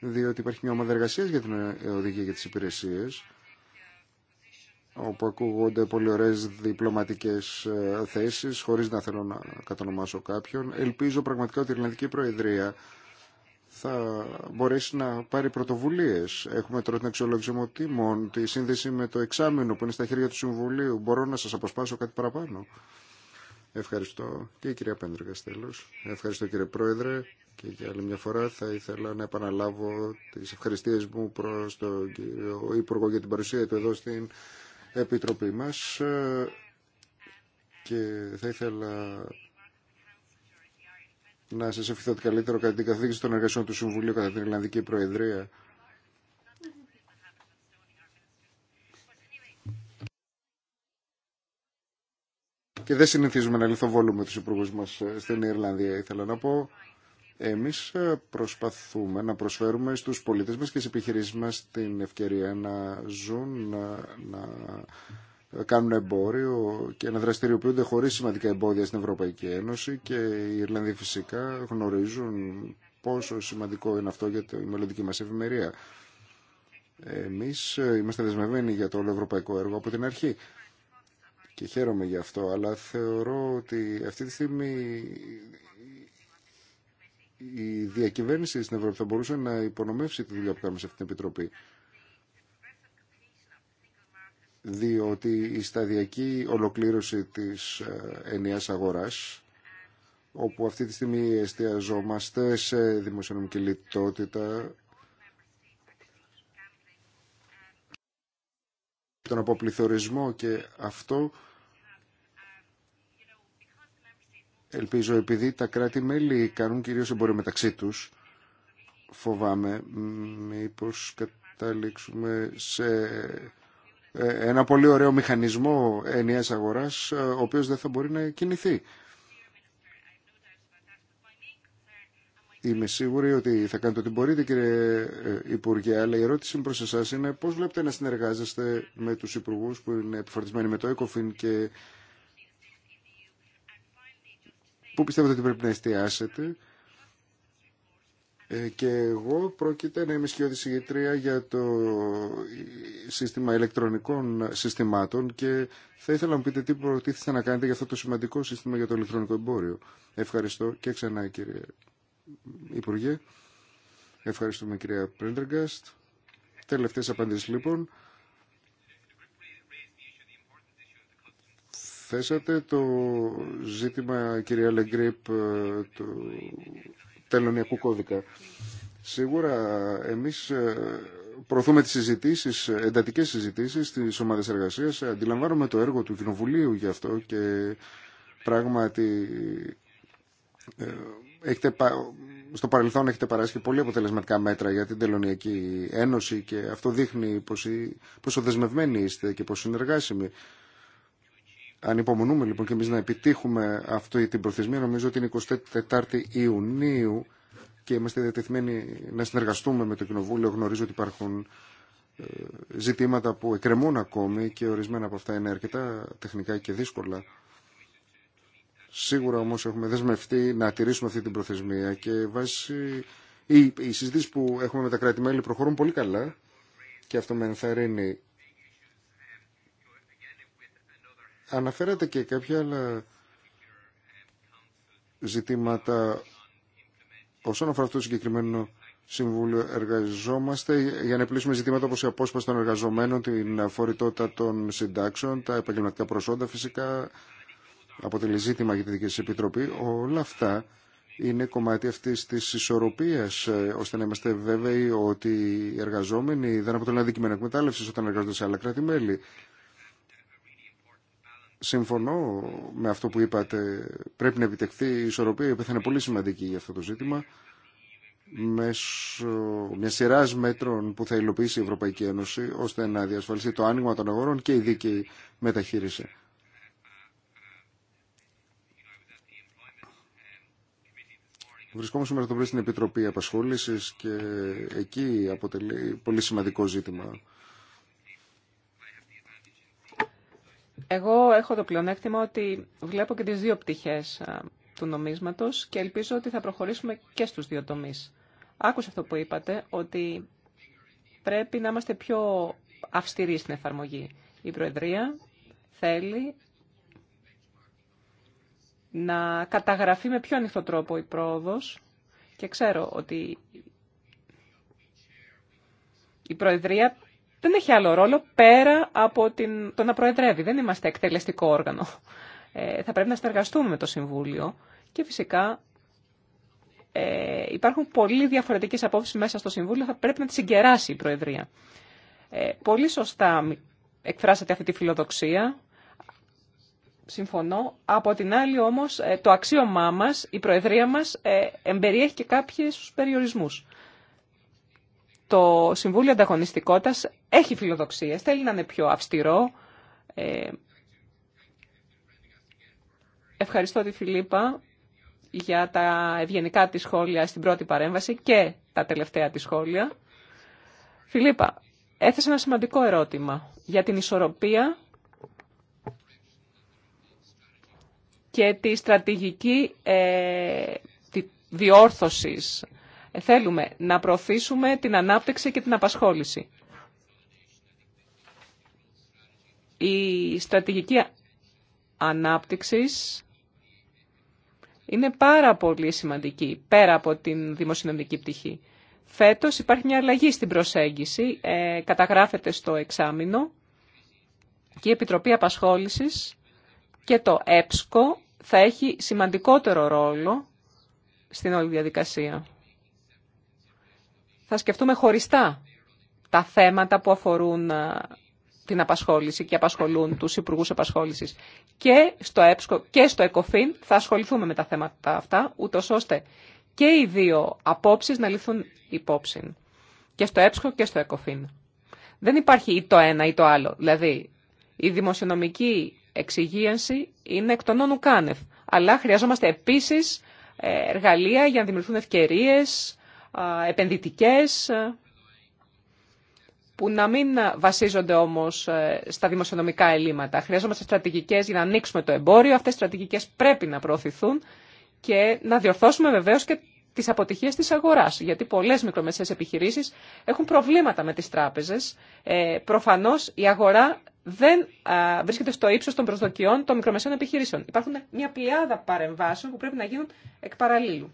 διότι υπάρχει μια ομάδα εργασία για την οδηγία για τις υπηρεσίες όπου ακούγονται πολύ ωραίες διπλωματικές ε, θέσεις, χωρίς να θέλω να κατονομάσω κάποιον. Ελπίζω πραγματικά ότι η Ελληνική Προεδρία θα μπορέσει να πάρει πρωτοβουλίες. Έχουμε τώρα την αξιολόγηση τίμων τη σύνδεση με το εξάμεινο που είναι στα χέρια του Συμβουλίου. Μπορώ να σας αποσπάσω κάτι παραπάνω. Ευχαριστώ και η κυρία Πέντρικα τέλο. Ευχαριστώ κύριε Πρόεδρε και για άλλη μια φορά θα ήθελα να επαναλάβω τι ευχαριστίες μου προ τον κύριο Υπουργό για την παρουσία του εδώ στην Επιτροπή μας ε, και θα ήθελα να σας ευχηθώ ότι καλύτερο κατά την καθήκηση των εργασιών του Συμβουλίου κατά την Ιρλανδική Προεδρία. Και δεν συνηθίζουμε να λιθοβολούμε τους υπουργούς μας ε, στην Ιρλανδία, ήθελα να πω. Εμείς ε, προσπαθούμε να προσφέρουμε στους πολίτες μας και στις επιχειρήσεις μας την ευκαιρία να ζουν, να, κάνουν εμπόριο και να δραστηριοποιούνται χωρίς σημαντικά εμπόδια στην Ευρωπαϊκή Ένωση και οι Ιρλανδοί φυσικά γνωρίζουν πόσο σημαντικό είναι αυτό για τη μελλοντική μας ευημερία. Εμείς ε, είμαστε δεσμευμένοι για το όλο ευρωπαϊκό έργο από την αρχή και χαίρομαι γι' αυτό, αλλά θεωρώ ότι αυτή τη στιγμή η διακυβέρνηση στην Ευρώπη θα μπορούσε να υπονομεύσει τη δουλειά που κάνουμε σε αυτή την Επιτροπή. Διότι η σταδιακή ολοκλήρωση της ε, ενιαίας αγοράς, όπου αυτή τη στιγμή εστιαζόμαστε σε δημοσιονομική λιτότητα, τον αποπληθωρισμό και αυτό Ελπίζω επειδή τα κράτη-μέλη κάνουν κυρίως εμπόριο μεταξύ τους, φοβάμαι μήπως καταλήξουμε σε ε, ένα πολύ ωραίο μηχανισμό ενιαίας αγοράς, ε, ο οποίος δεν θα μπορεί να κινηθεί. Είμαι σίγουρη ότι θα κάνετε ό,τι μπορείτε κύριε ε, Υπουργέ, αλλά η ερώτηση προς εσάς είναι πώς βλέπετε να συνεργάζεστε με τους υπουργούς που είναι επιφορτισμένοι με το ECOFIN και Πού πιστεύετε ότι πρέπει να εστιάσετε. Ε, και εγώ πρόκειται να είμαι τη ηγετρία για το σύστημα ηλεκτρονικών συστημάτων και θα ήθελα να μου πείτε τι προτίθεστε να κάνετε για αυτό το σημαντικό σύστημα για το ηλεκτρονικό εμπόριο. Ευχαριστώ και ξανά κύριε Υπουργέ. Ευχαριστούμε κυρία Πρέντεργκαστ. Τελευταίες απαντήσεις λοιπόν. θέσατε. Το ζήτημα, κυρία Λεγκρίπ, ε, του τελωνιακού κώδικα. Σίγουρα εμείς ε, προωθούμε τις συζητήσεις, εντατικές συζητήσεις στις ομάδες εργασίας. Αντιλαμβάνομαι το έργο του Κοινοβουλίου γι' αυτό και πράγματι ε, έχετε, στο παρελθόν έχετε παράσχει πολύ αποτελεσματικά μέτρα για την Τελωνιακή Ένωση και αυτό δείχνει πόσο δεσμευμένοι είστε και πόσο συνεργάσιμοι. Αν λοιπόν και εμεί να επιτύχουμε αυτή την προθεσμία, νομίζω ότι είναι 24η Ιουνίου και είμαστε διατεθειμένοι να συνεργαστούμε με το Κοινοβούλιο. Γνωρίζω ότι υπάρχουν ε, ζητήματα που εκκρεμούν ακόμη και ορισμένα από αυτά είναι αρκετά τεχνικά και δύσκολα. Σίγουρα όμως έχουμε δεσμευτεί να τηρήσουμε αυτή την προθεσμία και βάσει... Οι, οι που έχουμε με τα κράτη-μέλη προχωρούν πολύ καλά και αυτό με ενθαρρύνει Αναφέρατε και κάποια άλλα ζητήματα όσον αφορά αυτό το συγκεκριμένο Συμβούλιο. Εργαζόμαστε για να πλήσουμε ζητήματα όπως η απόσπαση των εργαζομένων, την αφορητότητα των συντάξεων, τα επαγγελματικά προσόντα φυσικά, αποτελεί ζήτημα για τη δική σας επιτροπή. Όλα αυτά είναι κομμάτι αυτής της ισορροπίας, ε, ώστε να είμαστε βέβαιοι ότι οι εργαζόμενοι δεν αποτελούν αντικείμενο εκμετάλλευση όταν εργάζονται σε άλλα κράτη-μέλη. Συμφωνώ με αυτό που είπατε. Πρέπει να επιτευχθεί η ισορροπία, η θα είναι πολύ σημαντική για αυτό το ζήτημα, μέσω μια σειρά μέτρων που θα υλοποιήσει η Ευρωπαϊκή Ένωση, ώστε να διασφαλιστεί το άνοιγμα των αγορών και η δίκαιη μεταχείριση. Βρισκόμαστε σήμερα το πρωί στην Επιτροπή Απασχόλησης και εκεί αποτελεί πολύ σημαντικό ζήτημα Εγώ έχω το πλεονέκτημα ότι βλέπω και τις δύο πτυχές του νομίσματος και ελπίζω ότι θα προχωρήσουμε και στους δύο τομείς. Άκουσα αυτό που είπατε, ότι πρέπει να είμαστε πιο αυστηροί στην εφαρμογή. Η Προεδρία θέλει να καταγραφεί με πιο ανοιχτό τρόπο η πρόοδος και ξέρω ότι η Προεδρία δεν έχει άλλο ρόλο πέρα από την, το να προεδρεύει. Δεν είμαστε εκτελεστικό όργανο. Ε, θα πρέπει να συνεργαστούμε με το Συμβούλιο και φυσικά ε, υπάρχουν πολύ διαφορετικές απόψεις μέσα στο Συμβούλιο, θα πρέπει να τις συγκεράσει η Προεδρία. Ε, πολύ σωστά εκφράσατε αυτή τη φιλοδοξία, συμφωνώ. Από την άλλη όμως ε, το αξίωμά μας, η Προεδρία μας ε, εμπεριέχει και κάποιους περιορισμούς το Συμβούλιο Ανταγωνιστικότητας έχει φιλοδοξίες, θέλει να είναι πιο αυστηρό. Ε, ευχαριστώ τη Φιλίπα για τα ευγενικά της σχόλια στην πρώτη παρέμβαση και τα τελευταία της σχόλια. Φιλίπα, έθεσε ένα σημαντικό ερώτημα για την ισορροπία και τη στρατηγική ε, διόρθωσης Θέλουμε να προωθήσουμε την ανάπτυξη και την απασχόληση. Η στρατηγική ανάπτυξης είναι πάρα πολύ σημαντική, πέρα από την δημοσιονομική πτυχή. Φέτος υπάρχει μια αλλαγή στην προσέγγιση, ε, καταγράφεται στο εξάμεινο και η Επιτροπή Απασχόλησης και το ΕΠΣΚΟ θα έχει σημαντικότερο ρόλο στην όλη διαδικασία θα σκεφτούμε χωριστά τα θέματα που αφορούν την απασχόληση και απασχολούν τους υπουργούς απασχόλησης. Και στο ΕΠΣΚΟ και στο ΕΚΟΦΗΝ θα ασχοληθούμε με τα θέματα αυτά, ούτω ώστε και οι δύο απόψεις να λυθούν υπόψη. Και στο ΕΠΣΚΟ και στο ΕΚΟΦΗΝ. Δεν υπάρχει ή το ένα ή το άλλο. Δηλαδή, η δημοσιονομική εξυγίανση είναι εκ των όνου Αλλά χρειαζόμαστε επίσης ε, εργαλεία για να δημιουργηθούν ευκαιρίες, επενδυτικές, που να μην βασίζονται όμως ε, στα δημοσιονομικά ελλείμματα. Χρειαζόμαστε στρατηγικές για να ανοίξουμε το εμπόριο. Αυτές οι στρατηγικές πρέπει να προωθηθούν και να διορθώσουμε βεβαίως και τις αποτυχίες της αγοράς. Γιατί πολλές μικρομεσαίες επιχειρήσεις έχουν προβλήματα με τις τράπεζες. Ε, προφανώς η αγορά δεν βρίσκεται στο ύψος των προσδοκιών των μικρομεσαίων επιχειρήσεων. Υπάρχουν μια πλειάδα παρεμβάσεων που πρέπει να γίνουν εκ παραλλήλου.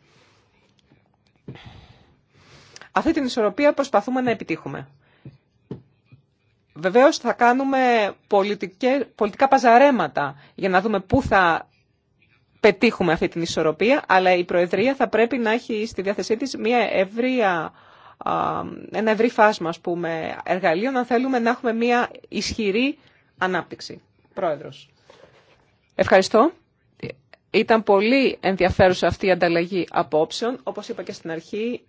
Αυτή την ισορροπία προσπαθούμε να επιτύχουμε. Βεβαίω θα κάνουμε πολιτικά παζαρέματα για να δούμε πού θα πετύχουμε αυτή την ισορροπία, αλλά η Προεδρία θα πρέπει να έχει στη διάθεσή της μια ευρία, ένα ευρύ φάσμα πούμε, εργαλείων αν θέλουμε να έχουμε μια ισχυρή ανάπτυξη. Πρόεδρος. Ευχαριστώ. Ήταν πολύ ενδιαφέρουσα αυτή η ανταλλαγή απόψεων. Όπως είπα και στην αρχή,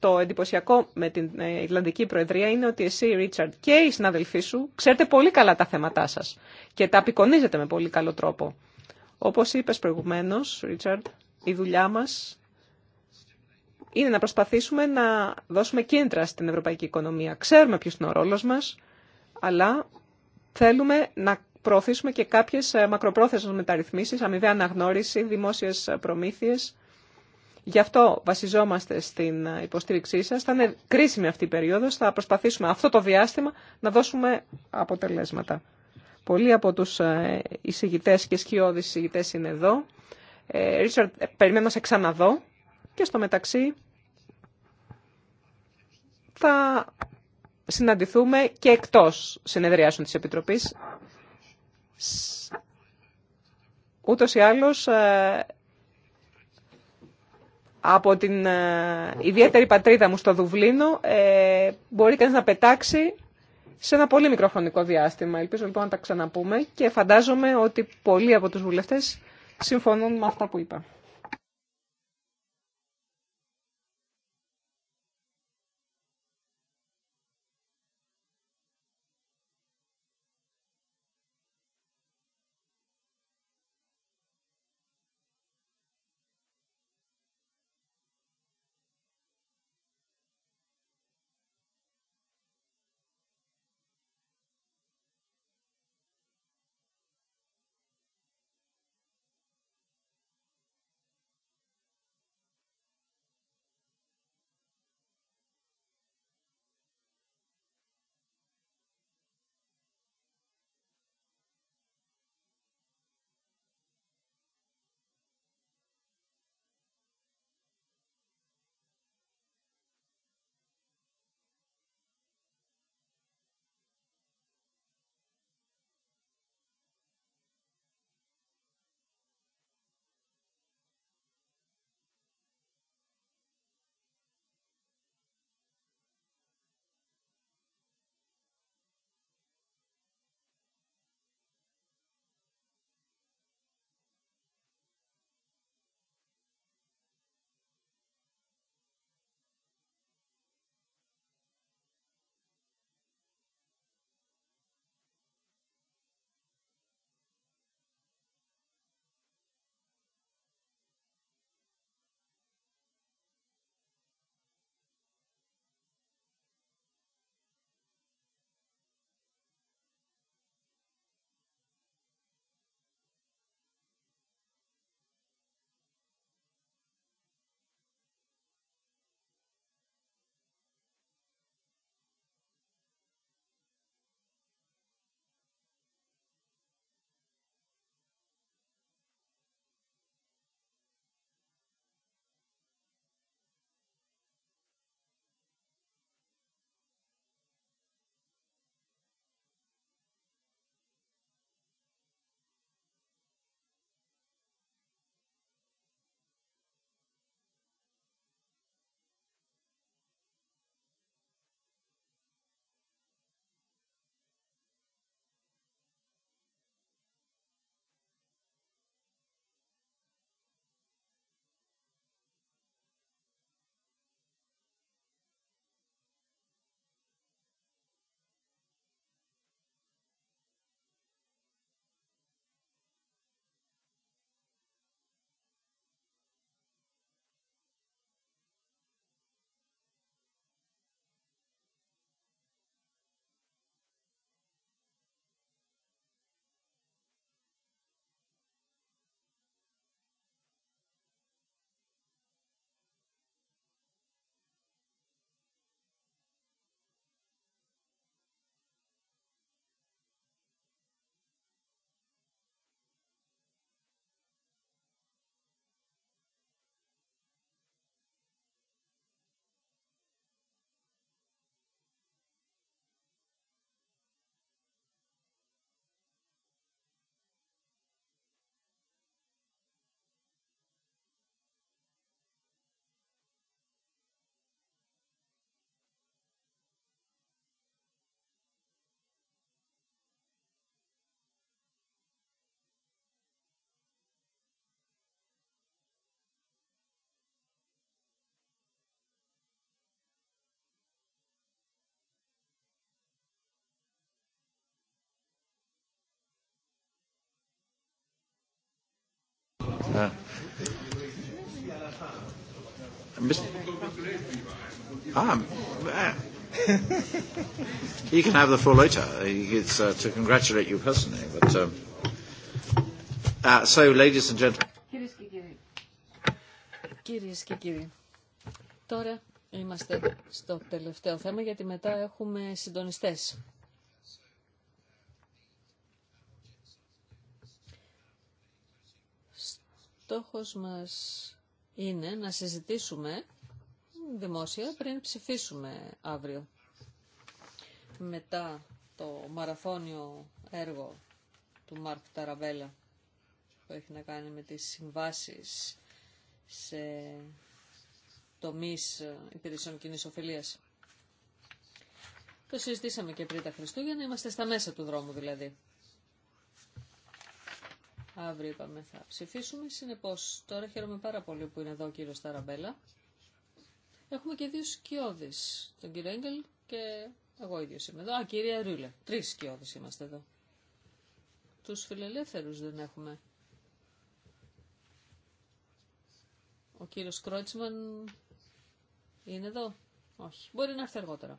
το εντυπωσιακό με την ε, Ιρλανδική Προεδρία είναι ότι εσύ, Ρίτσαρντ, και οι συναδελφοί σου ξέρετε πολύ καλά τα θέματά σα και τα απεικονίζετε με πολύ καλό τρόπο. Όπω είπε προηγουμένω, Ρίτσαρντ, η δουλειά μα είναι να προσπαθήσουμε να δώσουμε κίνητρα στην ευρωπαϊκή οικονομία. Ξέρουμε ποιο είναι ο ρόλο μα, αλλά θέλουμε να προωθήσουμε και κάποιε μακροπρόθεσμε μεταρρυθμίσει, αμοιβαία αναγνώριση, δημόσιε προμήθειε Γι' αυτό βασιζόμαστε στην υποστήριξή σα. Θα είναι κρίσιμη αυτή η περίοδο. Θα προσπαθήσουμε αυτό το διάστημα να δώσουμε αποτελέσματα. Πολλοί από τους ε, εισηγητέ και σκιώδει εισηγητέ είναι εδώ. Ε, Ρίτσαρτ, ε, περιμένω να σε ξαναδώ. Και στο μεταξύ θα συναντηθούμε και εκτός συνεδριάσεων της Επιτροπής. Ούτως ή άλλως από την ε, ιδιαίτερη πατρίδα μου στο Δουβλίνο ε, μπορεί κανείς να πετάξει σε ένα πολύ μικρό διάστημα. Ελπίζω λοιπόν να τα ξαναπούμε και φαντάζομαι ότι πολλοί από τους βουλευτές συμφωνούν με αυτά που είπα. Ah, you can have the floor later. It's to congratulate you personally. But uh, so, ladies and gentlemen. Κυρίες και κύριοι, τώρα είμαστε στο τελευταίο θέμα γιατί μετά έχουμε συντονιστές. Στόχος μας είναι να συζητήσουμε δημόσια πριν ψηφίσουμε αύριο. Μετά το μαραθώνιο έργο του Μάρκ Ταραβέλα που έχει να κάνει με τις συμβάσεις σε τομείς υπηρεσιών κοινή ωφελία. Το συζητήσαμε και πριν τα Χριστούγεννα, είμαστε στα μέσα του δρόμου δηλαδή. Αύριο είπαμε θα ψηφίσουμε. Συνεπώς, τώρα χαίρομαι πάρα πολύ που είναι εδώ ο κύριος Ταραμπέλα. Έχουμε και δύο σκιώδεις, τον κύριο Έγκελ και εγώ ίδιος είμαι εδώ. Α, κυρία Ρούλε, τρεις σκιώδεις είμαστε εδώ. Τους φιλελεύθερου δεν έχουμε. Ο κύριος Κρότσμαν είναι εδώ. Όχι. Μπορεί να έρθει αργότερα.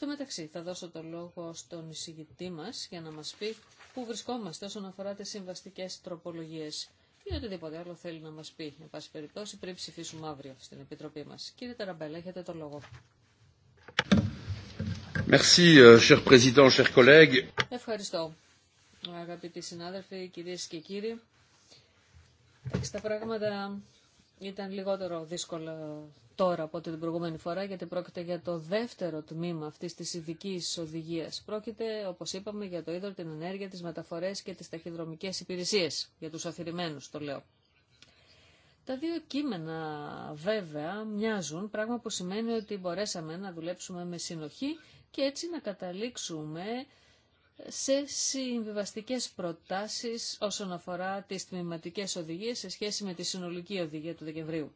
Στο μεταξύ θα δώσω το λόγο στον εισηγητή μας για να μας πει πού βρισκόμαστε όσον αφορά τις συμβαστικές τροπολογίες ή οτιδήποτε άλλο θέλει να μας πει. Εν πάση περιπτώσει να ψηφίσουμε αύριο στην Επιτροπή μας. Κύριε Ταραμπέλα, έχετε το λόγο. Merci, euh, cher président, cher Ευχαριστώ. Αγαπητοί συνάδελφοι, κυρίες και κύριοι, τα πράγματα ήταν λιγότερο δύσκολα τώρα από την προηγούμενη φορά, γιατί πρόκειται για το δεύτερο τμήμα αυτή τη ειδική οδηγία. Πρόκειται, όπω είπαμε, για το ίδιο την ενέργεια, τι μεταφορέ και τι ταχυδρομικέ υπηρεσίε, για του αφηρημένου το λέω. Τα δύο κείμενα βέβαια μοιάζουν, πράγμα που σημαίνει ότι μπορέσαμε να δουλέψουμε με συνοχή και έτσι να καταλήξουμε σε συμβιβαστικές προτάσεις όσον αφορά τις τμηματικές οδηγίες σε σχέση με τη συνολική οδηγία του Δεκεμβρίου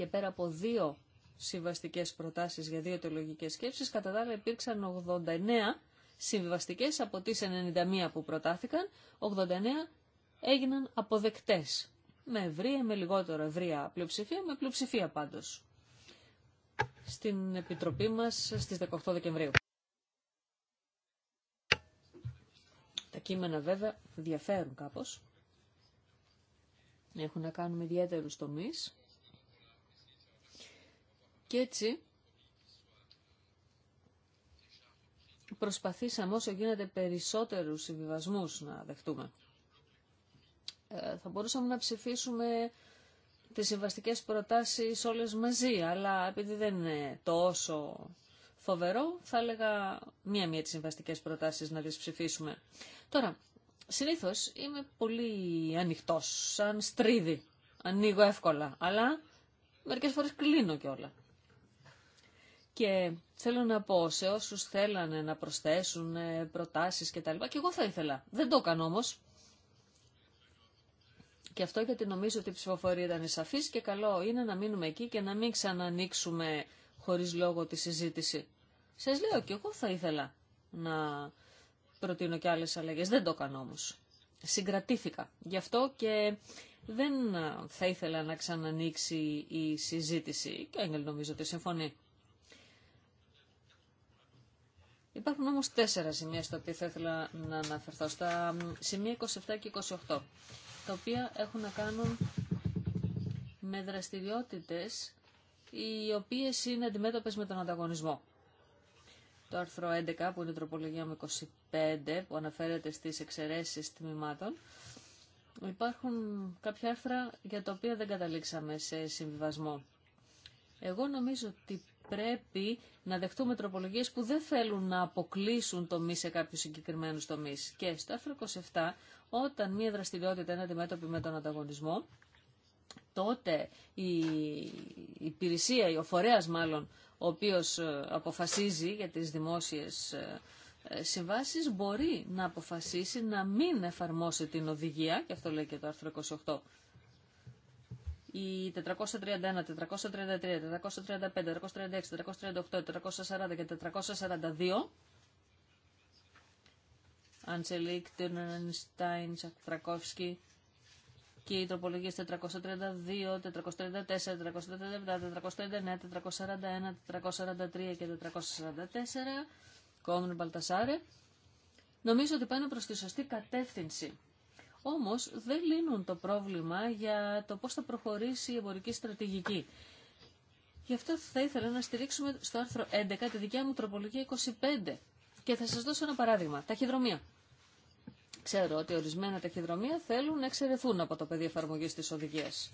και πέρα από δύο συμβαστικέ προτάσεις για δύο τελογικές σκέψει. κατά τα άλλα υπήρξαν 89 συμβαστικέ από τι 91 που προτάθηκαν, 89 έγιναν αποδεκτές. Με ευρία, με λιγότερο ευρία πλειοψηφία, με πλειοψηφία πάντως. Στην Επιτροπή μας στις 18 Δεκεμβρίου. Τα κείμενα βέβαια διαφέρουν κάπως. Έχουν να κάνουν ιδιαίτερους τομείς και έτσι προσπαθήσαμε όσο γίνεται περισσότερους συμβιβασμούς να δεχτούμε. Ε, θα μπορούσαμε να ψηφίσουμε τις συμβαστικές προτάσεις όλες μαζί, αλλά επειδή δεν είναι τόσο φοβερό, θα έλεγα μία-μία τις συμβαστικές προτάσεις να τις ψηφίσουμε. Τώρα, συνήθως είμαι πολύ ανοιχτός, σαν στρίδι, ανοίγω εύκολα, αλλά μερικές φορές κλείνω κιόλα. Και θέλω να πω σε όσους θέλανε να προσθέσουν ε, προτάσεις κτλ. Και, και εγώ θα ήθελα. Δεν το έκανα όμως. Και αυτό γιατί νομίζω ότι η ψηφοφορία ήταν σαφής και καλό είναι να μείνουμε εκεί και να μην ξανανοίξουμε χωρίς λόγο τη συζήτηση. Σας λέω και εγώ θα ήθελα να προτείνω και άλλες αλλαγές. Δεν το έκανα όμως. Συγκρατήθηκα. Γι' αυτό και δεν θα ήθελα να ξανανοίξει η συζήτηση. Και ο Έγγελ νομίζω ότι συμφωνεί. Υπάρχουν όμως τέσσερα σημεία στα οποία θα ήθελα να αναφερθώ, στα σημεία 27 και 28, τα οποία έχουν να κάνουν με δραστηριότητες οι οποίες είναι αντιμέτωπες με τον ανταγωνισμό. Το άρθρο 11 που είναι η τροπολογία με 25 που αναφέρεται στις εξαιρέσεις τμήματων υπάρχουν κάποια άρθρα για τα οποία δεν καταλήξαμε σε συμβιβασμό. Εγώ νομίζω ότι πρέπει να δεχτούμε τροπολογίες που δεν θέλουν να αποκλείσουν τομεί σε κάποιους συγκεκριμένους τομεί. Και στο άρθρο 27, όταν μία δραστηριότητα είναι αντιμέτωπη με τον ανταγωνισμό, τότε η υπηρεσία, ο φορέας μάλλον, ο οποίος ε, αποφασίζει για τις δημόσιες ε, ε, συμβάσεις, μπορεί να αποφασίσει να μην εφαρμόσει την οδηγία, και αυτό λέει και το άρθρο 28 οι 431, 433, 435, 436, 438, 440 και 442 Αντσελίκ, Τιρνενστάιν, Σακτρακόφσκι και οι τροπολογίες 432, 434, 437, 439, 441, 443 και 444 Κόμνου Μπαλτασάρε νομίζω ότι πάνε προς τη σωστή κατεύθυνση όμως δεν λύνουν το πρόβλημα για το πώς θα προχωρήσει η εμπορική στρατηγική. Γι' αυτό θα ήθελα να στηρίξουμε στο άρθρο 11 τη δικιά μου τροπολογία 25. Και θα σας δώσω ένα παράδειγμα. Ταχυδρομεία. Ξέρω ότι ορισμένα ταχυδρομεία θέλουν να εξαιρεθούν από το πεδίο εφαρμογή της οδηγίας.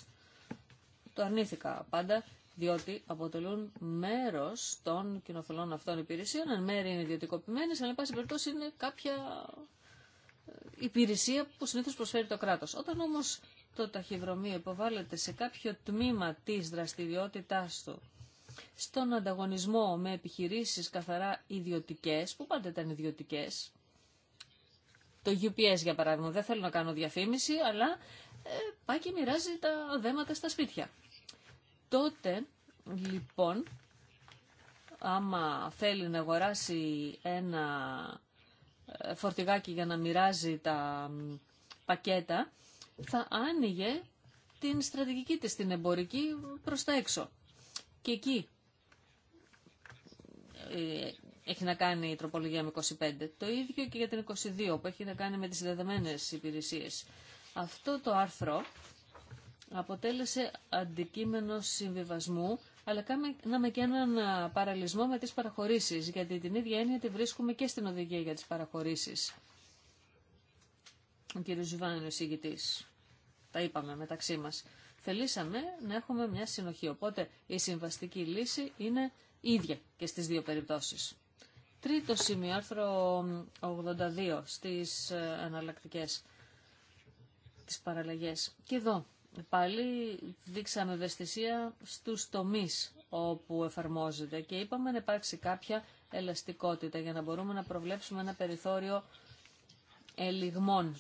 Το αρνήθηκα πάντα, διότι αποτελούν μέρος των κοινοφελών αυτών υπηρεσιών. Αν μέρη είναι ιδιωτικοποιημένες, αλλά εν πάση περιπτώσει είναι κάποια υπηρεσία που συνήθως προσφέρει το κράτος. Όταν όμως το ταχυδρομείο υποβάλλεται σε κάποιο τμήμα της δραστηριότητάς του στον ανταγωνισμό με επιχειρήσεις καθαρά ιδιωτικέ που πάντα ήταν ιδιωτικέ, το UPS για παράδειγμα, δεν θέλω να κάνω διαφήμιση, αλλά ε, πάει και μοιράζει τα δέματα στα σπίτια. Τότε, λοιπόν, άμα θέλει να αγοράσει ένα ε, φορτηγάκι για να μοιράζει τα πακέτα, θα άνοιγε την στρατηγική της, την εμπορική προς τα έξω. Και εκεί ε, έχει να κάνει η τροπολογία με 25. Το ίδιο και για την 22 που έχει να κάνει με τις συνδεδεμένες υπηρεσίες. Αυτό το άρθρο αποτέλεσε αντικείμενο συμβιβασμού αλλά με και έναν παραλυσμό με τις παραχωρήσεις, γιατί την ίδια έννοια τη βρίσκουμε και στην οδηγία για τις παραχωρήσεις. Ο κ. Ζουβάν είναι ο συγητής. Τα είπαμε μεταξύ μας. Θελήσαμε να έχουμε μια συνοχή, οπότε η συμβαστική λύση είναι ίδια και στις δύο περιπτώσεις. Τρίτο σημείο, άρθρο 82, στις ε, εναλλακτικές, τις παραλλαγές. Και εδώ πάλι δείξαμε ευαισθησία στους τομείς όπου εφαρμόζεται και είπαμε να υπάρξει κάποια ελαστικότητα για να μπορούμε να προβλέψουμε ένα περιθώριο ελιγμών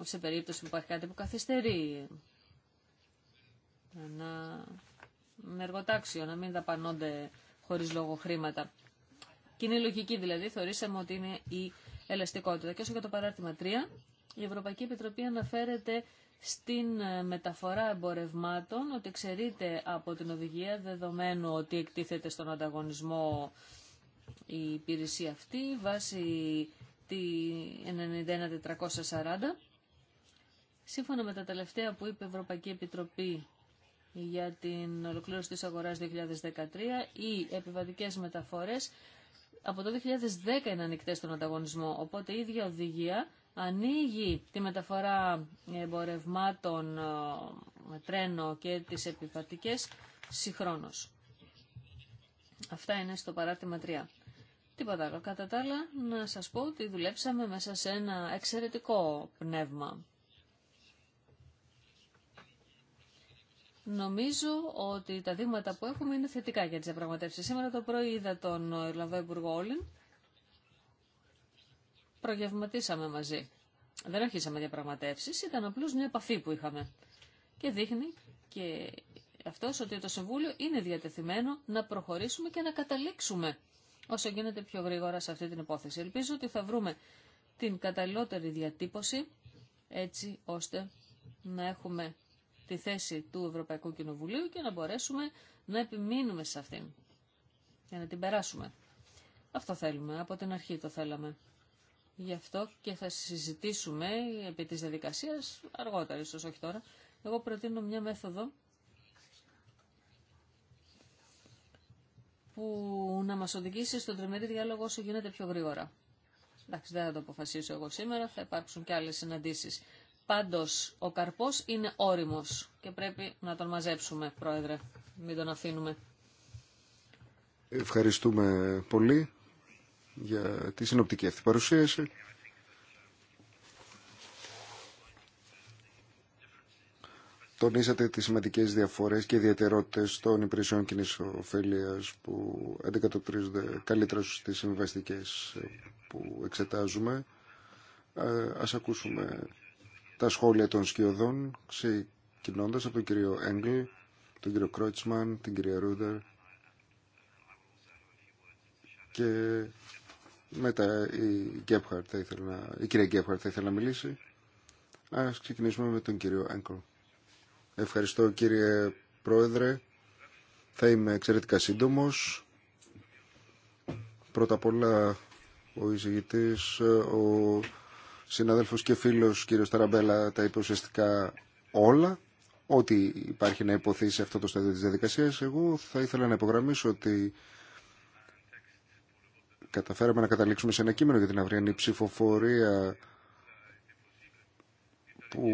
σε περίπτωση που υπάρχει κάτι που καθυστερεί ένα εργοτάξιο, να μην δαπανώνται χωρίς λόγο χρήματα. είναι λογική δηλαδή θεωρήσαμε ότι είναι η ελαστικότητα. Και όσο για το παράρτημα 3, η Ευρωπαϊκή Επιτροπή αναφέρεται στην ε, μεταφορά εμπορευμάτων ότι εξαιρείται από την οδηγία δεδομένου ότι εκτίθεται στον ανταγωνισμό η υπηρεσία αυτή βάσει τη 91440. Σύμφωνα με τα τελευταία που είπε η Ευρωπαϊκή Επιτροπή για την ολοκλήρωση της αγοράς 2013, οι επιβατικές μεταφορές από το 2010 είναι ανοιχτές στον ανταγωνισμό. Οπότε η ίδια οδηγία ανοίγει τη μεταφορά εμπορευμάτων ε, με τρένο και τις επιβατικές συγχρόνως. Αυτά είναι στο παράρτημα 3. Τίποτα άλλο. Κατά τα άλλα, να σας πω ότι δουλέψαμε μέσα σε ένα εξαιρετικό πνεύμα. Νομίζω ότι τα δείγματα που έχουμε είναι θετικά για τις διαπραγματεύσεις. Σήμερα το πρωί είδα τον Ιρλανδό Υπουργό προγευματίσαμε μαζί. Δεν αρχίσαμε διαπραγματεύσεις, ήταν απλώς μια επαφή που είχαμε. Και δείχνει και αυτός ότι το Συμβούλιο είναι διατεθειμένο να προχωρήσουμε και να καταλήξουμε όσο γίνεται πιο γρήγορα σε αυτή την υπόθεση. Ελπίζω ότι θα βρούμε την καταλληλότερη διατύπωση έτσι ώστε να έχουμε τη θέση του Ευρωπαϊκού Κοινοβουλίου και να μπορέσουμε να επιμείνουμε σε αυτήν Για να την περάσουμε. Αυτό θέλουμε, από την αρχή το θέλαμε. Γι' αυτό και θα συζητήσουμε επί της διαδικασίας αργότερα, ίσως όχι τώρα. Εγώ προτείνω μια μέθοδο που να μας οδηγήσει στον τριμερή διάλογο όσο γίνεται πιο γρήγορα. Εντάξει, δεν θα το αποφασίσω εγώ σήμερα, θα υπάρξουν και άλλες συναντήσεις. Πάντως, ο καρπός είναι όριμος και πρέπει να τον μαζέψουμε, Πρόεδρε. Μην τον αφήνουμε. Ευχαριστούμε πολύ για τη συνοπτική αυτή παρουσίαση. Τονίσατε τις σημαντικές διαφορές και ιδιαιτερότητες των υπηρεσιών κοινή ωφέλεια που αντικατοπτρίζονται καλύτερα στις συμβαστικές που εξετάζουμε. Ε, ας ακούσουμε τα σχόλια των σκιωδών, ξεκινώντας από τον κύριο Έγκλ, τον κύριο Κρότσμαν, την κυρία Ρούδερ και μετά η, θα να... η κυρία Γκέπχαρτ θα ήθελε να μιλήσει. Ας ξεκινήσουμε με τον κύριο Έγκρο. Ευχαριστώ κύριε Πρόεδρε. Θα είμαι εξαιρετικά σύντομος. Πρώτα απ' όλα ο εισηγητής, ο συνάδελφος και φίλος κύριος Ταραμπέλα τα είπε ουσιαστικά όλα. Ό,τι υπάρχει να υποθεί σε αυτό το στάδιο της διαδικασίας, εγώ θα ήθελα να υπογραμμίσω ότι καταφέραμε να καταλήξουμε σε ένα κείμενο για την αυριανή ψηφοφορία που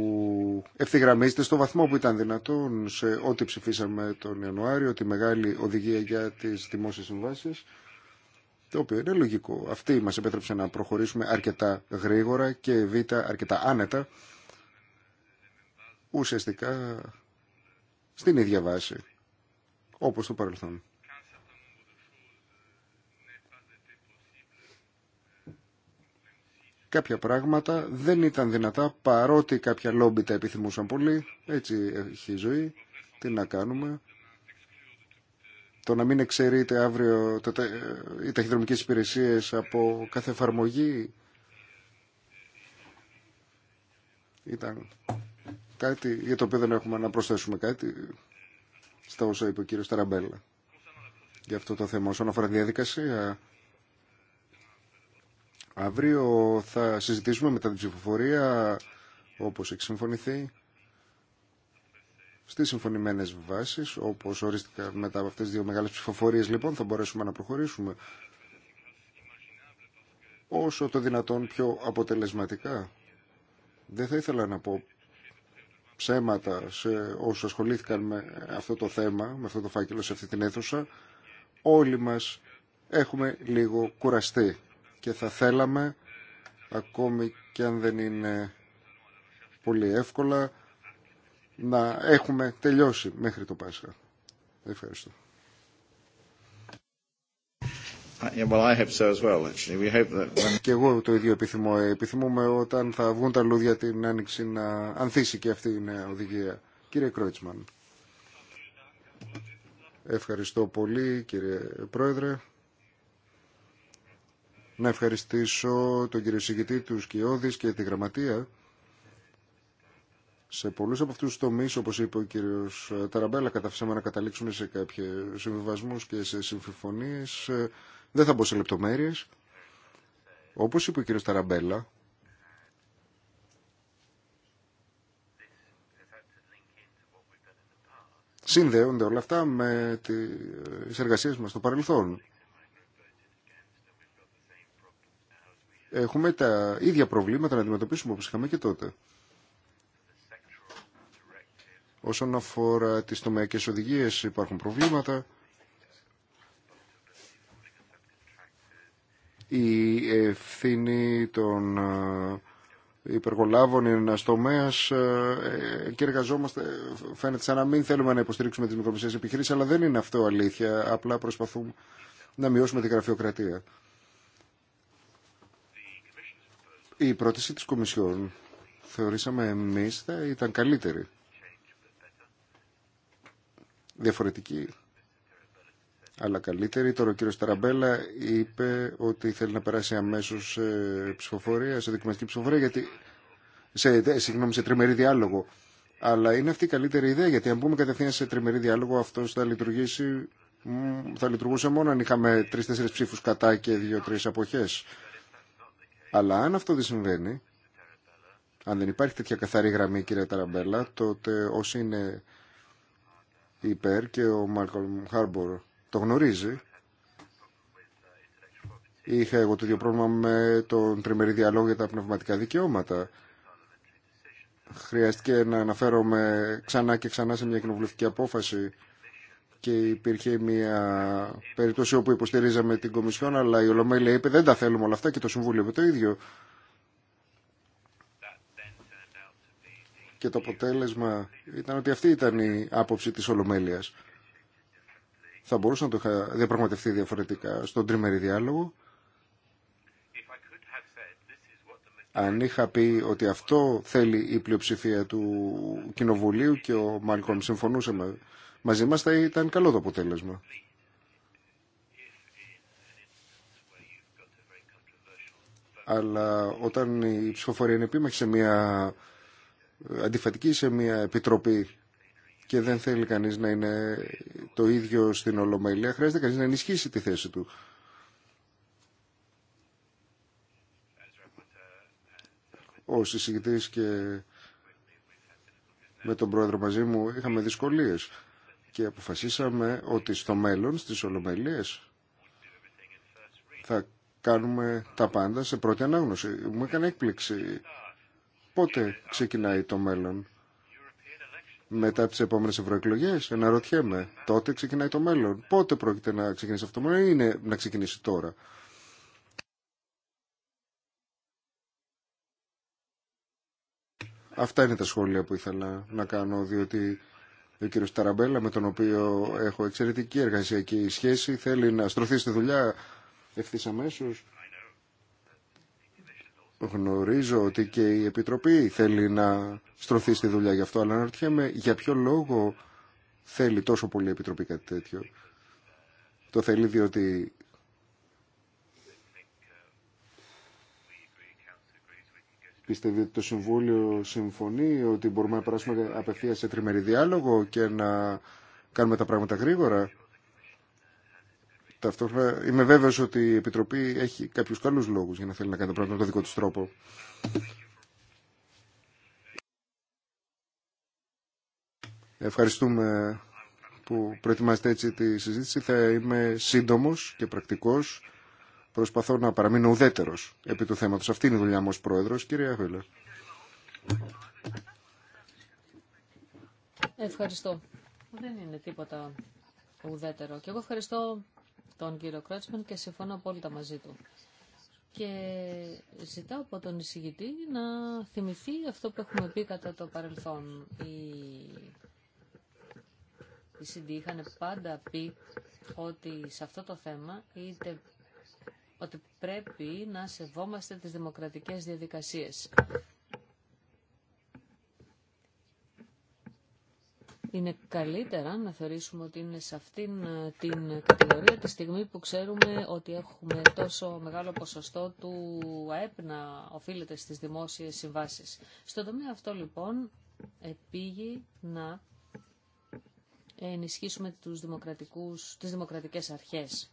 ευθυγραμμίζεται στο βαθμό που ήταν δυνατόν σε ό,τι ψηφίσαμε τον Ιανουάριο, τη μεγάλη οδηγία για τις δημόσιες συμβάσεις, το οποίο είναι λογικό. Αυτή μας επέτρεψε να προχωρήσουμε αρκετά γρήγορα και β' αρκετά άνετα, ουσιαστικά στην ίδια βάση, όπως το παρελθόν. κάποια πράγματα δεν ήταν δυνατά παρότι κάποια λόμπι τα επιθυμούσαν πολύ. Έτσι έχει η ζωή. Τι να κάνουμε. Το να μην εξαιρείται αύριο οι ταχυδρομικές υπηρεσίες από κάθε εφαρμογή ήταν κάτι για το οποίο δεν έχουμε να προσθέσουμε κάτι στα όσα είπε ο κύριος Ταραμπέλα για αυτό το θέμα. Όσον αφορά διαδικασία, Αύριο θα συζητήσουμε μετά την ψηφοφορία, όπως έχει συμφωνηθεί, στις συμφωνημένες βάσεις, όπως ορίστηκα μετά από αυτές τις δύο μεγάλες ψηφοφορίες, λοιπόν, θα μπορέσουμε να προχωρήσουμε όσο το δυνατόν πιο αποτελεσματικά. Δεν θα ήθελα να πω ψέματα σε όσους ασχολήθηκαν με αυτό το θέμα, με αυτό το φάκελο σε αυτή την αίθουσα. Όλοι μας έχουμε λίγο κουραστεί και θα θέλαμε, ακόμη και αν δεν είναι πολύ εύκολα, να έχουμε τελειώσει μέχρι το Πάσχα. Ευχαριστώ. Και εγώ το ίδιο επιθυμώ. Επιθυμούμε όταν θα βγουν τα λούδια την άνοιξη να ανθίσει και αυτή η νέα οδηγία. Κύριε Κρόιτσμαν. Ευχαριστώ πολύ κύριε Πρόεδρε να ευχαριστήσω τον κύριο Συγητή του Σκιώδης και τη Γραμματεία. Σε πολλούς από αυτούς τους τομείς, όπως είπε ο κύριος Ταραμπέλα, καταφέραμε να καταλήξουμε σε κάποιες συμβιβασμούς και σε συμφωνίες. Δεν θα μπω σε λεπτομέρειες. Όπως είπε ο κύριος Ταραμπέλα, συνδέονται όλα αυτά με τις εργασίες μας στο παρελθόν. έχουμε τα ίδια προβλήματα να αντιμετωπίσουμε όπως είχαμε και τότε. Όσον αφορά τις τομεακές οδηγίες υπάρχουν προβλήματα. Η ευθύνη των ε, υπεργολάβων είναι ένα τομέα ε, και εργαζόμαστε. Φαίνεται σαν να μην θέλουμε να υποστηρίξουμε τι μικρομεσαίε επιχειρήσει, αλλά δεν είναι αυτό αλήθεια. Απλά προσπαθούμε να μειώσουμε την γραφειοκρατία. Η πρόταση της Κομισιόν θεωρήσαμε εμείς θα ήταν καλύτερη. Διαφορετική. Αλλά καλύτερη. Τώρα ο κύριος Ταραμπέλα είπε ότι θέλει να περάσει αμέσως σε ψηφοφορία, σε δοκιμαστική ψηφοφορία, γιατί σε, συγγνώμη, σε τριμερή διάλογο. Αλλά είναι αυτή η καλύτερη ιδέα, γιατί αν πούμε κατευθείαν σε τριμερή διάλογο, αυτό θα λειτουργήσει. Θα λειτουργούσε μόνο αν είχαμε τρει-τέσσερι ψήφου κατά και δύο-τρει αποχέ. Αλλά αν αυτό δεν συμβαίνει, αν δεν υπάρχει τέτοια καθαρή γραμμή, κύριε Ταραμπέλα, τότε όσοι είναι υπέρ και ο Μάρκολμ Χάρμπορ το γνωρίζει, Είχα εγώ το ίδιο πρόβλημα με τον τριμερή διαλόγο για τα πνευματικά δικαιώματα. Χρειάστηκε να αναφέρομαι ξανά και ξανά σε μια κοινοβουλευτική απόφαση και υπήρχε μια περίπτωση όπου υποστηρίζαμε την Κομισιόν αλλά η Ολομέλεια είπε δεν τα θέλουμε όλα αυτά και το Συμβούλιο είπε το ίδιο. Και το αποτέλεσμα ήταν ότι αυτή ήταν η άποψη της Ολομέλειας. Θα μπορούσα να το είχα διαπραγματευτεί διαφορετικά στον τριμερή διάλογο. Αν είχα πει ότι αυτό θέλει η πλειοψηφία του Κοινοβουλίου και ο Μάλκομ συμφωνούσε με μαζί μας θα ήταν καλό το αποτέλεσμα. Αλλά όταν η ψηφοφορία είναι επίμαχη σε μια ε, αντιφατική σε μια επιτροπή και δεν θέλει κανείς να είναι το ίδιο στην Ολομέλεια, χρειάζεται κανείς να ενισχύσει τη θέση του. Ο συζητητής και με τον πρόεδρο μαζί μου είχαμε δυσκολίες και αποφασίσαμε ότι στο μέλλον, στις Ολομελίες, θα κάνουμε τα πάντα σε πρώτη ανάγνωση. Μου έκανε έκπληξη. Πότε ξεκινάει το μέλλον. Μετά τις επόμενες ευρωεκλογέ, αναρωτιέμαι, τότε ξεκινάει το μέλλον. Πότε πρόκειται να ξεκινήσει αυτό το μέλλον ή είναι να ξεκινήσει τώρα. Αυτά είναι τα σχόλια που ήθελα να κάνω, διότι ο κύριος Ταραμπέλα με τον οποίο έχω εξαιρετική εργασιακή σχέση θέλει να στρωθεί στη δουλειά ευθύ αμέσω. Γνωρίζω ότι και η Επιτροπή θέλει να στρωθεί στη δουλειά γι' αυτό, αλλά αναρωτιέμαι για ποιο λόγο θέλει τόσο πολύ η Επιτροπή κάτι τέτοιο. Το θέλει διότι Πιστεύετε ότι το Συμβούλιο συμφωνεί ότι μπορούμε να περάσουμε απευθεία σε τριμερή διάλογο και να κάνουμε τα πράγματα γρήγορα. Ταυτόχρονα είμαι βέβαιος ότι η Επιτροπή έχει κάποιους καλούς λόγους για να θέλει να κάνει τα πράγματα με τον δικό της τρόπο. Ευχαριστούμε που προετοιμάζετε έτσι τη συζήτηση. Θα είμαι σύντομος και πρακτικός. Προσπαθώ να παραμείνω ουδέτερο επί του θέματος. Αυτή είναι η δουλειά μου ως πρόεδρος. Κύριε Αβέλα. Ευχαριστώ. Δεν είναι τίποτα ουδέτερο. Και εγώ ευχαριστώ τον κύριο Κρότσμαν και συμφωνώ απόλυτα μαζί του. Και ζητάω από τον εισηγητή να θυμηθεί αυτό που έχουμε πει κατά το παρελθόν. Οι, οι είχαν πάντα πει ότι σε αυτό το θέμα είτε ότι πρέπει να σεβόμαστε τις δημοκρατικές διαδικασίες. Είναι καλύτερα να θεωρήσουμε ότι είναι σε αυτήν ε, την κατηγορία τη στιγμή που ξέρουμε ότι έχουμε τόσο μεγάλο ποσοστό του ΑΕΠ να οφείλεται στις δημόσιες συμβάσεις. Στον τομέα αυτό λοιπόν επίγει να ενισχύσουμε τους δημοκρατικούς, τις δημοκρατικές αρχές.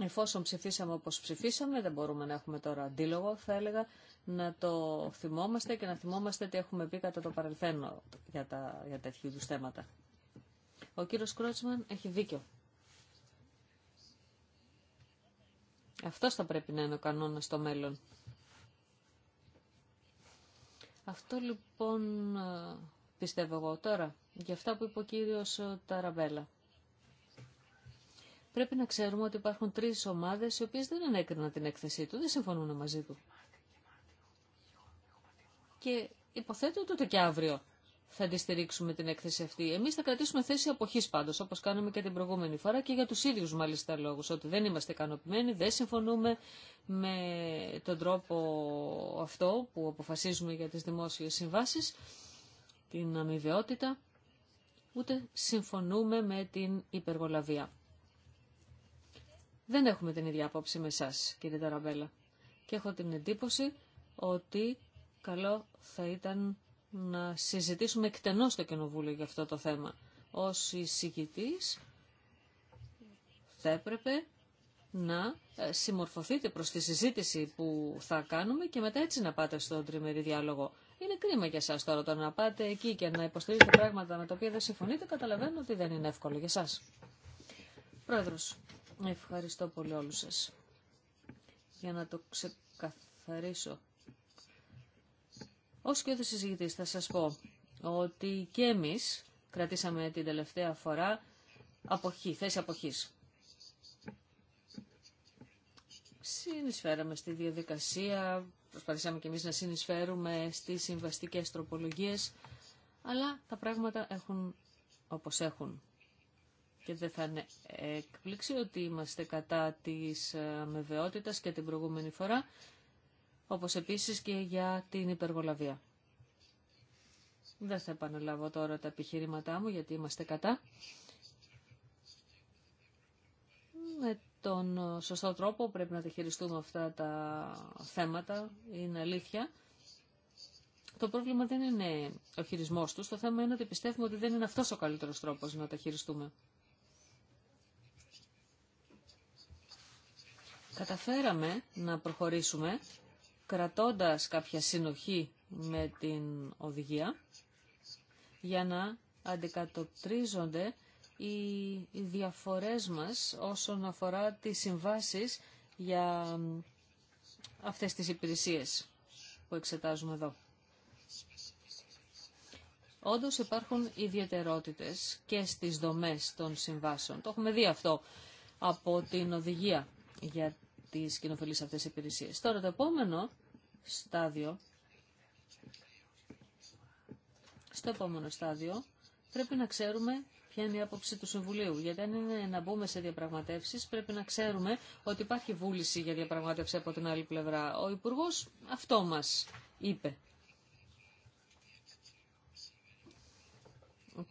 Εφόσον ψηφίσαμε όπως ψηφίσαμε, δεν μπορούμε να έχουμε τώρα αντίλογο, θα έλεγα, να το θυμόμαστε και να θυμόμαστε τι έχουμε πει κατά το παρελθόν για, τα, για τέτοιου είδους θέματα. Ο κύριος Κρότσμαν έχει δίκιο. Αυτός θα πρέπει να είναι ο κανόνας στο μέλλον. Αυτό λοιπόν πιστεύω εγώ τώρα για αυτά που είπε ο κύριος Ταραβέλα πρέπει να ξέρουμε ότι υπάρχουν τρεις ομάδες οι οποίες δεν ανέκριναν την έκθεσή του, δεν συμφωνούν μαζί του. Και υποθέτω ότι ούτε και αύριο θα αντιστηρίξουμε την έκθεση αυτή. Εμεί θα κρατήσουμε θέση αποχή πάντω, όπω κάναμε και την προηγούμενη φορά και για του ίδιου μάλιστα λόγου. Ότι δεν είμαστε ικανοποιημένοι, δεν συμφωνούμε με τον τρόπο αυτό που αποφασίζουμε για τι δημόσιε συμβάσει, την αμοιβαιότητα, ούτε συμφωνούμε με την υπεργολαβία δεν έχουμε την ίδια απόψη με εσά, κύριε Ταραμπέλα. Και έχω την εντύπωση ότι καλό θα ήταν να συζητήσουμε εκτενώς το Κοινοβούλιο για αυτό το θέμα. Ως εισηγητής θα έπρεπε να ε, συμμορφωθείτε προς τη συζήτηση που θα κάνουμε και μετά έτσι να πάτε στον τριμερή διάλογο. Είναι κρίμα για σας τώρα το να πάτε εκεί και να υποστηρίζετε πράγματα με τα οποία δεν συμφωνείτε. Καταλαβαίνω ότι δεν είναι εύκολο για εσάς. Πρόεδρος, Ευχαριστώ πολύ όλους σας. Για να το ξεκαθαρίσω. Ως και ο συζητητής θα σας πω ότι και εμείς κρατήσαμε την τελευταία φορά αποχή, θέση αποχής. Συνεισφέραμε στη διαδικασία, προσπαθήσαμε και εμείς να συνεισφέρουμε στις συμβαστικές τροπολογίες, αλλά τα πράγματα έχουν όπως έχουν. Και δεν θα είναι έκπληξη ότι είμαστε κατά της ε, αμεβαιότητας και την προηγούμενη φορά, όπως επίσης και για την υπεργολαβία. Δεν θα επαναλάβω τώρα τα επιχειρήματά μου γιατί είμαστε κατά. Με τον ε, σωστό τρόπο πρέπει να χειριστούμε αυτά τα θέματα, είναι αλήθεια. Το πρόβλημα δεν είναι ο χειρισμός τους, το θέμα είναι ότι πιστεύουμε ότι δεν είναι αυτός ο καλύτερος τρόπος να τα χειριστούμε. καταφέραμε να προχωρήσουμε κρατώντας κάποια συνοχή με την οδηγία για να αντικατοπτρίζονται οι διαφορές μας όσον αφορά τις συμβάσεις για αυτές τις υπηρεσίες που εξετάζουμε εδώ. Όντως υπάρχουν ιδιαιτερότητες και στις δομές των συμβάσεων. Το έχουμε δει αυτό από την οδηγία για τις κοινοφελή αυτές υπηρεσίε. Τώρα το επόμενο στάδιο, στο επόμενο στάδιο πρέπει να ξέρουμε ποια είναι η άποψη του Συμβουλίου. Γιατί αν είναι να μπούμε σε διαπραγματεύσεις πρέπει να ξέρουμε ότι υπάρχει βούληση για διαπραγμάτευση από την άλλη πλευρά. Ο υπουργό αυτό μας είπε.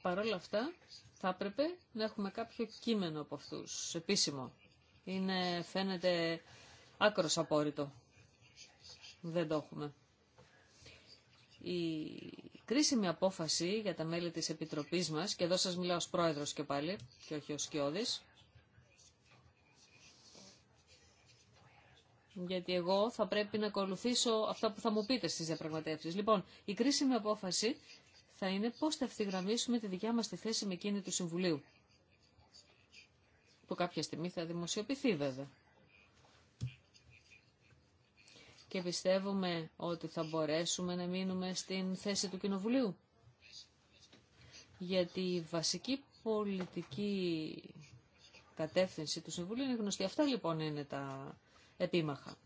Παρ' όλα αυτά θα έπρεπε να έχουμε κάποιο κείμενο από αυτούς, επίσημο είναι, φαίνεται άκρος απόρριτο. Δεν το έχουμε. Η κρίσιμη απόφαση για τα μέλη της Επιτροπής μας, και εδώ σας μιλάω ως πρόεδρος και πάλι, και όχι ως Σκιώδης, γιατί εγώ θα πρέπει να ακολουθήσω αυτά που θα μου πείτε στις διαπραγματεύσεις. Λοιπόν, η κρίσιμη απόφαση θα είναι πώς θα ευθυγραμμίσουμε τη δικιά μας τη θέση με εκείνη του Συμβουλίου που κάποια στιγμή θα δημοσιοποιηθεί βέβαια. Και πιστεύουμε ότι θα μπορέσουμε να μείνουμε στην θέση του Κοινοβουλίου. Γιατί η βασική πολιτική κατεύθυνση του Συμβουλίου είναι γνωστή. Αυτά λοιπόν είναι τα επίμαχα.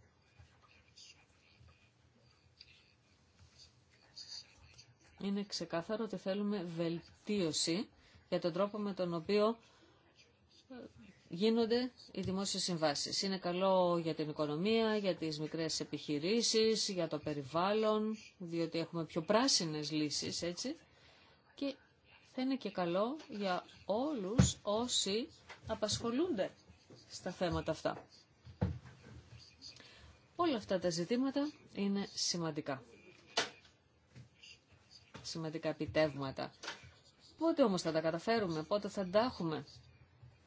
Είναι ξεκάθαρο ότι θέλουμε βελτίωση για τον τρόπο με τον οποίο γίνονται οι δημόσιες συμβάσεις. Είναι καλό για την οικονομία, για τις μικρές επιχειρήσεις, για το περιβάλλον, διότι έχουμε πιο πράσινες λύσεις, έτσι. Και θα είναι και καλό για όλους όσοι απασχολούνται στα θέματα αυτά. Όλα αυτά τα ζητήματα είναι σημαντικά. Σημαντικά επιτεύγματα. Πότε όμως θα τα καταφέρουμε, πότε θα τα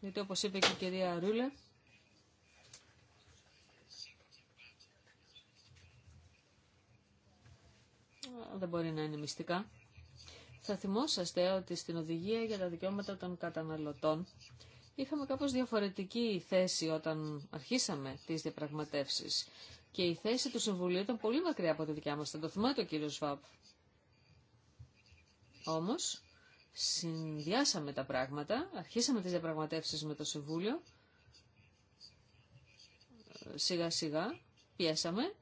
γιατί όπως είπε και η κυρία Ρούλε, δεν μπορεί να είναι μυστικά. Θα θυμόσαστε ότι στην οδηγία για τα δικαιώματα των καταναλωτών είχαμε κάπως διαφορετική θέση όταν αρχίσαμε τις διαπραγματεύσεις και η θέση του Συμβουλίου ήταν πολύ μακριά από τη δικιά μας. Θα το θυμάται ο κύριος Βαπ. Όμως, συνδυάσαμε τα πράγματα, αρχίσαμε τις διαπραγματεύσεις με το Συμβούλιο, σιγά σιγά πιέσαμε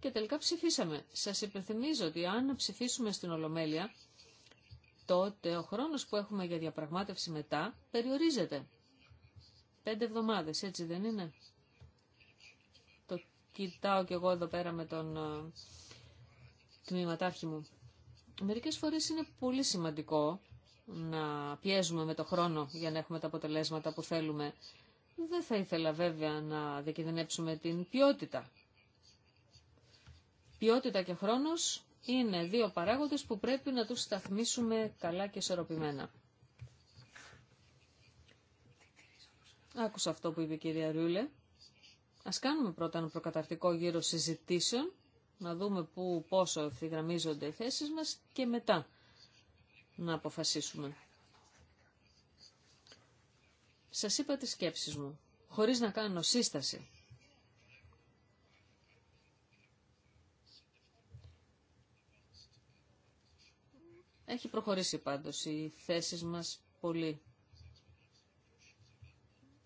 και τελικά ψηφίσαμε. Σας υπενθυμίζω ότι αν ψηφίσουμε στην Ολομέλεια, τότε ο χρόνος που έχουμε για διαπραγμάτευση μετά περιορίζεται. Πέντε εβδομάδες, έτσι δεν είναι. Το κοιτάω κι εγώ εδώ πέρα με τον ε, τμήματάρχη μου. Μερικές φορές είναι πολύ σημαντικό να πιέζουμε με το χρόνο για να έχουμε τα αποτελέσματα που θέλουμε. Δεν θα ήθελα βέβαια να διακινδυνεύσουμε την ποιότητα. Ποιότητα και χρόνος είναι δύο παράγοντες που πρέπει να τους σταθμίσουμε καλά και ισορροπημένα. Άκουσα αυτό που είπε η κυρία Ρούλε. Ας κάνουμε πρώτα ένα προκαταρτικό γύρο συζητήσεων να δούμε πού, πόσο ευθυγραμμίζονται οι θέσεις μας και μετά να αποφασίσουμε. Σας είπα τις σκέψεις μου, χωρίς να κάνω σύσταση. Έχει προχωρήσει πάντως οι θέσεις μας πολύ.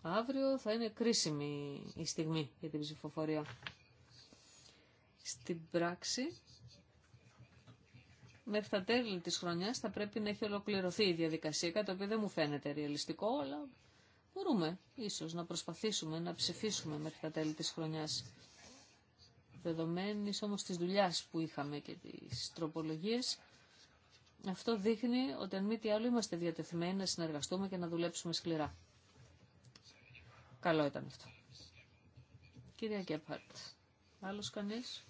Αύριο θα είναι κρίσιμη η στιγμή για την ψηφοφορία. Στην πράξη, μέχρι τα τέλη της χρονιάς θα πρέπει να έχει ολοκληρωθεί η διαδικασία, κάτι το δεν μου φαίνεται ρεαλιστικό, αλλά μπορούμε ίσως να προσπαθήσουμε να ψηφίσουμε μέχρι τα τέλη της χρονιάς. Δεδομένης όμως της δουλειά που είχαμε και τις τροπολογίες, αυτό δείχνει ότι αν μη τι άλλο είμαστε διατεθειμένοι να συνεργαστούμε και να δουλέψουμε σκληρά. Καλό ήταν αυτό. Κυρία Κέπαρτ, άλλος κανείς.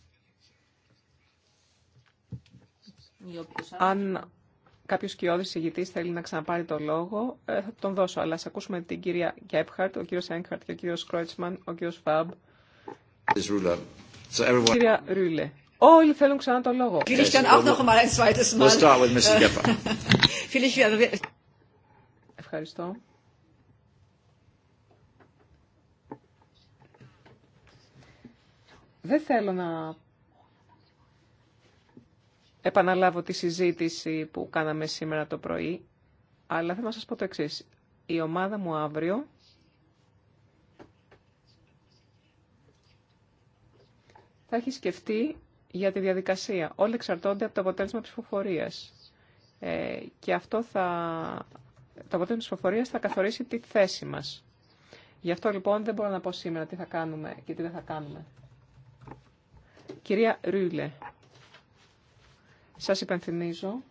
Αν κάποιο κοιόδη ηγητή θέλει να ξαναπάρει το λόγο, ε, θα τον δώσω. Αλλά α ακούσουμε την κυρία Γκέπχαρτ, ο κύριο Έγκχαρτ και ο κύριο Κρόιτσμαν, ο κύριο Φαμπ. Κυρία Ρούλε. Όλοι θέλουν ξανά το λόγο. Ευχαριστώ. Δεν θέλω να επαναλάβω τη συζήτηση που κάναμε σήμερα το πρωί, αλλά θέλω να σας πω το εξή. Η ομάδα μου αύριο θα έχει σκεφτεί για τη διαδικασία. Όλοι εξαρτώνται από το αποτέλεσμα ψηφοφορίας. Ε, και αυτό θα, το αποτέλεσμα ψηφοφορίας θα καθορίσει τη θέση μας. Γι' αυτό λοιπόν δεν μπορώ να πω σήμερα τι θα κάνουμε και τι δεν θα κάνουμε. Κυρία Ρούλε, σας υπενθυμίζω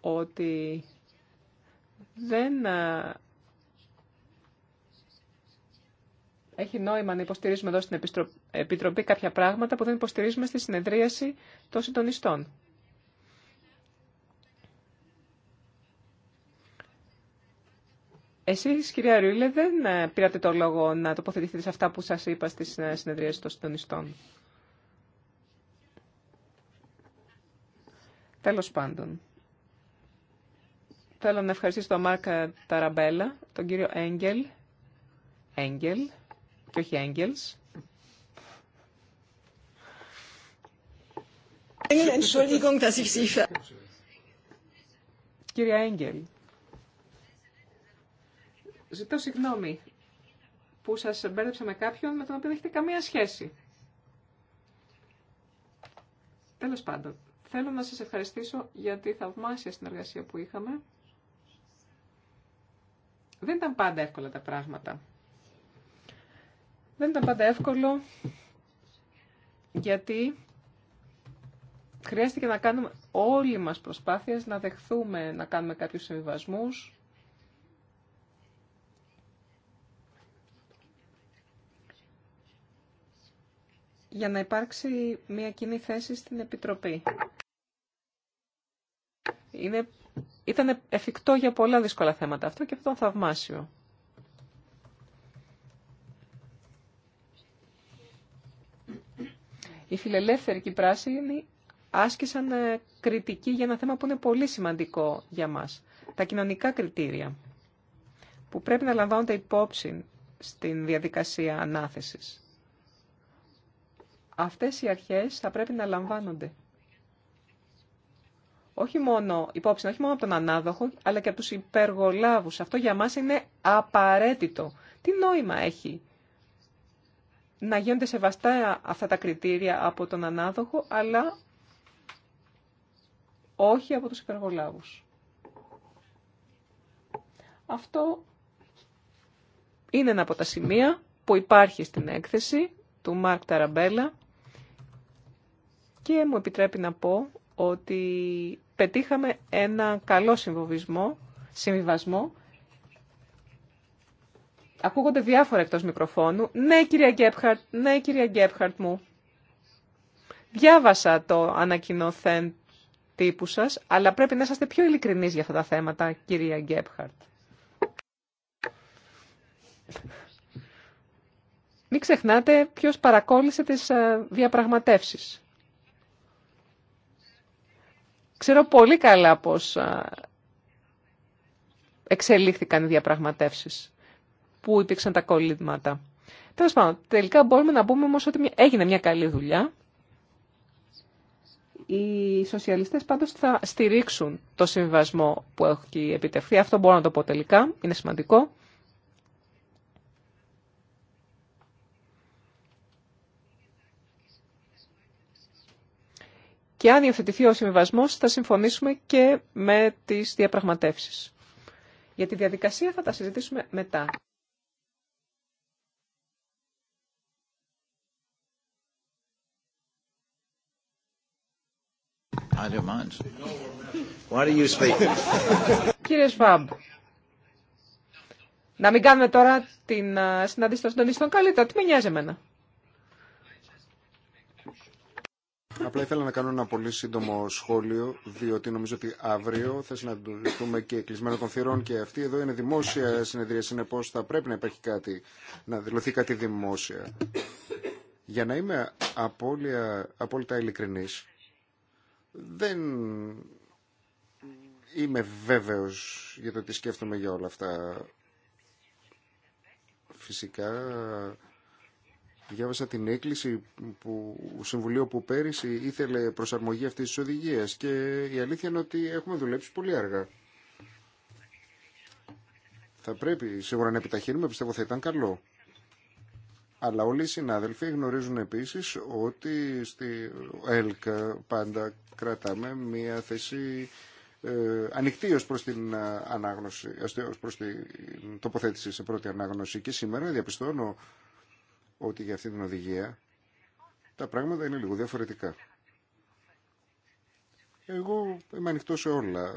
ότι δεν έχει νόημα να υποστηρίζουμε εδώ στην Επιτροπή κάποια πράγματα που δεν υποστηρίζουμε στη συνεδρίαση των συντονιστών. Εσείς, κυρία Ρούλε, δεν πήρατε το λόγο να τοποθετηθείτε σε αυτά που σας είπα στις συνεδρίες των συντονιστών. Τέλος πάντων, θέλω να ευχαριστήσω τον Μάρκα Ταραμπέλα, τον κύριο Έγγελ, Έγγελ και όχι Έγγελς, Κύριε Έγγελ, ζητώ συγγνώμη που σας μπέρδεψα με κάποιον με τον οποίο δεν έχετε καμία σχέση. Τέλος πάντων, Θέλω να σας ευχαριστήσω για τη θαυμάσια συνεργασία που είχαμε. Δεν ήταν πάντα εύκολα τα πράγματα. Δεν ήταν πάντα εύκολο γιατί χρειάστηκε να κάνουμε όλοι μας προσπάθειες να δεχθούμε να κάνουμε κάποιους συμβιβασμούς. για να υπάρξει μια κοινή θέση στην Επιτροπή είναι, ήταν εφικτό για πολλά δύσκολα θέματα αυτό και αυτό ήταν θαυμάσιο. Οι φιλελεύθεροι και οι πράσινοι άσκησαν ε, κριτική για ένα θέμα που είναι πολύ σημαντικό για μας. Τα κοινωνικά κριτήρια που πρέπει να λαμβάνονται υπόψη στην διαδικασία ανάθεσης. Αυτές οι αρχές θα πρέπει να λαμβάνονται όχι μόνο υπόψη, όχι μόνο από τον ανάδοχο, αλλά και από τους υπεργολάβους. Αυτό για μας είναι απαραίτητο. Τι νόημα έχει να γίνονται σεβαστά αυτά τα κριτήρια από τον ανάδοχο, αλλά όχι από τους υπεργολάβους. Αυτό είναι ένα από τα σημεία που υπάρχει στην έκθεση του Μάρκ Ταραμπέλα και μου επιτρέπει να πω ότι πετύχαμε ένα καλό συμβιβασμό, συμβιβασμό. Ακούγονται διάφορα εκτός μικροφώνου. Ναι, κυρία Γκέπχαρτ, ναι, κυρία Γκέπχαρτ μου. Διάβασα το ανακοινωθέν τύπου σας, αλλά πρέπει να είσαστε πιο ειλικρινείς για αυτά τα θέματα, κυρία Γκέπχαρτ. Μην ξεχνάτε ποιος παρακόλλησε τις ε, διαπραγματεύσεις. Ξέρω πολύ καλά πώς εξελίχθηκαν οι διαπραγματεύσεις που υπήρξαν τα κολλήματα. Τέλο πάντων, τελικά μπορούμε να πούμε ομως ότι έγινε μια καλή δουλειά. Οι σοσιαλιστες παντως θα στηρίξουν το συμβασμό που έχει επιτευχθεί. Αυτό μπορώ να το πω τελικά. Είναι σημαντικό. και αν υιοθετηθεί ο συμβιβασμό, θα συμφωνήσουμε και με τι διαπραγματεύσει. Για τη διαδικασία θα τα συζητήσουμε μετά. Κύριε Σβάμπ, να μην κάνουμε τώρα την ε, συναντήση των συντονιστών καλύτερα. Τι με νοιάζει εμένα. Απλά ήθελα να κάνω ένα πολύ σύντομο σχόλιο, διότι νομίζω ότι αύριο θα συναντηθούμε και κλεισμένο των θυρών και αυτή εδώ είναι δημόσια συνεδρία, συνεπώ θα πρέπει να υπάρχει κάτι, να δηλωθεί κάτι δημόσια. Για να είμαι απόλυτα ειλικρινής, δεν είμαι βέβαιος για το τι σκέφτομαι για όλα αυτά. Φυσικά Διάβασα την έκκληση που ο Συμβουλίο που πέρυσι ήθελε προσαρμογή αυτής της οδηγίας και η αλήθεια είναι ότι έχουμε δουλέψει πολύ αργά. Θα πρέπει σίγουρα να επιταχύνουμε, πιστεύω θα ήταν καλό. Αλλά όλοι οι συνάδελφοι γνωρίζουν επίσης ότι στη ΕΛΚΑ πάντα κρατάμε μια θέση ε, ανοιχτή ως προς την ανάγνωση, ως προς την τοποθέτηση σε πρώτη ανάγνωση και σήμερα διαπιστώνω ότι για αυτή την οδηγία τα πράγματα είναι λίγο διαφορετικά. Εγώ είμαι ανοιχτό σε όλα,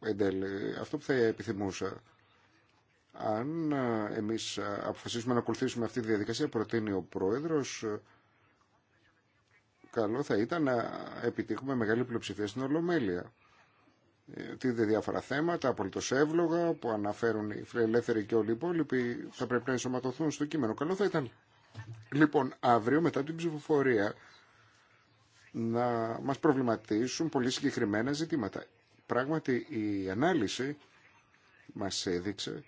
εν τέλει. Αυτό που θα επιθυμούσα, αν ε, εμείς αποφασίσουμε να ακολουθήσουμε αυτή τη διαδικασία, προτείνει ο Πρόεδρος, καλό θα ήταν να επιτύχουμε μεγάλη πλειοψηφία στην Ολομέλεια. Ε, Τίδε διάφορα θέματα, απολύτω εύλογα, που αναφέρουν οι φιλελεύθεροι και όλοι οι υπόλοιποι, θα πρέπει να ενσωματωθούν στο κείμενο. Καλό θα ήταν Λοιπόν, αύριο μετά την ψηφοφορία να μας προβληματίσουν πολύ συγκεκριμένα ζητήματα. Πράγματι, η ανάλυση μας έδειξε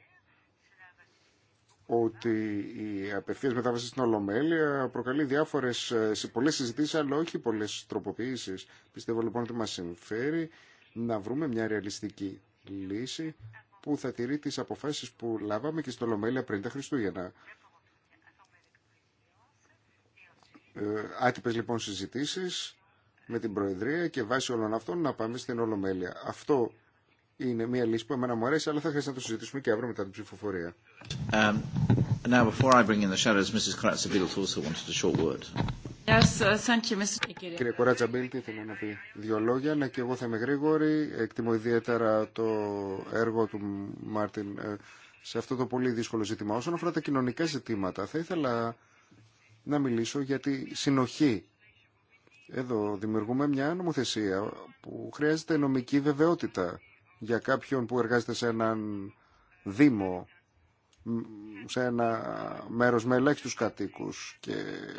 ότι η απευθεία μετάβαση στην Ολομέλεια προκαλεί διάφορε, ε, σε πολλέ συζητήσει, αλλά όχι πολλέ τροποποιήσει. Πιστεύω λοιπόν ότι μα συμφέρει να βρούμε μια ρεαλιστική λύση που θα τηρεί τι αποφάσει που λάβαμε και στην Ολομέλεια πριν τα Χριστούγεννα. Ε, άτυπες λοιπόν συζητήσει με την Προεδρία και βάσει όλων αυτών να πάμε στην Ολομέλεια. Αυτό είναι μια λύση που εμένα μου αρέσει, αλλά θα χρειαστεί να το συζητήσουμε και αύριο μετά την ψηφοφορία. Um, Κύριε Κοράτσα Μπίλτη, θέλω να πει δύο λόγια. Ναι, και εγώ θα είμαι γρήγορη. Εκτιμώ ιδιαίτερα το έργο του Μάρτιν ε, σε αυτό το πολύ δύσκολο ζήτημα. Όσον αφορά τα κοινωνικά ζητήματα, θα ήθελα να μιλήσω για τη συνοχή. Εδώ δημιουργούμε μια νομοθεσία που χρειάζεται νομική βεβαιότητα για κάποιον που εργάζεται σε έναν δήμο, σε ένα μέρος με ελάχιστους κατοίκους και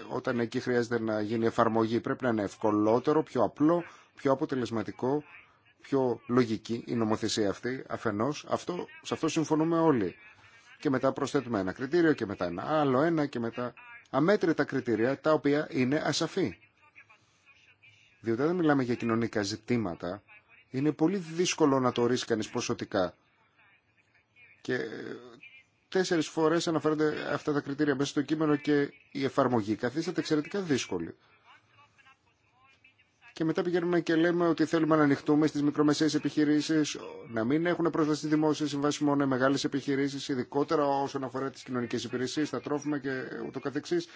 όταν εκεί χρειάζεται να γίνει εφαρμογή πρέπει να είναι ευκολότερο, πιο απλό, πιο αποτελεσματικό, πιο λογική η νομοθεσία αυτή αφενός. Αυτό, σε αυτό συμφωνούμε όλοι. Και μετά προσθέτουμε ένα κριτήριο και μετά ένα άλλο ένα και μετά αμέτρητα κριτήρια τα οποία είναι ασαφή. Διότι δεν μιλάμε για κοινωνικά ζητήματα, είναι πολύ δύσκολο να το ορίσει κανείς ποσοτικά. Και ε, τέσσερις φορές αναφέρονται αυτά τα κριτήρια μέσα στο κείμενο και η εφαρμογή καθίσταται εξαιρετικά δύσκολη και μετά πηγαίνουμε και λέμε ότι θέλουμε να ανοιχτούμε στι μικρομεσαίες επιχειρήσει, να μην έχουν πρόσβαση στη δημόσια συμβάση μόνο οι μεγάλες επιχειρήσεις, ειδικότερα όσον αφορά τι κοινωνικέ υπηρεσίε, τα τρόφιμα και ούτω καθεξής.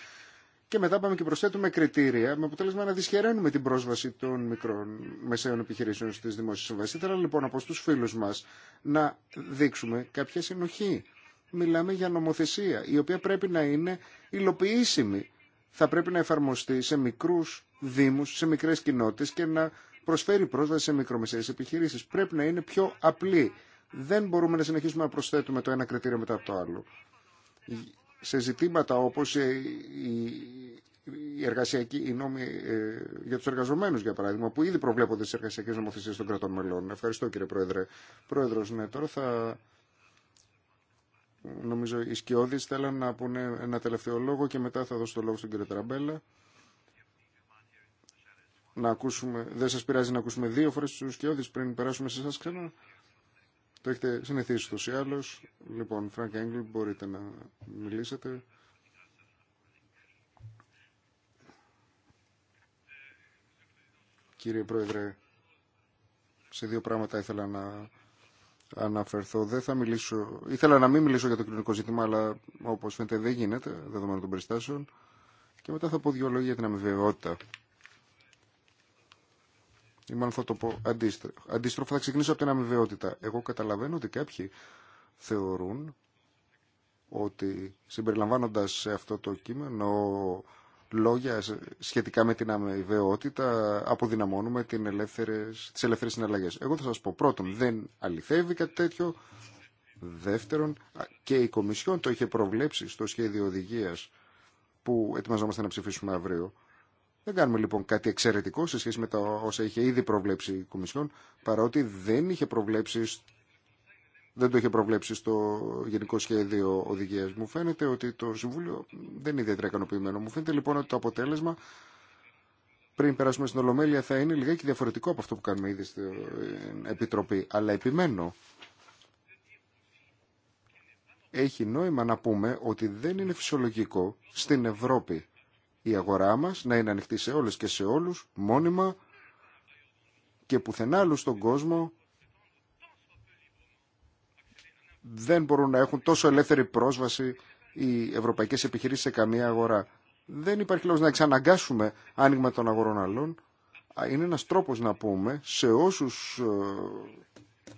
Και μετά πάμε και προσθέτουμε κριτήρια με αποτέλεσμα να δυσχεραίνουμε την πρόσβαση των μικρών μεσαίων επιχειρήσεων στις δημόσιε συμβάσεις. Ήθελα λοιπόν από στους φίλου μα να δείξουμε κάποια συνοχή. Μιλάμε για νομοθεσία η οποία πρέπει να είναι υλοποιήσιμη θα πρέπει να εφαρμοστεί σε μικρούς δήμου, σε μικρές κοινότητες και να προσφέρει πρόσβαση σε μικρομεσαίες επιχειρήσει. Πρέπει να είναι πιο απλή. Δεν μπορούμε να συνεχίσουμε να προσθέτουμε το ένα κριτήριο μετά από το άλλο. Σε ζητήματα όπως η εργασιακή, οι νόμοι ε, για τους εργαζομένους, για παράδειγμα, που ήδη προβλέπονται στις εργασιακές νομοθεσίες των κρατών μελών. Ευχαριστώ κύριε Πρόεδρε. Πρόεδρος, ναι, θα Νομίζω οι σκιώδεις θέλαν να πούνε ένα τελευταίο λόγο και μετά θα δώσω το λόγο στον κύριο Τραμπέλα. Να ακούσουμε, δεν σας πειράζει να ακούσουμε δύο φορές τους σκιώδεις πριν περάσουμε σε εσάς ξανά. Το έχετε συνηθίσει τους ή άλλως. Λοιπόν, Φρανκ Έγκλ, μπορείτε να μιλήσετε. Κύριε Πρόεδρε, σε δύο πράγματα ήθελα να αναφερθώ. Δεν θα μιλήσω, ήθελα να μην μιλήσω για το κοινωνικό ζήτημα, αλλά όπως φαίνεται δεν γίνεται, δεδομένου των περιστάσεων. Και μετά θα πω δύο λόγια για την αμοιβαιότητα. Ή μάλλον το πω αντίστροφα. Αντίστροφα θα ξεκινήσω από την αμοιβαιότητα. Εγώ καταλαβαίνω ότι κάποιοι θεωρούν ότι συμπεριλαμβάνοντας σε αυτό το κείμενο λόγια σχετικά με την αμοιβαιότητα αποδυναμώνουμε την ελεύθερες, τις ελεύθερες συναλλαγές. Εγώ θα σας πω πρώτον δεν αληθεύει κάτι τέτοιο. Δεύτερον και η Κομισιόν το είχε προβλέψει στο σχέδιο οδηγίας που ετοιμαζόμαστε να ψηφίσουμε αύριο. Δεν κάνουμε λοιπόν κάτι εξαιρετικό σε σχέση με τα όσα είχε ήδη προβλέψει η Κομισιόν παρότι δεν είχε προβλέψει δεν το είχε προβλέψει στο Γενικό Σχέδιο Οδηγία. Μου φαίνεται ότι το Συμβούλιο δεν είναι ιδιαίτερα ικανοποιημένο. Μου φαίνεται λοιπόν ότι το αποτέλεσμα πριν περάσουμε στην Ολομέλεια θα είναι λιγάκι διαφορετικό από αυτό που κάνουμε ήδη στην Επιτροπή. Αλλά επιμένω. Έχει νόημα να πούμε ότι δεν είναι φυσιολογικό στην Ευρώπη η αγορά μας να είναι ανοιχτή σε όλες και σε όλους, μόνιμα και πουθενά άλλου στον κόσμο δεν μπορούν να έχουν τόσο ελεύθερη πρόσβαση οι ευρωπαϊκέ επιχειρήσει σε καμία αγορά. Δεν υπάρχει λόγο να εξαναγκάσουμε άνοιγμα των αγορών άλλων. Είναι ένα τρόπο να πούμε σε όσους ε,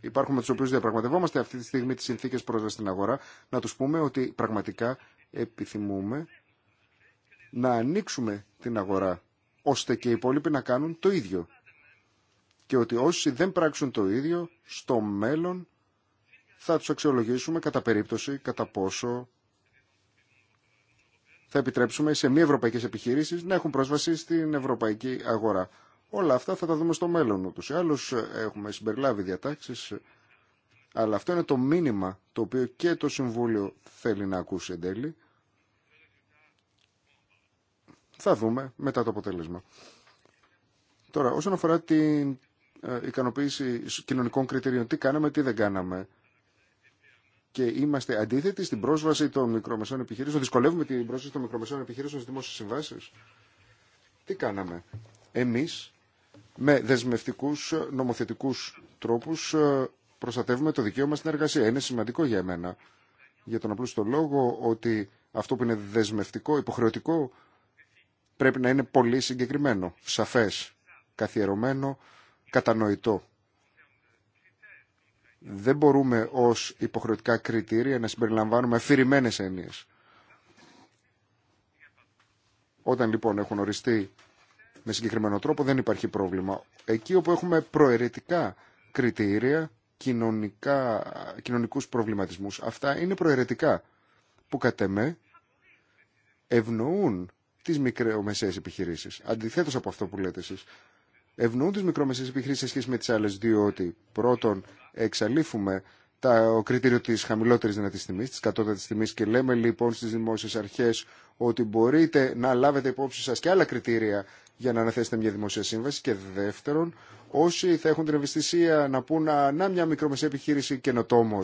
υπάρχουν με του οποίου διαπραγματευόμαστε αυτή τη στιγμή τις συνθήκε πρόσβαση στην αγορά, να του πούμε ότι πραγματικά επιθυμούμε να ανοίξουμε την αγορά, ώστε και οι υπόλοιποι να κάνουν το ίδιο. Και ότι όσοι δεν πράξουν το ίδιο, στο μέλλον θα τους αξιολογήσουμε κατά περίπτωση, κατά πόσο θα επιτρέψουμε σε μη ευρωπαϊκέ επιχειρήσεις να έχουν πρόσβαση στην ευρωπαϊκή αγορά. Όλα αυτά θα τα δούμε στο μέλλον. ούτω ή άλλω. Ε, έχουμε συμπεριλάβει διατάξεις, αλλά αυτό είναι το μήνυμα το οποίο και το Συμβούλιο θέλει να ακούσει εν τέλει. Θα δούμε μετά το αποτέλεσμα. Τώρα, όσον αφορά την ε, ικανοποίηση κοινωνικών κριτηρίων, τι κάναμε, τι δεν κάναμε και είμαστε αντίθετοι στην πρόσβαση των μικρομεσαίων επιχειρήσεων, δυσκολεύουμε την πρόσβαση των μικρομεσαίων επιχειρήσεων στις δημόσιες συμβάσεις. Τι κάναμε. Εμείς με δεσμευτικούς νομοθετικούς τρόπους προστατεύουμε το δικαίωμα στην εργασία. Είναι σημαντικό για εμένα. Για τον απλούστο λόγο ότι αυτό που είναι δεσμευτικό, υποχρεωτικό, πρέπει να είναι πολύ συγκεκριμένο, σαφές, καθιερωμένο, κατανοητό δεν μπορούμε ως υποχρεωτικά κριτήρια να συμπεριλαμβάνουμε αφηρημένες έννοιες. Όταν λοιπόν έχουν οριστεί με συγκεκριμένο τρόπο δεν υπάρχει πρόβλημα. Εκεί όπου έχουμε προαιρετικά κριτήρια, κοινωνικά, κοινωνικούς προβληματισμούς, αυτά είναι προαιρετικά που κατ' εμέ ευνοούν τις μικρομεσαίες επιχειρήσεις. Αντιθέτως από αυτό που λέτε εσείς, ευνοούν τις μικρομεσαίες επιχειρήσεις σε σχέση με τις άλλες, ότι πρώτον εξαλείφουμε το ο κριτήριο της χαμηλότερης δυνατής τιμής, της κατώτατης τιμής και λέμε λοιπόν στις δημόσιες αρχές ότι μπορείτε να λάβετε υπόψη σας και άλλα κριτήρια για να αναθέσετε μια δημοσία σύμβαση και δεύτερον όσοι θα έχουν την ευαισθησία να πούν να, μια μικρομεσαία επιχείρηση καινοτόμο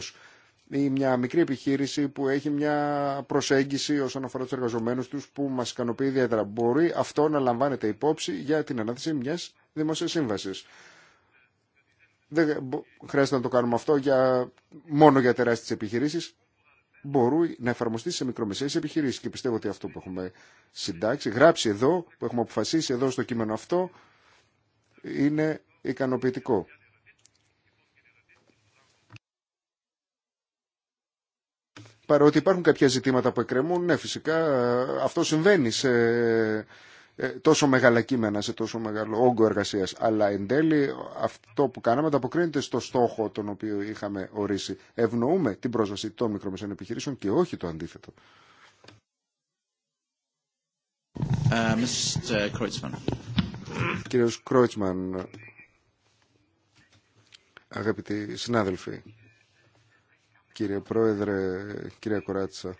ή μια μικρή επιχείρηση που έχει μια προσέγγιση όσον αφορά τους εργαζόμενου του που μας ικανοποιεί ιδιαίτερα. Μπορεί αυτό να λαμβάνεται υπόψη για την ανάθεση μιας δημοσίας σύμβασης. Δεν χρειάζεται να το κάνουμε αυτό για, μόνο για τεράστιες επιχειρήσεις. Μπορούν να εφαρμοστεί σε μικρομεσαίες επιχειρήσεις και πιστεύω ότι αυτό που έχουμε συντάξει, γράψει εδώ, που έχουμε αποφασίσει εδώ στο κείμενο αυτό, είναι ικανοποιητικό. Παρότι υπάρχουν κάποια ζητήματα που εκκρεμούν, ναι, φυσικά ε, αυτό συμβαίνει σε ε, τόσο μεγάλα κείμενα σε τόσο μεγάλο όγκο εργασίας. Αλλά εν τέλει αυτό που κάναμε ανταποκρίνεται στο στόχο τον οποίο είχαμε ορίσει. Ευνοούμε την πρόσβαση των μικρομεσαίων επιχειρήσεων και όχι το αντίθετο. Uh, Κύριος Κρόιτσμαν, αγαπητοί συνάδελφοι, κύριε Πρόεδρε, κύριε Κοράτσα,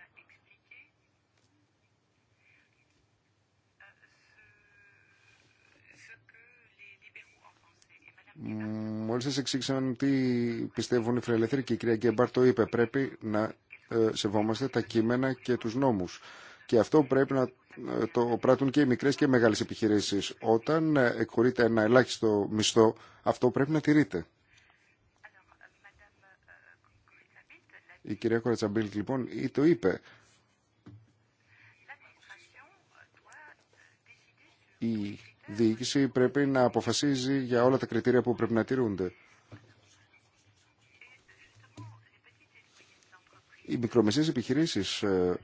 Μόλι σα εξήγησαν τι πιστεύουν οι φιλελεύθεροι και η κυρία Γκέμπαρ το είπε, πρέπει να ε, σεβόμαστε τα κείμενα και τους νόμους. Και αυτό πρέπει να ε, το πράττουν και οι μικρές και οι μεγάλες επιχειρήσεις. Όταν ε, εκχωρείται ένα ελάχιστο μισθό, αυτό πρέπει να τηρείται. Η κυρία Κορατσαμπίλτ λοιπόν ή το είπε. Η διοίκηση πρέπει να αποφασίζει για όλα τα κριτήρια που πρέπει να τηρούνται. Οι μικρομεσαίες επιχειρήσεις, ε,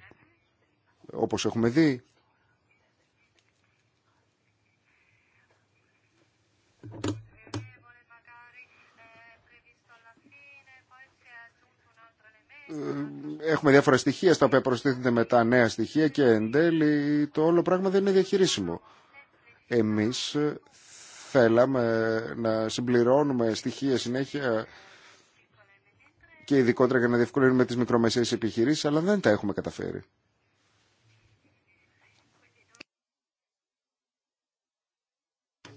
όπως έχουμε δει, ε, έχουμε διάφορα στοιχεία στα οποία προστίθενται μετά νέα στοιχεία και εν τέλει το όλο πράγμα δεν είναι διαχειρίσιμο. Εμείς ε, θέλαμε να συμπληρώνουμε στοιχεία συνέχεια και ειδικότερα για να διευκολύνουμε τις μικρομεσαίες επιχειρήσεις, αλλά δεν τα έχουμε καταφέρει.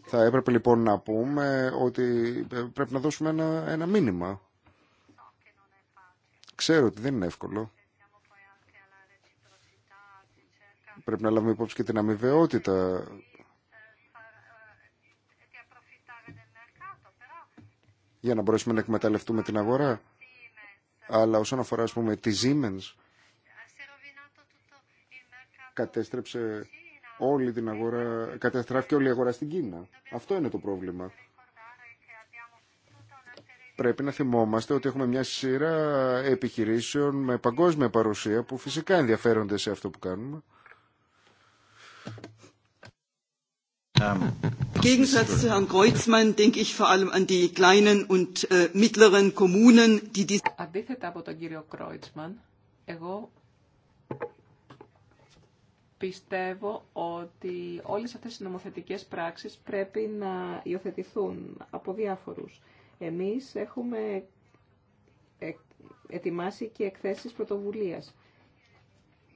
Θα έπρεπε λοιπόν να πούμε ότι ε, πρέπει να δώσουμε ένα, ένα μήνυμα. Ξέρω ότι δεν είναι εύκολο. Πρέπει να λάβουμε υπόψη και την αμοιβαιότητα για να μπορέσουμε να εκμεταλλευτούμε την αγορά. Αλλά όσον αφορά, ας πούμε, τη Siemens, κατέστρεψε όλη την αγορά, καταστράφηκε όλη η αγορά στην Κίνα. Αυτό είναι το πρόβλημα. Πρέπει να θυμόμαστε ότι έχουμε μια σειρά επιχειρήσεων με παγκόσμια παρουσία που φυσικά ενδιαφέρονται σε αυτό που κάνουμε. Um, Αντίθετα από τον κύριο Κρόιτσμαν, εγώ πιστεύω ότι όλες αυτές οι νομοθετικές πράξεις πρέπει να υιοθετηθούν από διάφορους. Εμείς έχουμε ε, ετοιμάσει και εκθέσεις πρωτοβουλίας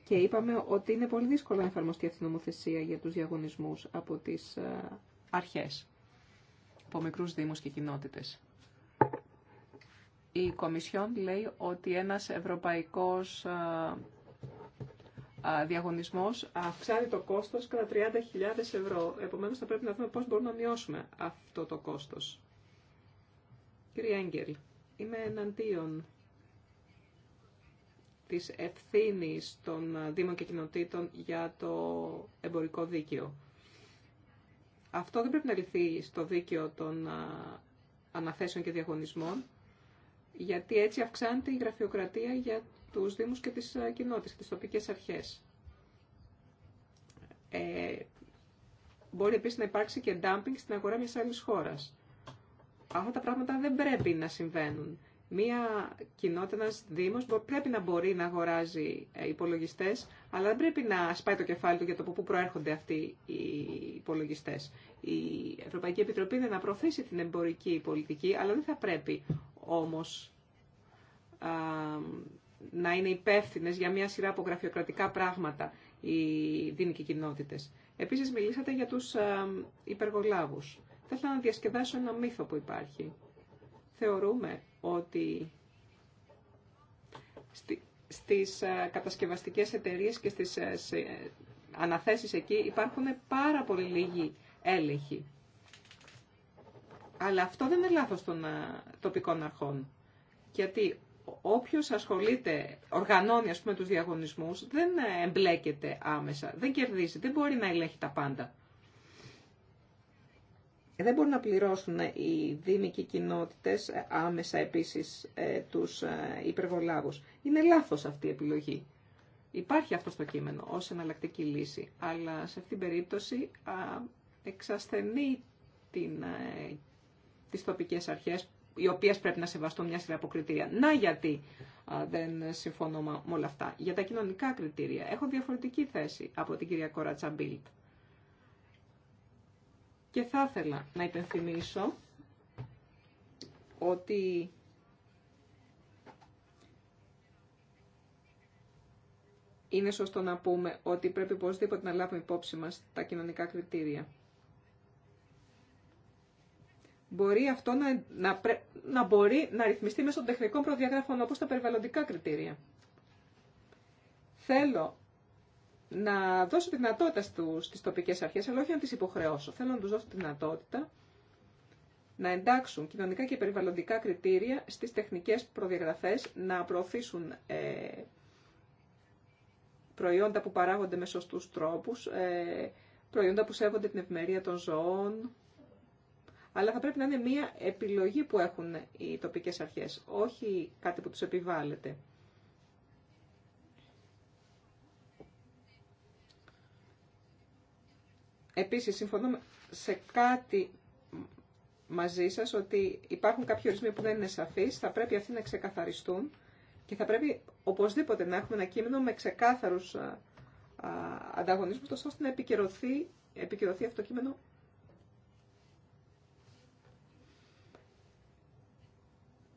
και είπαμε ότι είναι πολύ δύσκολο να εφαρμοστεί αυτή η νομοθεσία για τους διαγωνισμούς από τις ε, αρχές από μικρούς δήμους και κοινότητες. Η Κομισιόν λέει ότι ένας ευρωπαϊκός διαγωνισμός αυξάνει το κόστος κατά 30.000 ευρώ. Επομένως θα πρέπει να δούμε πώς μπορούμε να μειώσουμε αυτό το κόστος. Κύριε Έγγελ, είμαι εναντίον της ευθύνης των Δήμων και Κοινοτήτων για το εμπορικό δίκαιο. Αυτό δεν πρέπει να λυθεί στο δίκαιο των αναθέσεων και διαγωνισμών, γιατί έτσι αυξάνεται η γραφειοκρατία για τους Δήμους και τις κοινότητες, τις τοπικές αρχές. Ε, μπορεί επίσης να υπάρξει και ντάμπινγκ στην αγορά μιας άλλης χώρας. Αυτά τα πράγματα δεν πρέπει να συμβαίνουν. Μία κοινότητα, ένα Δήμο πρέπει να μπορεί να αγοράζει ε, υπολογιστέ, αλλά δεν πρέπει να σπάει το κεφάλι του για το πού προέρχονται αυτοί οι υπολογιστέ. Η Ευρωπαϊκή Επιτροπή είναι να προωθήσει την εμπορική πολιτική, αλλά δεν θα πρέπει όμω να είναι υπεύθυνε για μια σειρά από γραφειοκρατικά πράγματα οι δίνικοι κοινότητε. Επίση, μιλήσατε για του υπεργολάβου. Θα ήθελα να διασκεδάσω ένα μύθο που υπάρχει Θεωρούμε ότι στις ε, κατασκευαστικές εταιρείες και στις ε, ε, αναθέσεις εκεί υπάρχουν πάρα πολύ λίγοι έλεγχοι. Αλλά αυτό δεν είναι λάθος των τοπικών αρχών. Γιατί όποιος ασχολείται, οργανώνει ας πούμε τους διαγωνισμούς, δεν εμπλέκεται άμεσα, δεν κερδίζει, δεν μπορεί να ελέγχει τα πάντα. Ε, δεν μπορούν να πληρώσουν οι δήμοι και οι κοινότητες ε, άμεσα επίσης ε, τους υπεργολάβους. Είναι λάθος αυτή η επιλογή. Υπάρχει αυτό στο κείμενο ως εναλλακτική λύση, αλλά σε αυτήν την περίπτωση εξασθενεί την, τις τοπικές αρχές, οι οποίες πρέπει να σεβαστούν μια σειρά από κριτήρια. Να γιατί δεν συμφωνώ με όλα αυτά. Για τα κοινωνικά κριτήρια έχω διαφορετική θέση από την κυρία Μπίλτ. Και θα ήθελα να υπενθυμίσω ότι είναι σωστό να πούμε ότι πρέπει οπωσδήποτε να λάβουμε υπόψη μας τα κοινωνικά κριτήρια. Μπορεί αυτό να, να, μπορεί να ρυθμιστεί μέσω των τεχνικών προδιαγράφων όπως τα περιβαλλοντικά κριτήρια. Θέλω να δώσω τη δυνατότητα στι τοπικέ αρχέ, αλλά όχι να τις υποχρεώσω. Θέλω να του δώσω τη δυνατότητα να εντάξουν κοινωνικά και περιβαλλοντικά κριτήρια στις τεχνικές προδιαγραφές, να προωθήσουν ε, προϊόντα που παράγονται με σωστούς τρόπους, ε, προϊόντα που σέβονται την ευμερία των ζώων, αλλά θα πρέπει να είναι μία επιλογή που έχουν οι τοπικές αρχές, όχι κάτι που τους επιβάλλεται. Επίσης, συμφωνώ σε κάτι μαζί σας ότι υπάρχουν κάποιοι ορισμοί που δεν είναι σαφείς, θα πρέπει αυτοί να ξεκαθαριστούν και θα πρέπει οπωσδήποτε να έχουμε ένα κείμενο με ξεκάθαρους ανταγωνισμούς, ώστε να επικυρωθεί, αυτό το κείμενο.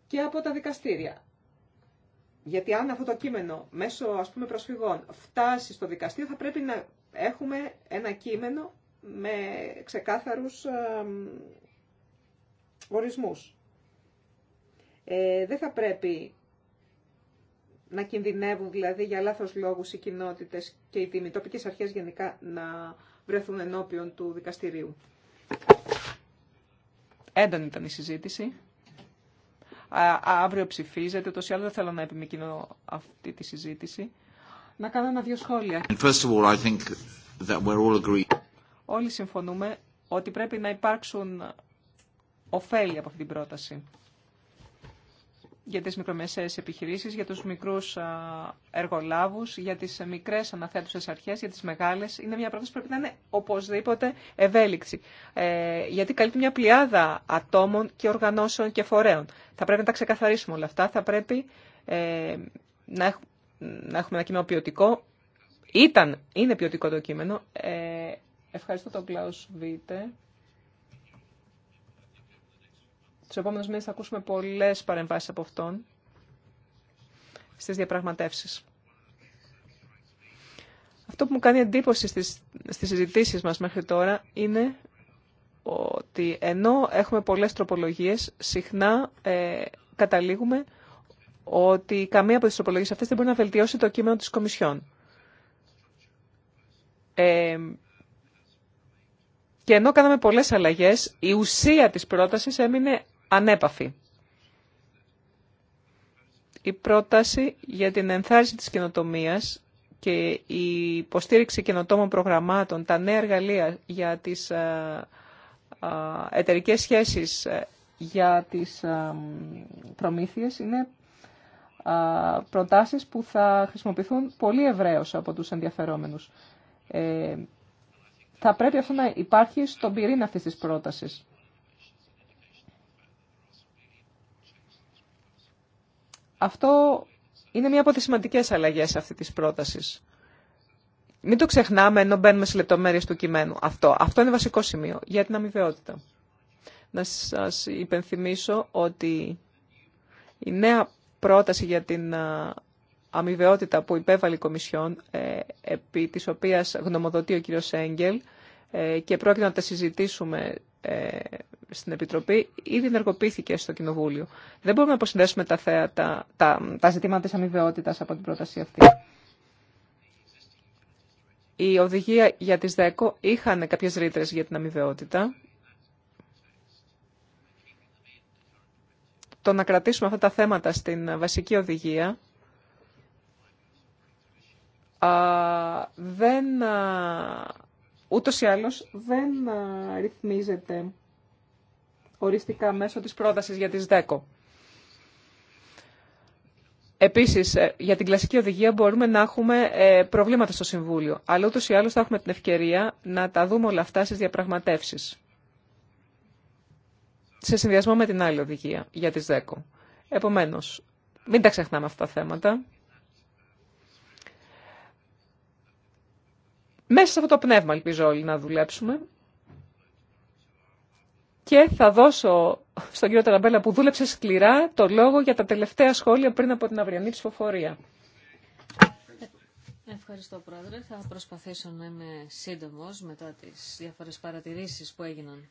Και από τα δικαστήρια. Γιατί αν αυτό το κείμενο μέσω ας πούμε προσφυγών φτάσει στο δικαστήριο θα πρέπει να έχουμε ένα κείμενο με ξεκάθαρους ε, ορισμούς. Ε, δεν θα πρέπει να κινδυνεύουν δηλαδή για λάθος λόγους οι κοινότητες και οι τοπικέ αρχές γενικά να βρεθούν ενώπιον του δικαστηρίου. Έντονη ήταν η συζήτηση. Α, αύριο ψηφίζεται, ούτως ή άλλως δεν θέλω να επιμηκυνώ αυτή τη συζήτηση. Να κάνω ένα-δύο σχόλια. First of all, I think that we're all όλοι συμφωνούμε ότι πρέπει να υπάρξουν ωφέλη από αυτή την πρόταση για τις μικρομεσαίες επιχειρήσεις, για τους μικρούς εργολάβους, για τις μικρές αναθέτουσες αρχές, για τις μεγάλες. Είναι μια πρόταση που πρέπει να είναι οπωσδήποτε ευέλικτη, ε, γιατί καλύπτει μια πλειάδα ατόμων και οργανώσεων και φορέων. Θα πρέπει να τα ξεκαθαρίσουμε όλα αυτά, θα πρέπει ε, να, έχουμε, ένα κείμενο ποιοτικό. Ήταν, είναι ποιοτικό το κείμενο, ε, Ευχαριστώ τον Κλάους Βίτε. Τους επόμενους μήνες θα ακούσουμε πολλές παρεμβάσεις από αυτόν στις διαπραγματεύσεις. Αυτό που μου κάνει εντύπωση στις, στις συζητήσεις μας μέχρι τώρα είναι ότι ενώ έχουμε πολλές τροπολογίες, συχνά ε, καταλήγουμε ότι καμία από τις τροπολογίες αυτές δεν μπορεί να βελτιώσει το κείμενο της Κομισιόν. Ε, και ενώ κάναμε πολλές αλλαγές, η ουσία της πρότασης έμεινε ανέπαφη. Η πρόταση για την ενθάρρυνση της καινοτομίας και η υποστήριξη καινοτόμων προγραμμάτων, τα νέα εργαλεία για τις ε, ε, εταιρικές σχέσεις ε, για τις προμήθειες είναι προτάσεις που θα χρησιμοποιηθούν πολύ ευρέως από τους ενδιαφερόμενους θα πρέπει αυτό να υπάρχει στον πυρήνα αυτής της πρότασης. Αυτό είναι μία από τις σημαντικές αλλαγές αυτή της πρότασης. Μην το ξεχνάμε ενώ μπαίνουμε σε λεπτομέρειες του κειμένου. Αυτό, αυτό είναι βασικό σημείο για την αμοιβαιότητα. Να σας υπενθυμίσω ότι η νέα πρόταση για την αμοιβαιότητα που υπέβαλε η Κομισιόν, ε, επί της οποίας γνωμοδοτεί ο κ. Σέγγελ ε, και πρόκειται να τα συζητήσουμε ε, στην Επιτροπή, ήδη ενεργοποιήθηκε στο Κοινοβούλιο. Δεν μπορούμε να αποσυνδέσουμε τα, τα, ζητήματα της αμοιβαιότητας από την πρόταση αυτή. Η οδηγία για τις 10 είχαν κάποιες ρήτρες για την αμοιβαιότητα. Το να κρατήσουμε αυτά τα θέματα στην βασική οδηγία δεν, α, ούτως ή άλλως δεν ρυθμίζεται οριστικά μέσω της πρότασης για τις ΔΕΚΟ. Επίσης, ε, για την κλασική οδηγία μπορούμε να έχουμε ε, προβλήματα στο Συμβούλιο, αλλά ούτως ή άλλως θα έχουμε την ευκαιρία να τα δούμε όλα αυτά στις διαπραγματεύσεις, σε συνδυασμό με την άλλη οδηγία για τις ΔΕΚΟ. Επομένως, μην τα ξεχνάμε αυτά τα θέματα. Μέσα σε αυτό το πνεύμα ελπίζω όλοι να δουλέψουμε. Και θα δώσω στον κύριο Ταραμπέλα που δούλεψε σκληρά το λόγο για τα τελευταία σχόλια πριν από την αυριανή ψηφοφορία. Ευχαριστώ Πρόεδρε. Θα προσπαθήσω να είμαι σύντομος μετά τις διάφορες παρατηρήσεις που έγιναν.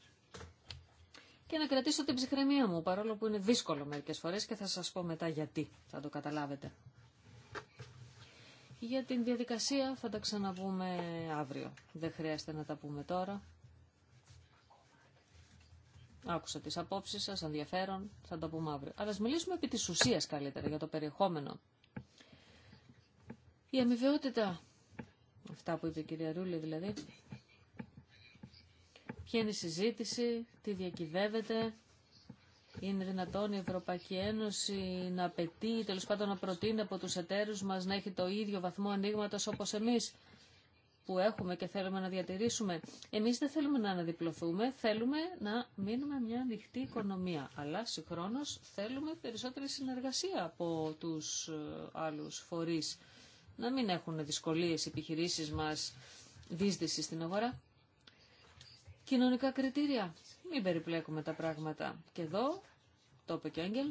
Και να κρατήσω την ψυχραιμία μου, παρόλο που είναι δύσκολο μερικές φορές και θα σας πω μετά γιατί θα το καταλάβετε. Για την διαδικασία θα τα ξαναπούμε αύριο. Δεν χρειάζεται να τα πούμε τώρα. Άκουσα τις απόψεις σας, ενδιαφέρον, θα τα πούμε αύριο. Αλλά ας μιλήσουμε επί της ουσίας καλύτερα, για το περιεχόμενο. Η αμοιβαιότητα, αυτά που είπε η κυρία Ρούλη δηλαδή, ποια είναι η συζήτηση, τι διακυβεύεται, είναι δυνατόν η Ευρωπαϊκή Ένωση να απαιτεί, τέλο πάντων να προτείνει από τους εταίρους μας να έχει το ίδιο βαθμό ανοίγματο όπως εμείς που έχουμε και θέλουμε να διατηρήσουμε. Εμείς δεν θέλουμε να αναδιπλωθούμε, θέλουμε να μείνουμε μια ανοιχτή οικονομία. Αλλά συγχρόνω, θέλουμε περισσότερη συνεργασία από τους ε, άλλους φορεί. Να μην έχουν δυσκολίε, οι επιχειρήσει μας δίσδυση στην αγορά. Κοινωνικά κριτήρια. Μην περιπλέκουμε τα πράγματα. Και εδώ, το είπε και ο Έγγελ,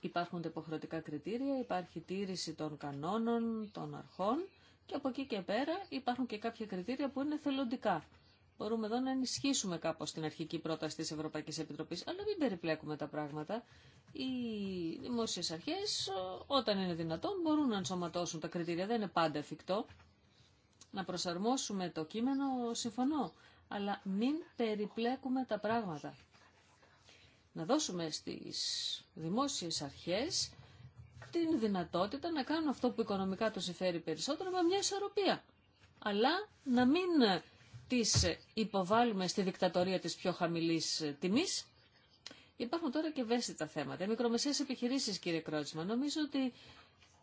υπάρχουν τα υποχρεωτικά κριτήρια, υπάρχει τήρηση των κανόνων, των αρχών και από εκεί και πέρα υπάρχουν και κάποια κριτήρια που είναι θελοντικά. Μπορούμε εδώ να ενισχύσουμε κάπως την αρχική πρόταση της Ευρωπαϊκής Επιτροπής, αλλά μην περιπλέκουμε τα πράγματα. Οι δημόσιες αρχές, όταν είναι δυνατόν, μπορούν να ενσωματώσουν τα κριτήρια. Δεν είναι πάντα εφικτό. Να προσαρμόσουμε το κείμενο, συμφωνώ αλλά μην περιπλέκουμε τα πράγματα. Να δώσουμε στις δημόσιες αρχές την δυνατότητα να κάνουν αυτό που οικονομικά τους συμφέρει περισσότερο με μια ισορροπία. Αλλά να μην τις υποβάλλουμε στη δικτατορία της πιο χαμηλής τιμής. Υπάρχουν τώρα και ευαίσθητα θέματα. Οι μικρομεσαίες επιχειρήσεις, κύριε Κρότσμα, νομίζω ότι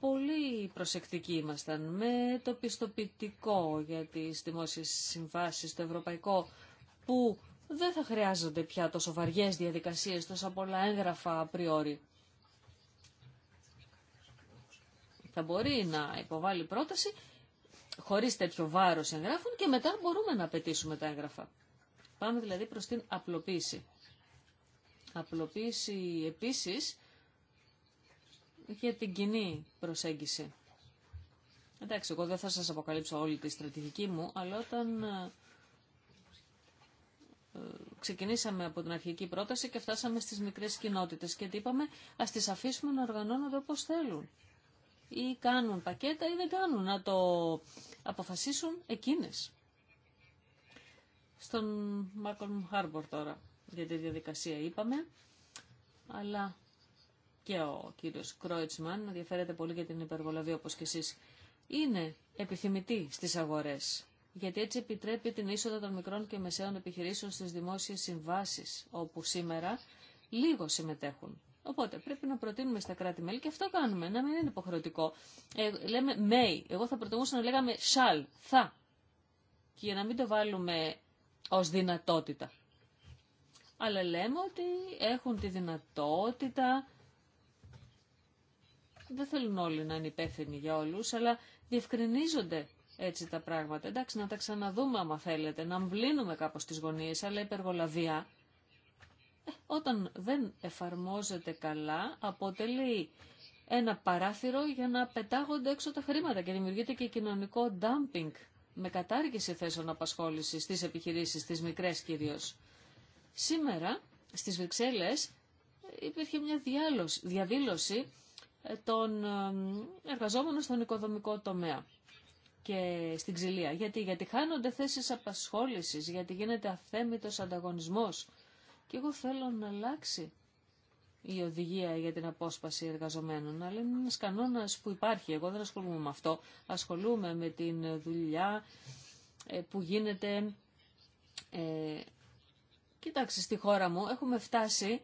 πολύ προσεκτικοί ήμασταν με το πιστοποιητικό για τις δημόσιες συμβάσεις, το ευρωπαϊκό, που δεν θα χρειάζονται πια τόσο βαριές διαδικασίες, τόσα πολλά έγγραφα απριόρι. Θα μπορεί να υποβάλει πρόταση χωρίς τέτοιο βάρος εγγράφων και μετά μπορούμε να απαιτήσουμε τα έγγραφα. Πάμε δηλαδή προς την απλοποίηση. Απλοποίηση επίσης για την κοινή προσέγγιση. Εντάξει, εγώ δεν θα σας αποκαλύψω όλη τη στρατηγική μου, αλλά όταν ε, ξεκινήσαμε από την αρχική πρόταση και φτάσαμε στις μικρές κοινότητες και είπαμε ας τις αφήσουμε να οργανώνονται όπως θέλουν. Ή κάνουν πακέτα ή δεν κάνουν, να το αποφασίσουν εκείνες. Στον Μάρκορν Χάρμπορ τώρα για τη διαδικασία είπαμε, αλλά και ο κύριος Κρόιτσμαν ενδιαφέρεται πολύ για την υπεργολαβία όπως και εσείς, είναι επιθυμητή στις αγορές. Γιατί έτσι επιτρέπει την είσοδο των μικρών και μεσαίων επιχειρήσεων στις δημόσιες συμβάσεις, όπου σήμερα λίγο συμμετέχουν. Οπότε πρέπει να προτείνουμε στα κράτη-μέλη και αυτό κάνουμε, να μην είναι υποχρεωτικό. Ε, λέμε may, εγώ θα προτιμούσα να λέγαμε shall, θα. Και για να μην το βάλουμε ως δυνατότητα. Αλλά λέμε ότι έχουν τη δυνατότητα δεν θέλουν όλοι να είναι υπεύθυνοι για όλους, αλλά διευκρινίζονται έτσι τα πράγματα. Εντάξει, να τα ξαναδούμε άμα θέλετε, να μπλύνουμε κάπως τις γωνίες, αλλά υπεργολαβία, ε, όταν δεν εφαρμόζεται καλά, αποτελεί ένα παράθυρο για να πετάγονται έξω τα χρήματα και δημιουργείται και κοινωνικό dumping με κατάργηση θέσεων απασχόλησης στις επιχειρήσεις, στις μικρές κυρίως. Σήμερα στις Βρυξέλλες ε, υπήρχε μια διάδήλωση ε, των ε, εργαζόμενων στον οικοδομικό τομέα και στην ξυλία. Γιατί, γιατί χάνονται θέσεις απασχόλησης, γιατί γίνεται αθέμητος ανταγωνισμός. Και εγώ θέλω να αλλάξει η οδηγία για την απόσπαση εργαζομένων, αλλά είναι ένας κανόνας που υπάρχει. Εγώ δεν ασχολούμαι με αυτό. Ασχολούμαι με την δουλειά ε, που γίνεται... Ε, κοιτάξτε, στη χώρα μου έχουμε φτάσει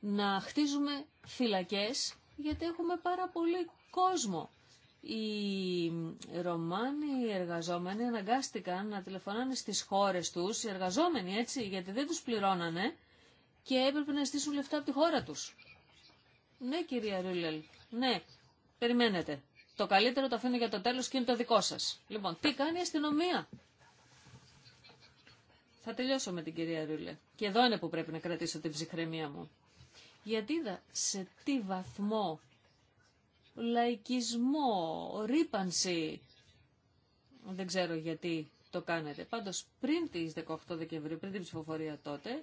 να χτίζουμε φυλακές γιατί έχουμε πάρα πολύ κόσμο. Οι Ρωμάνοι εργαζόμενοι αναγκάστηκαν να τηλεφωνάνε στις χώρες τους, οι εργαζόμενοι έτσι, γιατί δεν τους πληρώνανε και έπρεπε να στήσουν λεφτά από τη χώρα τους. Ναι κυρία Ρούλελ, ναι, περιμένετε. Το καλύτερο το αφήνω για το τέλος και είναι το δικό σας. Λοιπόν, τι κάνει η αστυνομία. Θα τελειώσω με την κυρία Ρούλε. Και εδώ είναι που πρέπει να κρατήσω την ψυχραιμία μου γιατί είδα σε τι βαθμό λαϊκισμό, ρήπανση, δεν ξέρω γιατί το κάνετε. Πάντως πριν τις 18 Δεκεμβρίου, πριν την ψηφοφορία τότε,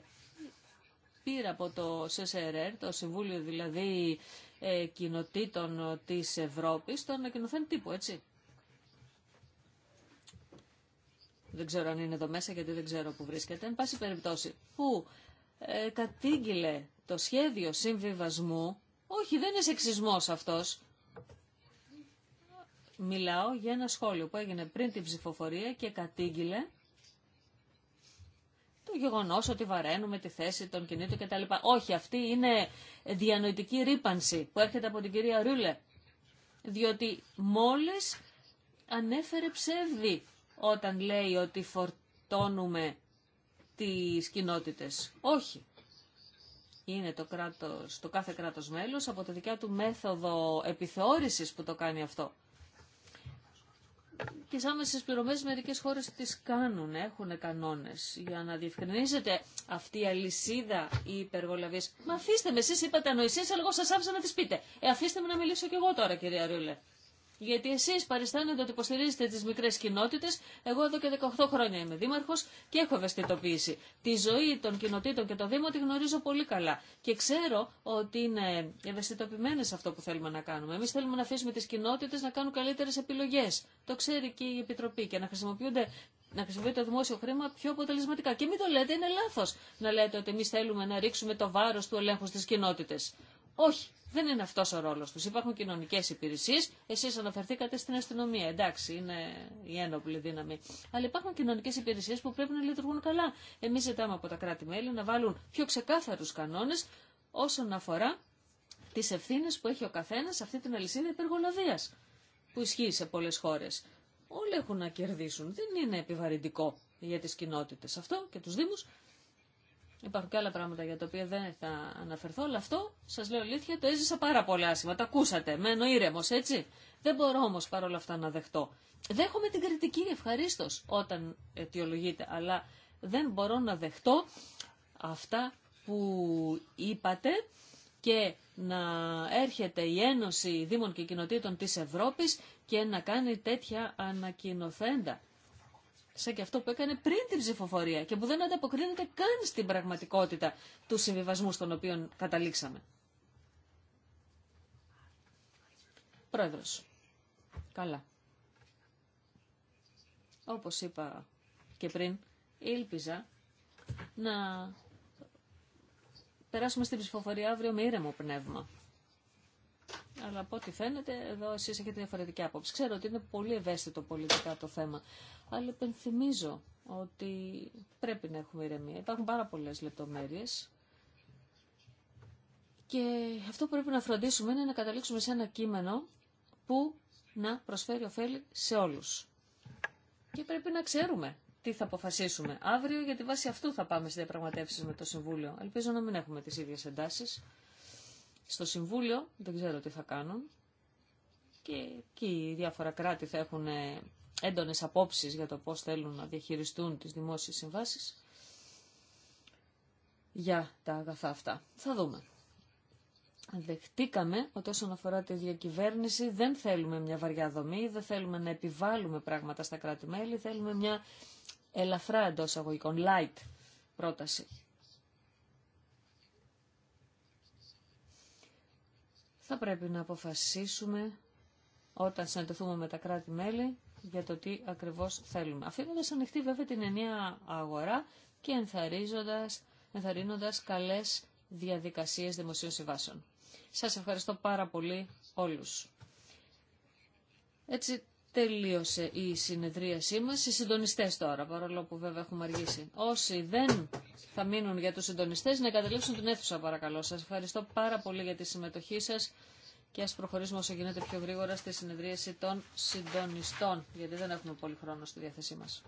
πήρα από το CSRR, το Συμβούλιο δηλαδή ε, Κοινοτήτων της Ευρώπης, τον ανακοινωθέν τύπου, έτσι. Δεν ξέρω αν είναι εδώ μέσα γιατί δεν ξέρω που βρίσκεται. Εν πάση περιπτώσει, που ε, κατήγγειλε το σχέδιο συμβιβασμού, όχι δεν είναι σεξισμός αυτός, μιλάω για ένα σχόλιο που έγινε πριν την ψηφοφορία και κατήγγειλε το γεγονός ότι βαραίνουμε τη θέση των κινήτων κτλ. Όχι, αυτή είναι διανοητική ρήπανση που έρχεται από την κυρία Ρούλε. Διότι μόλις ανέφερε ψεύδι όταν λέει ότι φορτώνουμε τις κοινότητες. Όχι. Είναι το, κράτος, το κάθε κράτος μέλος από τη δικιά του μέθοδο επιθεώρησης που το κάνει αυτό. Και σαν στις πληρωμές μερικές χώρες τις κάνουν, έχουν κανόνες για να διευκρινίζεται αυτή η αλυσίδα η υπεργολαβής. Μα αφήστε με, εσείς είπατε ανοησίες, αλλά εγώ σας άφησα να τις πείτε. Ε, αφήστε με να μιλήσω κι εγώ τώρα κυρία Ρούλε. Γιατί εσεί παριστάνετε ότι υποστηρίζετε τι μικρέ κοινότητε. Εγώ εδώ και 18 χρόνια είμαι δήμαρχο και έχω ευαισθητοποιήσει. Τη ζωή των κοινοτήτων και το Δήμο τη γνωρίζω πολύ καλά. Και ξέρω ότι είναι ευαισθητοποιημένε αυτό που θέλουμε να κάνουμε. Εμεί θέλουμε να αφήσουμε τι κοινότητε να κάνουν καλύτερε επιλογέ. Το ξέρει και η Επιτροπή και να χρησιμοποιούνται να χρησιμοποιεί το δημόσιο χρήμα πιο αποτελεσματικά. Και μην το λέτε, είναι λάθο να λέτε ότι εμεί θέλουμε να ρίξουμε το βάρο του ελέγχου στι κοινότητε. Όχι, δεν είναι αυτό ο ρόλο του. Υπάρχουν κοινωνικέ υπηρεσίε. Εσεί αναφερθήκατε στην αστυνομία, εντάξει, είναι η ένοπλη δύναμη. Αλλά υπάρχουν κοινωνικέ υπηρεσίε που πρέπει να λειτουργούν καλά. Εμεί ζητάμε από τα κράτη-μέλη να βάλουν πιο ξεκάθαρου κανόνε όσον αφορά τι ευθύνε που έχει ο καθένα, σε αυτή την αλυσίδα υπεργολαβία που ισχύει σε πολλέ χώρε. Όλοι έχουν να κερδίσουν. Δεν είναι επιβαρυντικό για τι κοινότητε αυτό και του δήμου. Υπάρχουν και άλλα πράγματα για τα οποία δεν θα αναφερθώ, αλλά αυτό, σας λέω αλήθεια, το έζησα πάρα πολύ άσχημα. Τα ακούσατε, μένω ήρεμο, έτσι. Δεν μπορώ όμως παρόλα αυτά να δεχτώ. Δέχομαι την κριτική ευχαρίστω όταν αιτιολογείται, αλλά δεν μπορώ να δεχτώ αυτά που είπατε και να έρχεται η Ένωση Δήμων και Κοινοτήτων της Ευρώπης και να κάνει τέτοια ανακοινοθέντα σαν και αυτό που έκανε πριν την ψηφοφορία και που δεν ανταποκρίνεται καν στην πραγματικότητα του συμβιβασμού στον οποίο καταλήξαμε. Πρόεδρος. Καλά. Όπως είπα και πριν, ήλπιζα να περάσουμε στην ψηφοφορία αύριο με ήρεμο πνεύμα. Αλλά από ό,τι φαίνεται, εδώ εσείς έχετε διαφορετική άποψη. Ξέρω ότι είναι πολύ ευαίσθητο πολιτικά το θέμα, αλλά υπενθυμίζω ότι πρέπει να έχουμε ηρεμία. Υπάρχουν πάρα πολλές λεπτομέρειες και αυτό που πρέπει να φροντίσουμε είναι να καταλήξουμε σε ένα κείμενο που να προσφέρει ωφέλη σε όλους. Και πρέπει να ξέρουμε τι θα αποφασίσουμε. Αύριο γιατί βάσει βάση αυτού θα πάμε στις διαπραγματεύσεις με το Συμβούλιο. Ελπίζω να μην έχουμε τις ίδιες εντάσεις. Στο Συμβούλιο δεν ξέρω τι θα κάνουν και εκεί οι διάφορα κράτη θα έχουν ε, έντονες απόψεις για το πώς θέλουν να διαχειριστούν τις δημόσιες συμβάσεις για τα αγαθά αυτά. Θα δούμε. Δεχτήκαμε ότι όσον αφορά τη διακυβέρνηση δεν θέλουμε μια βαριά δομή, δεν θέλουμε να επιβάλλουμε πράγματα στα κράτη-μέλη, θέλουμε μια ελαφρά εντό αγωγικών, light πρόταση. θα πρέπει να αποφασίσουμε όταν συναντηθούμε με τα κράτη-μέλη για το τι ακριβώς θέλουμε. Αφήνοντας ανοιχτή βέβαια την ενιαία αγορά και ενθαρρύνοντας, ενθαρρύνοντας καλές διαδικασίες δημοσίων συμβάσεων. Σας ευχαριστώ πάρα πολύ όλους. Έτσι τελείωσε η συνεδρίασή μας. Οι συντονιστές τώρα, παρόλο που βέβαια έχουμε αργήσει. Όσοι δεν θα μείνουν για τους συντονιστές, να εγκαταλείψουν την αίθουσα παρακαλώ. Σας ευχαριστώ πάρα πολύ για τη συμμετοχή σας και ας προχωρήσουμε όσο γίνεται πιο γρήγορα στη συνεδρίαση των συντονιστών, γιατί δεν έχουμε πολύ χρόνο στη διάθεσή μας.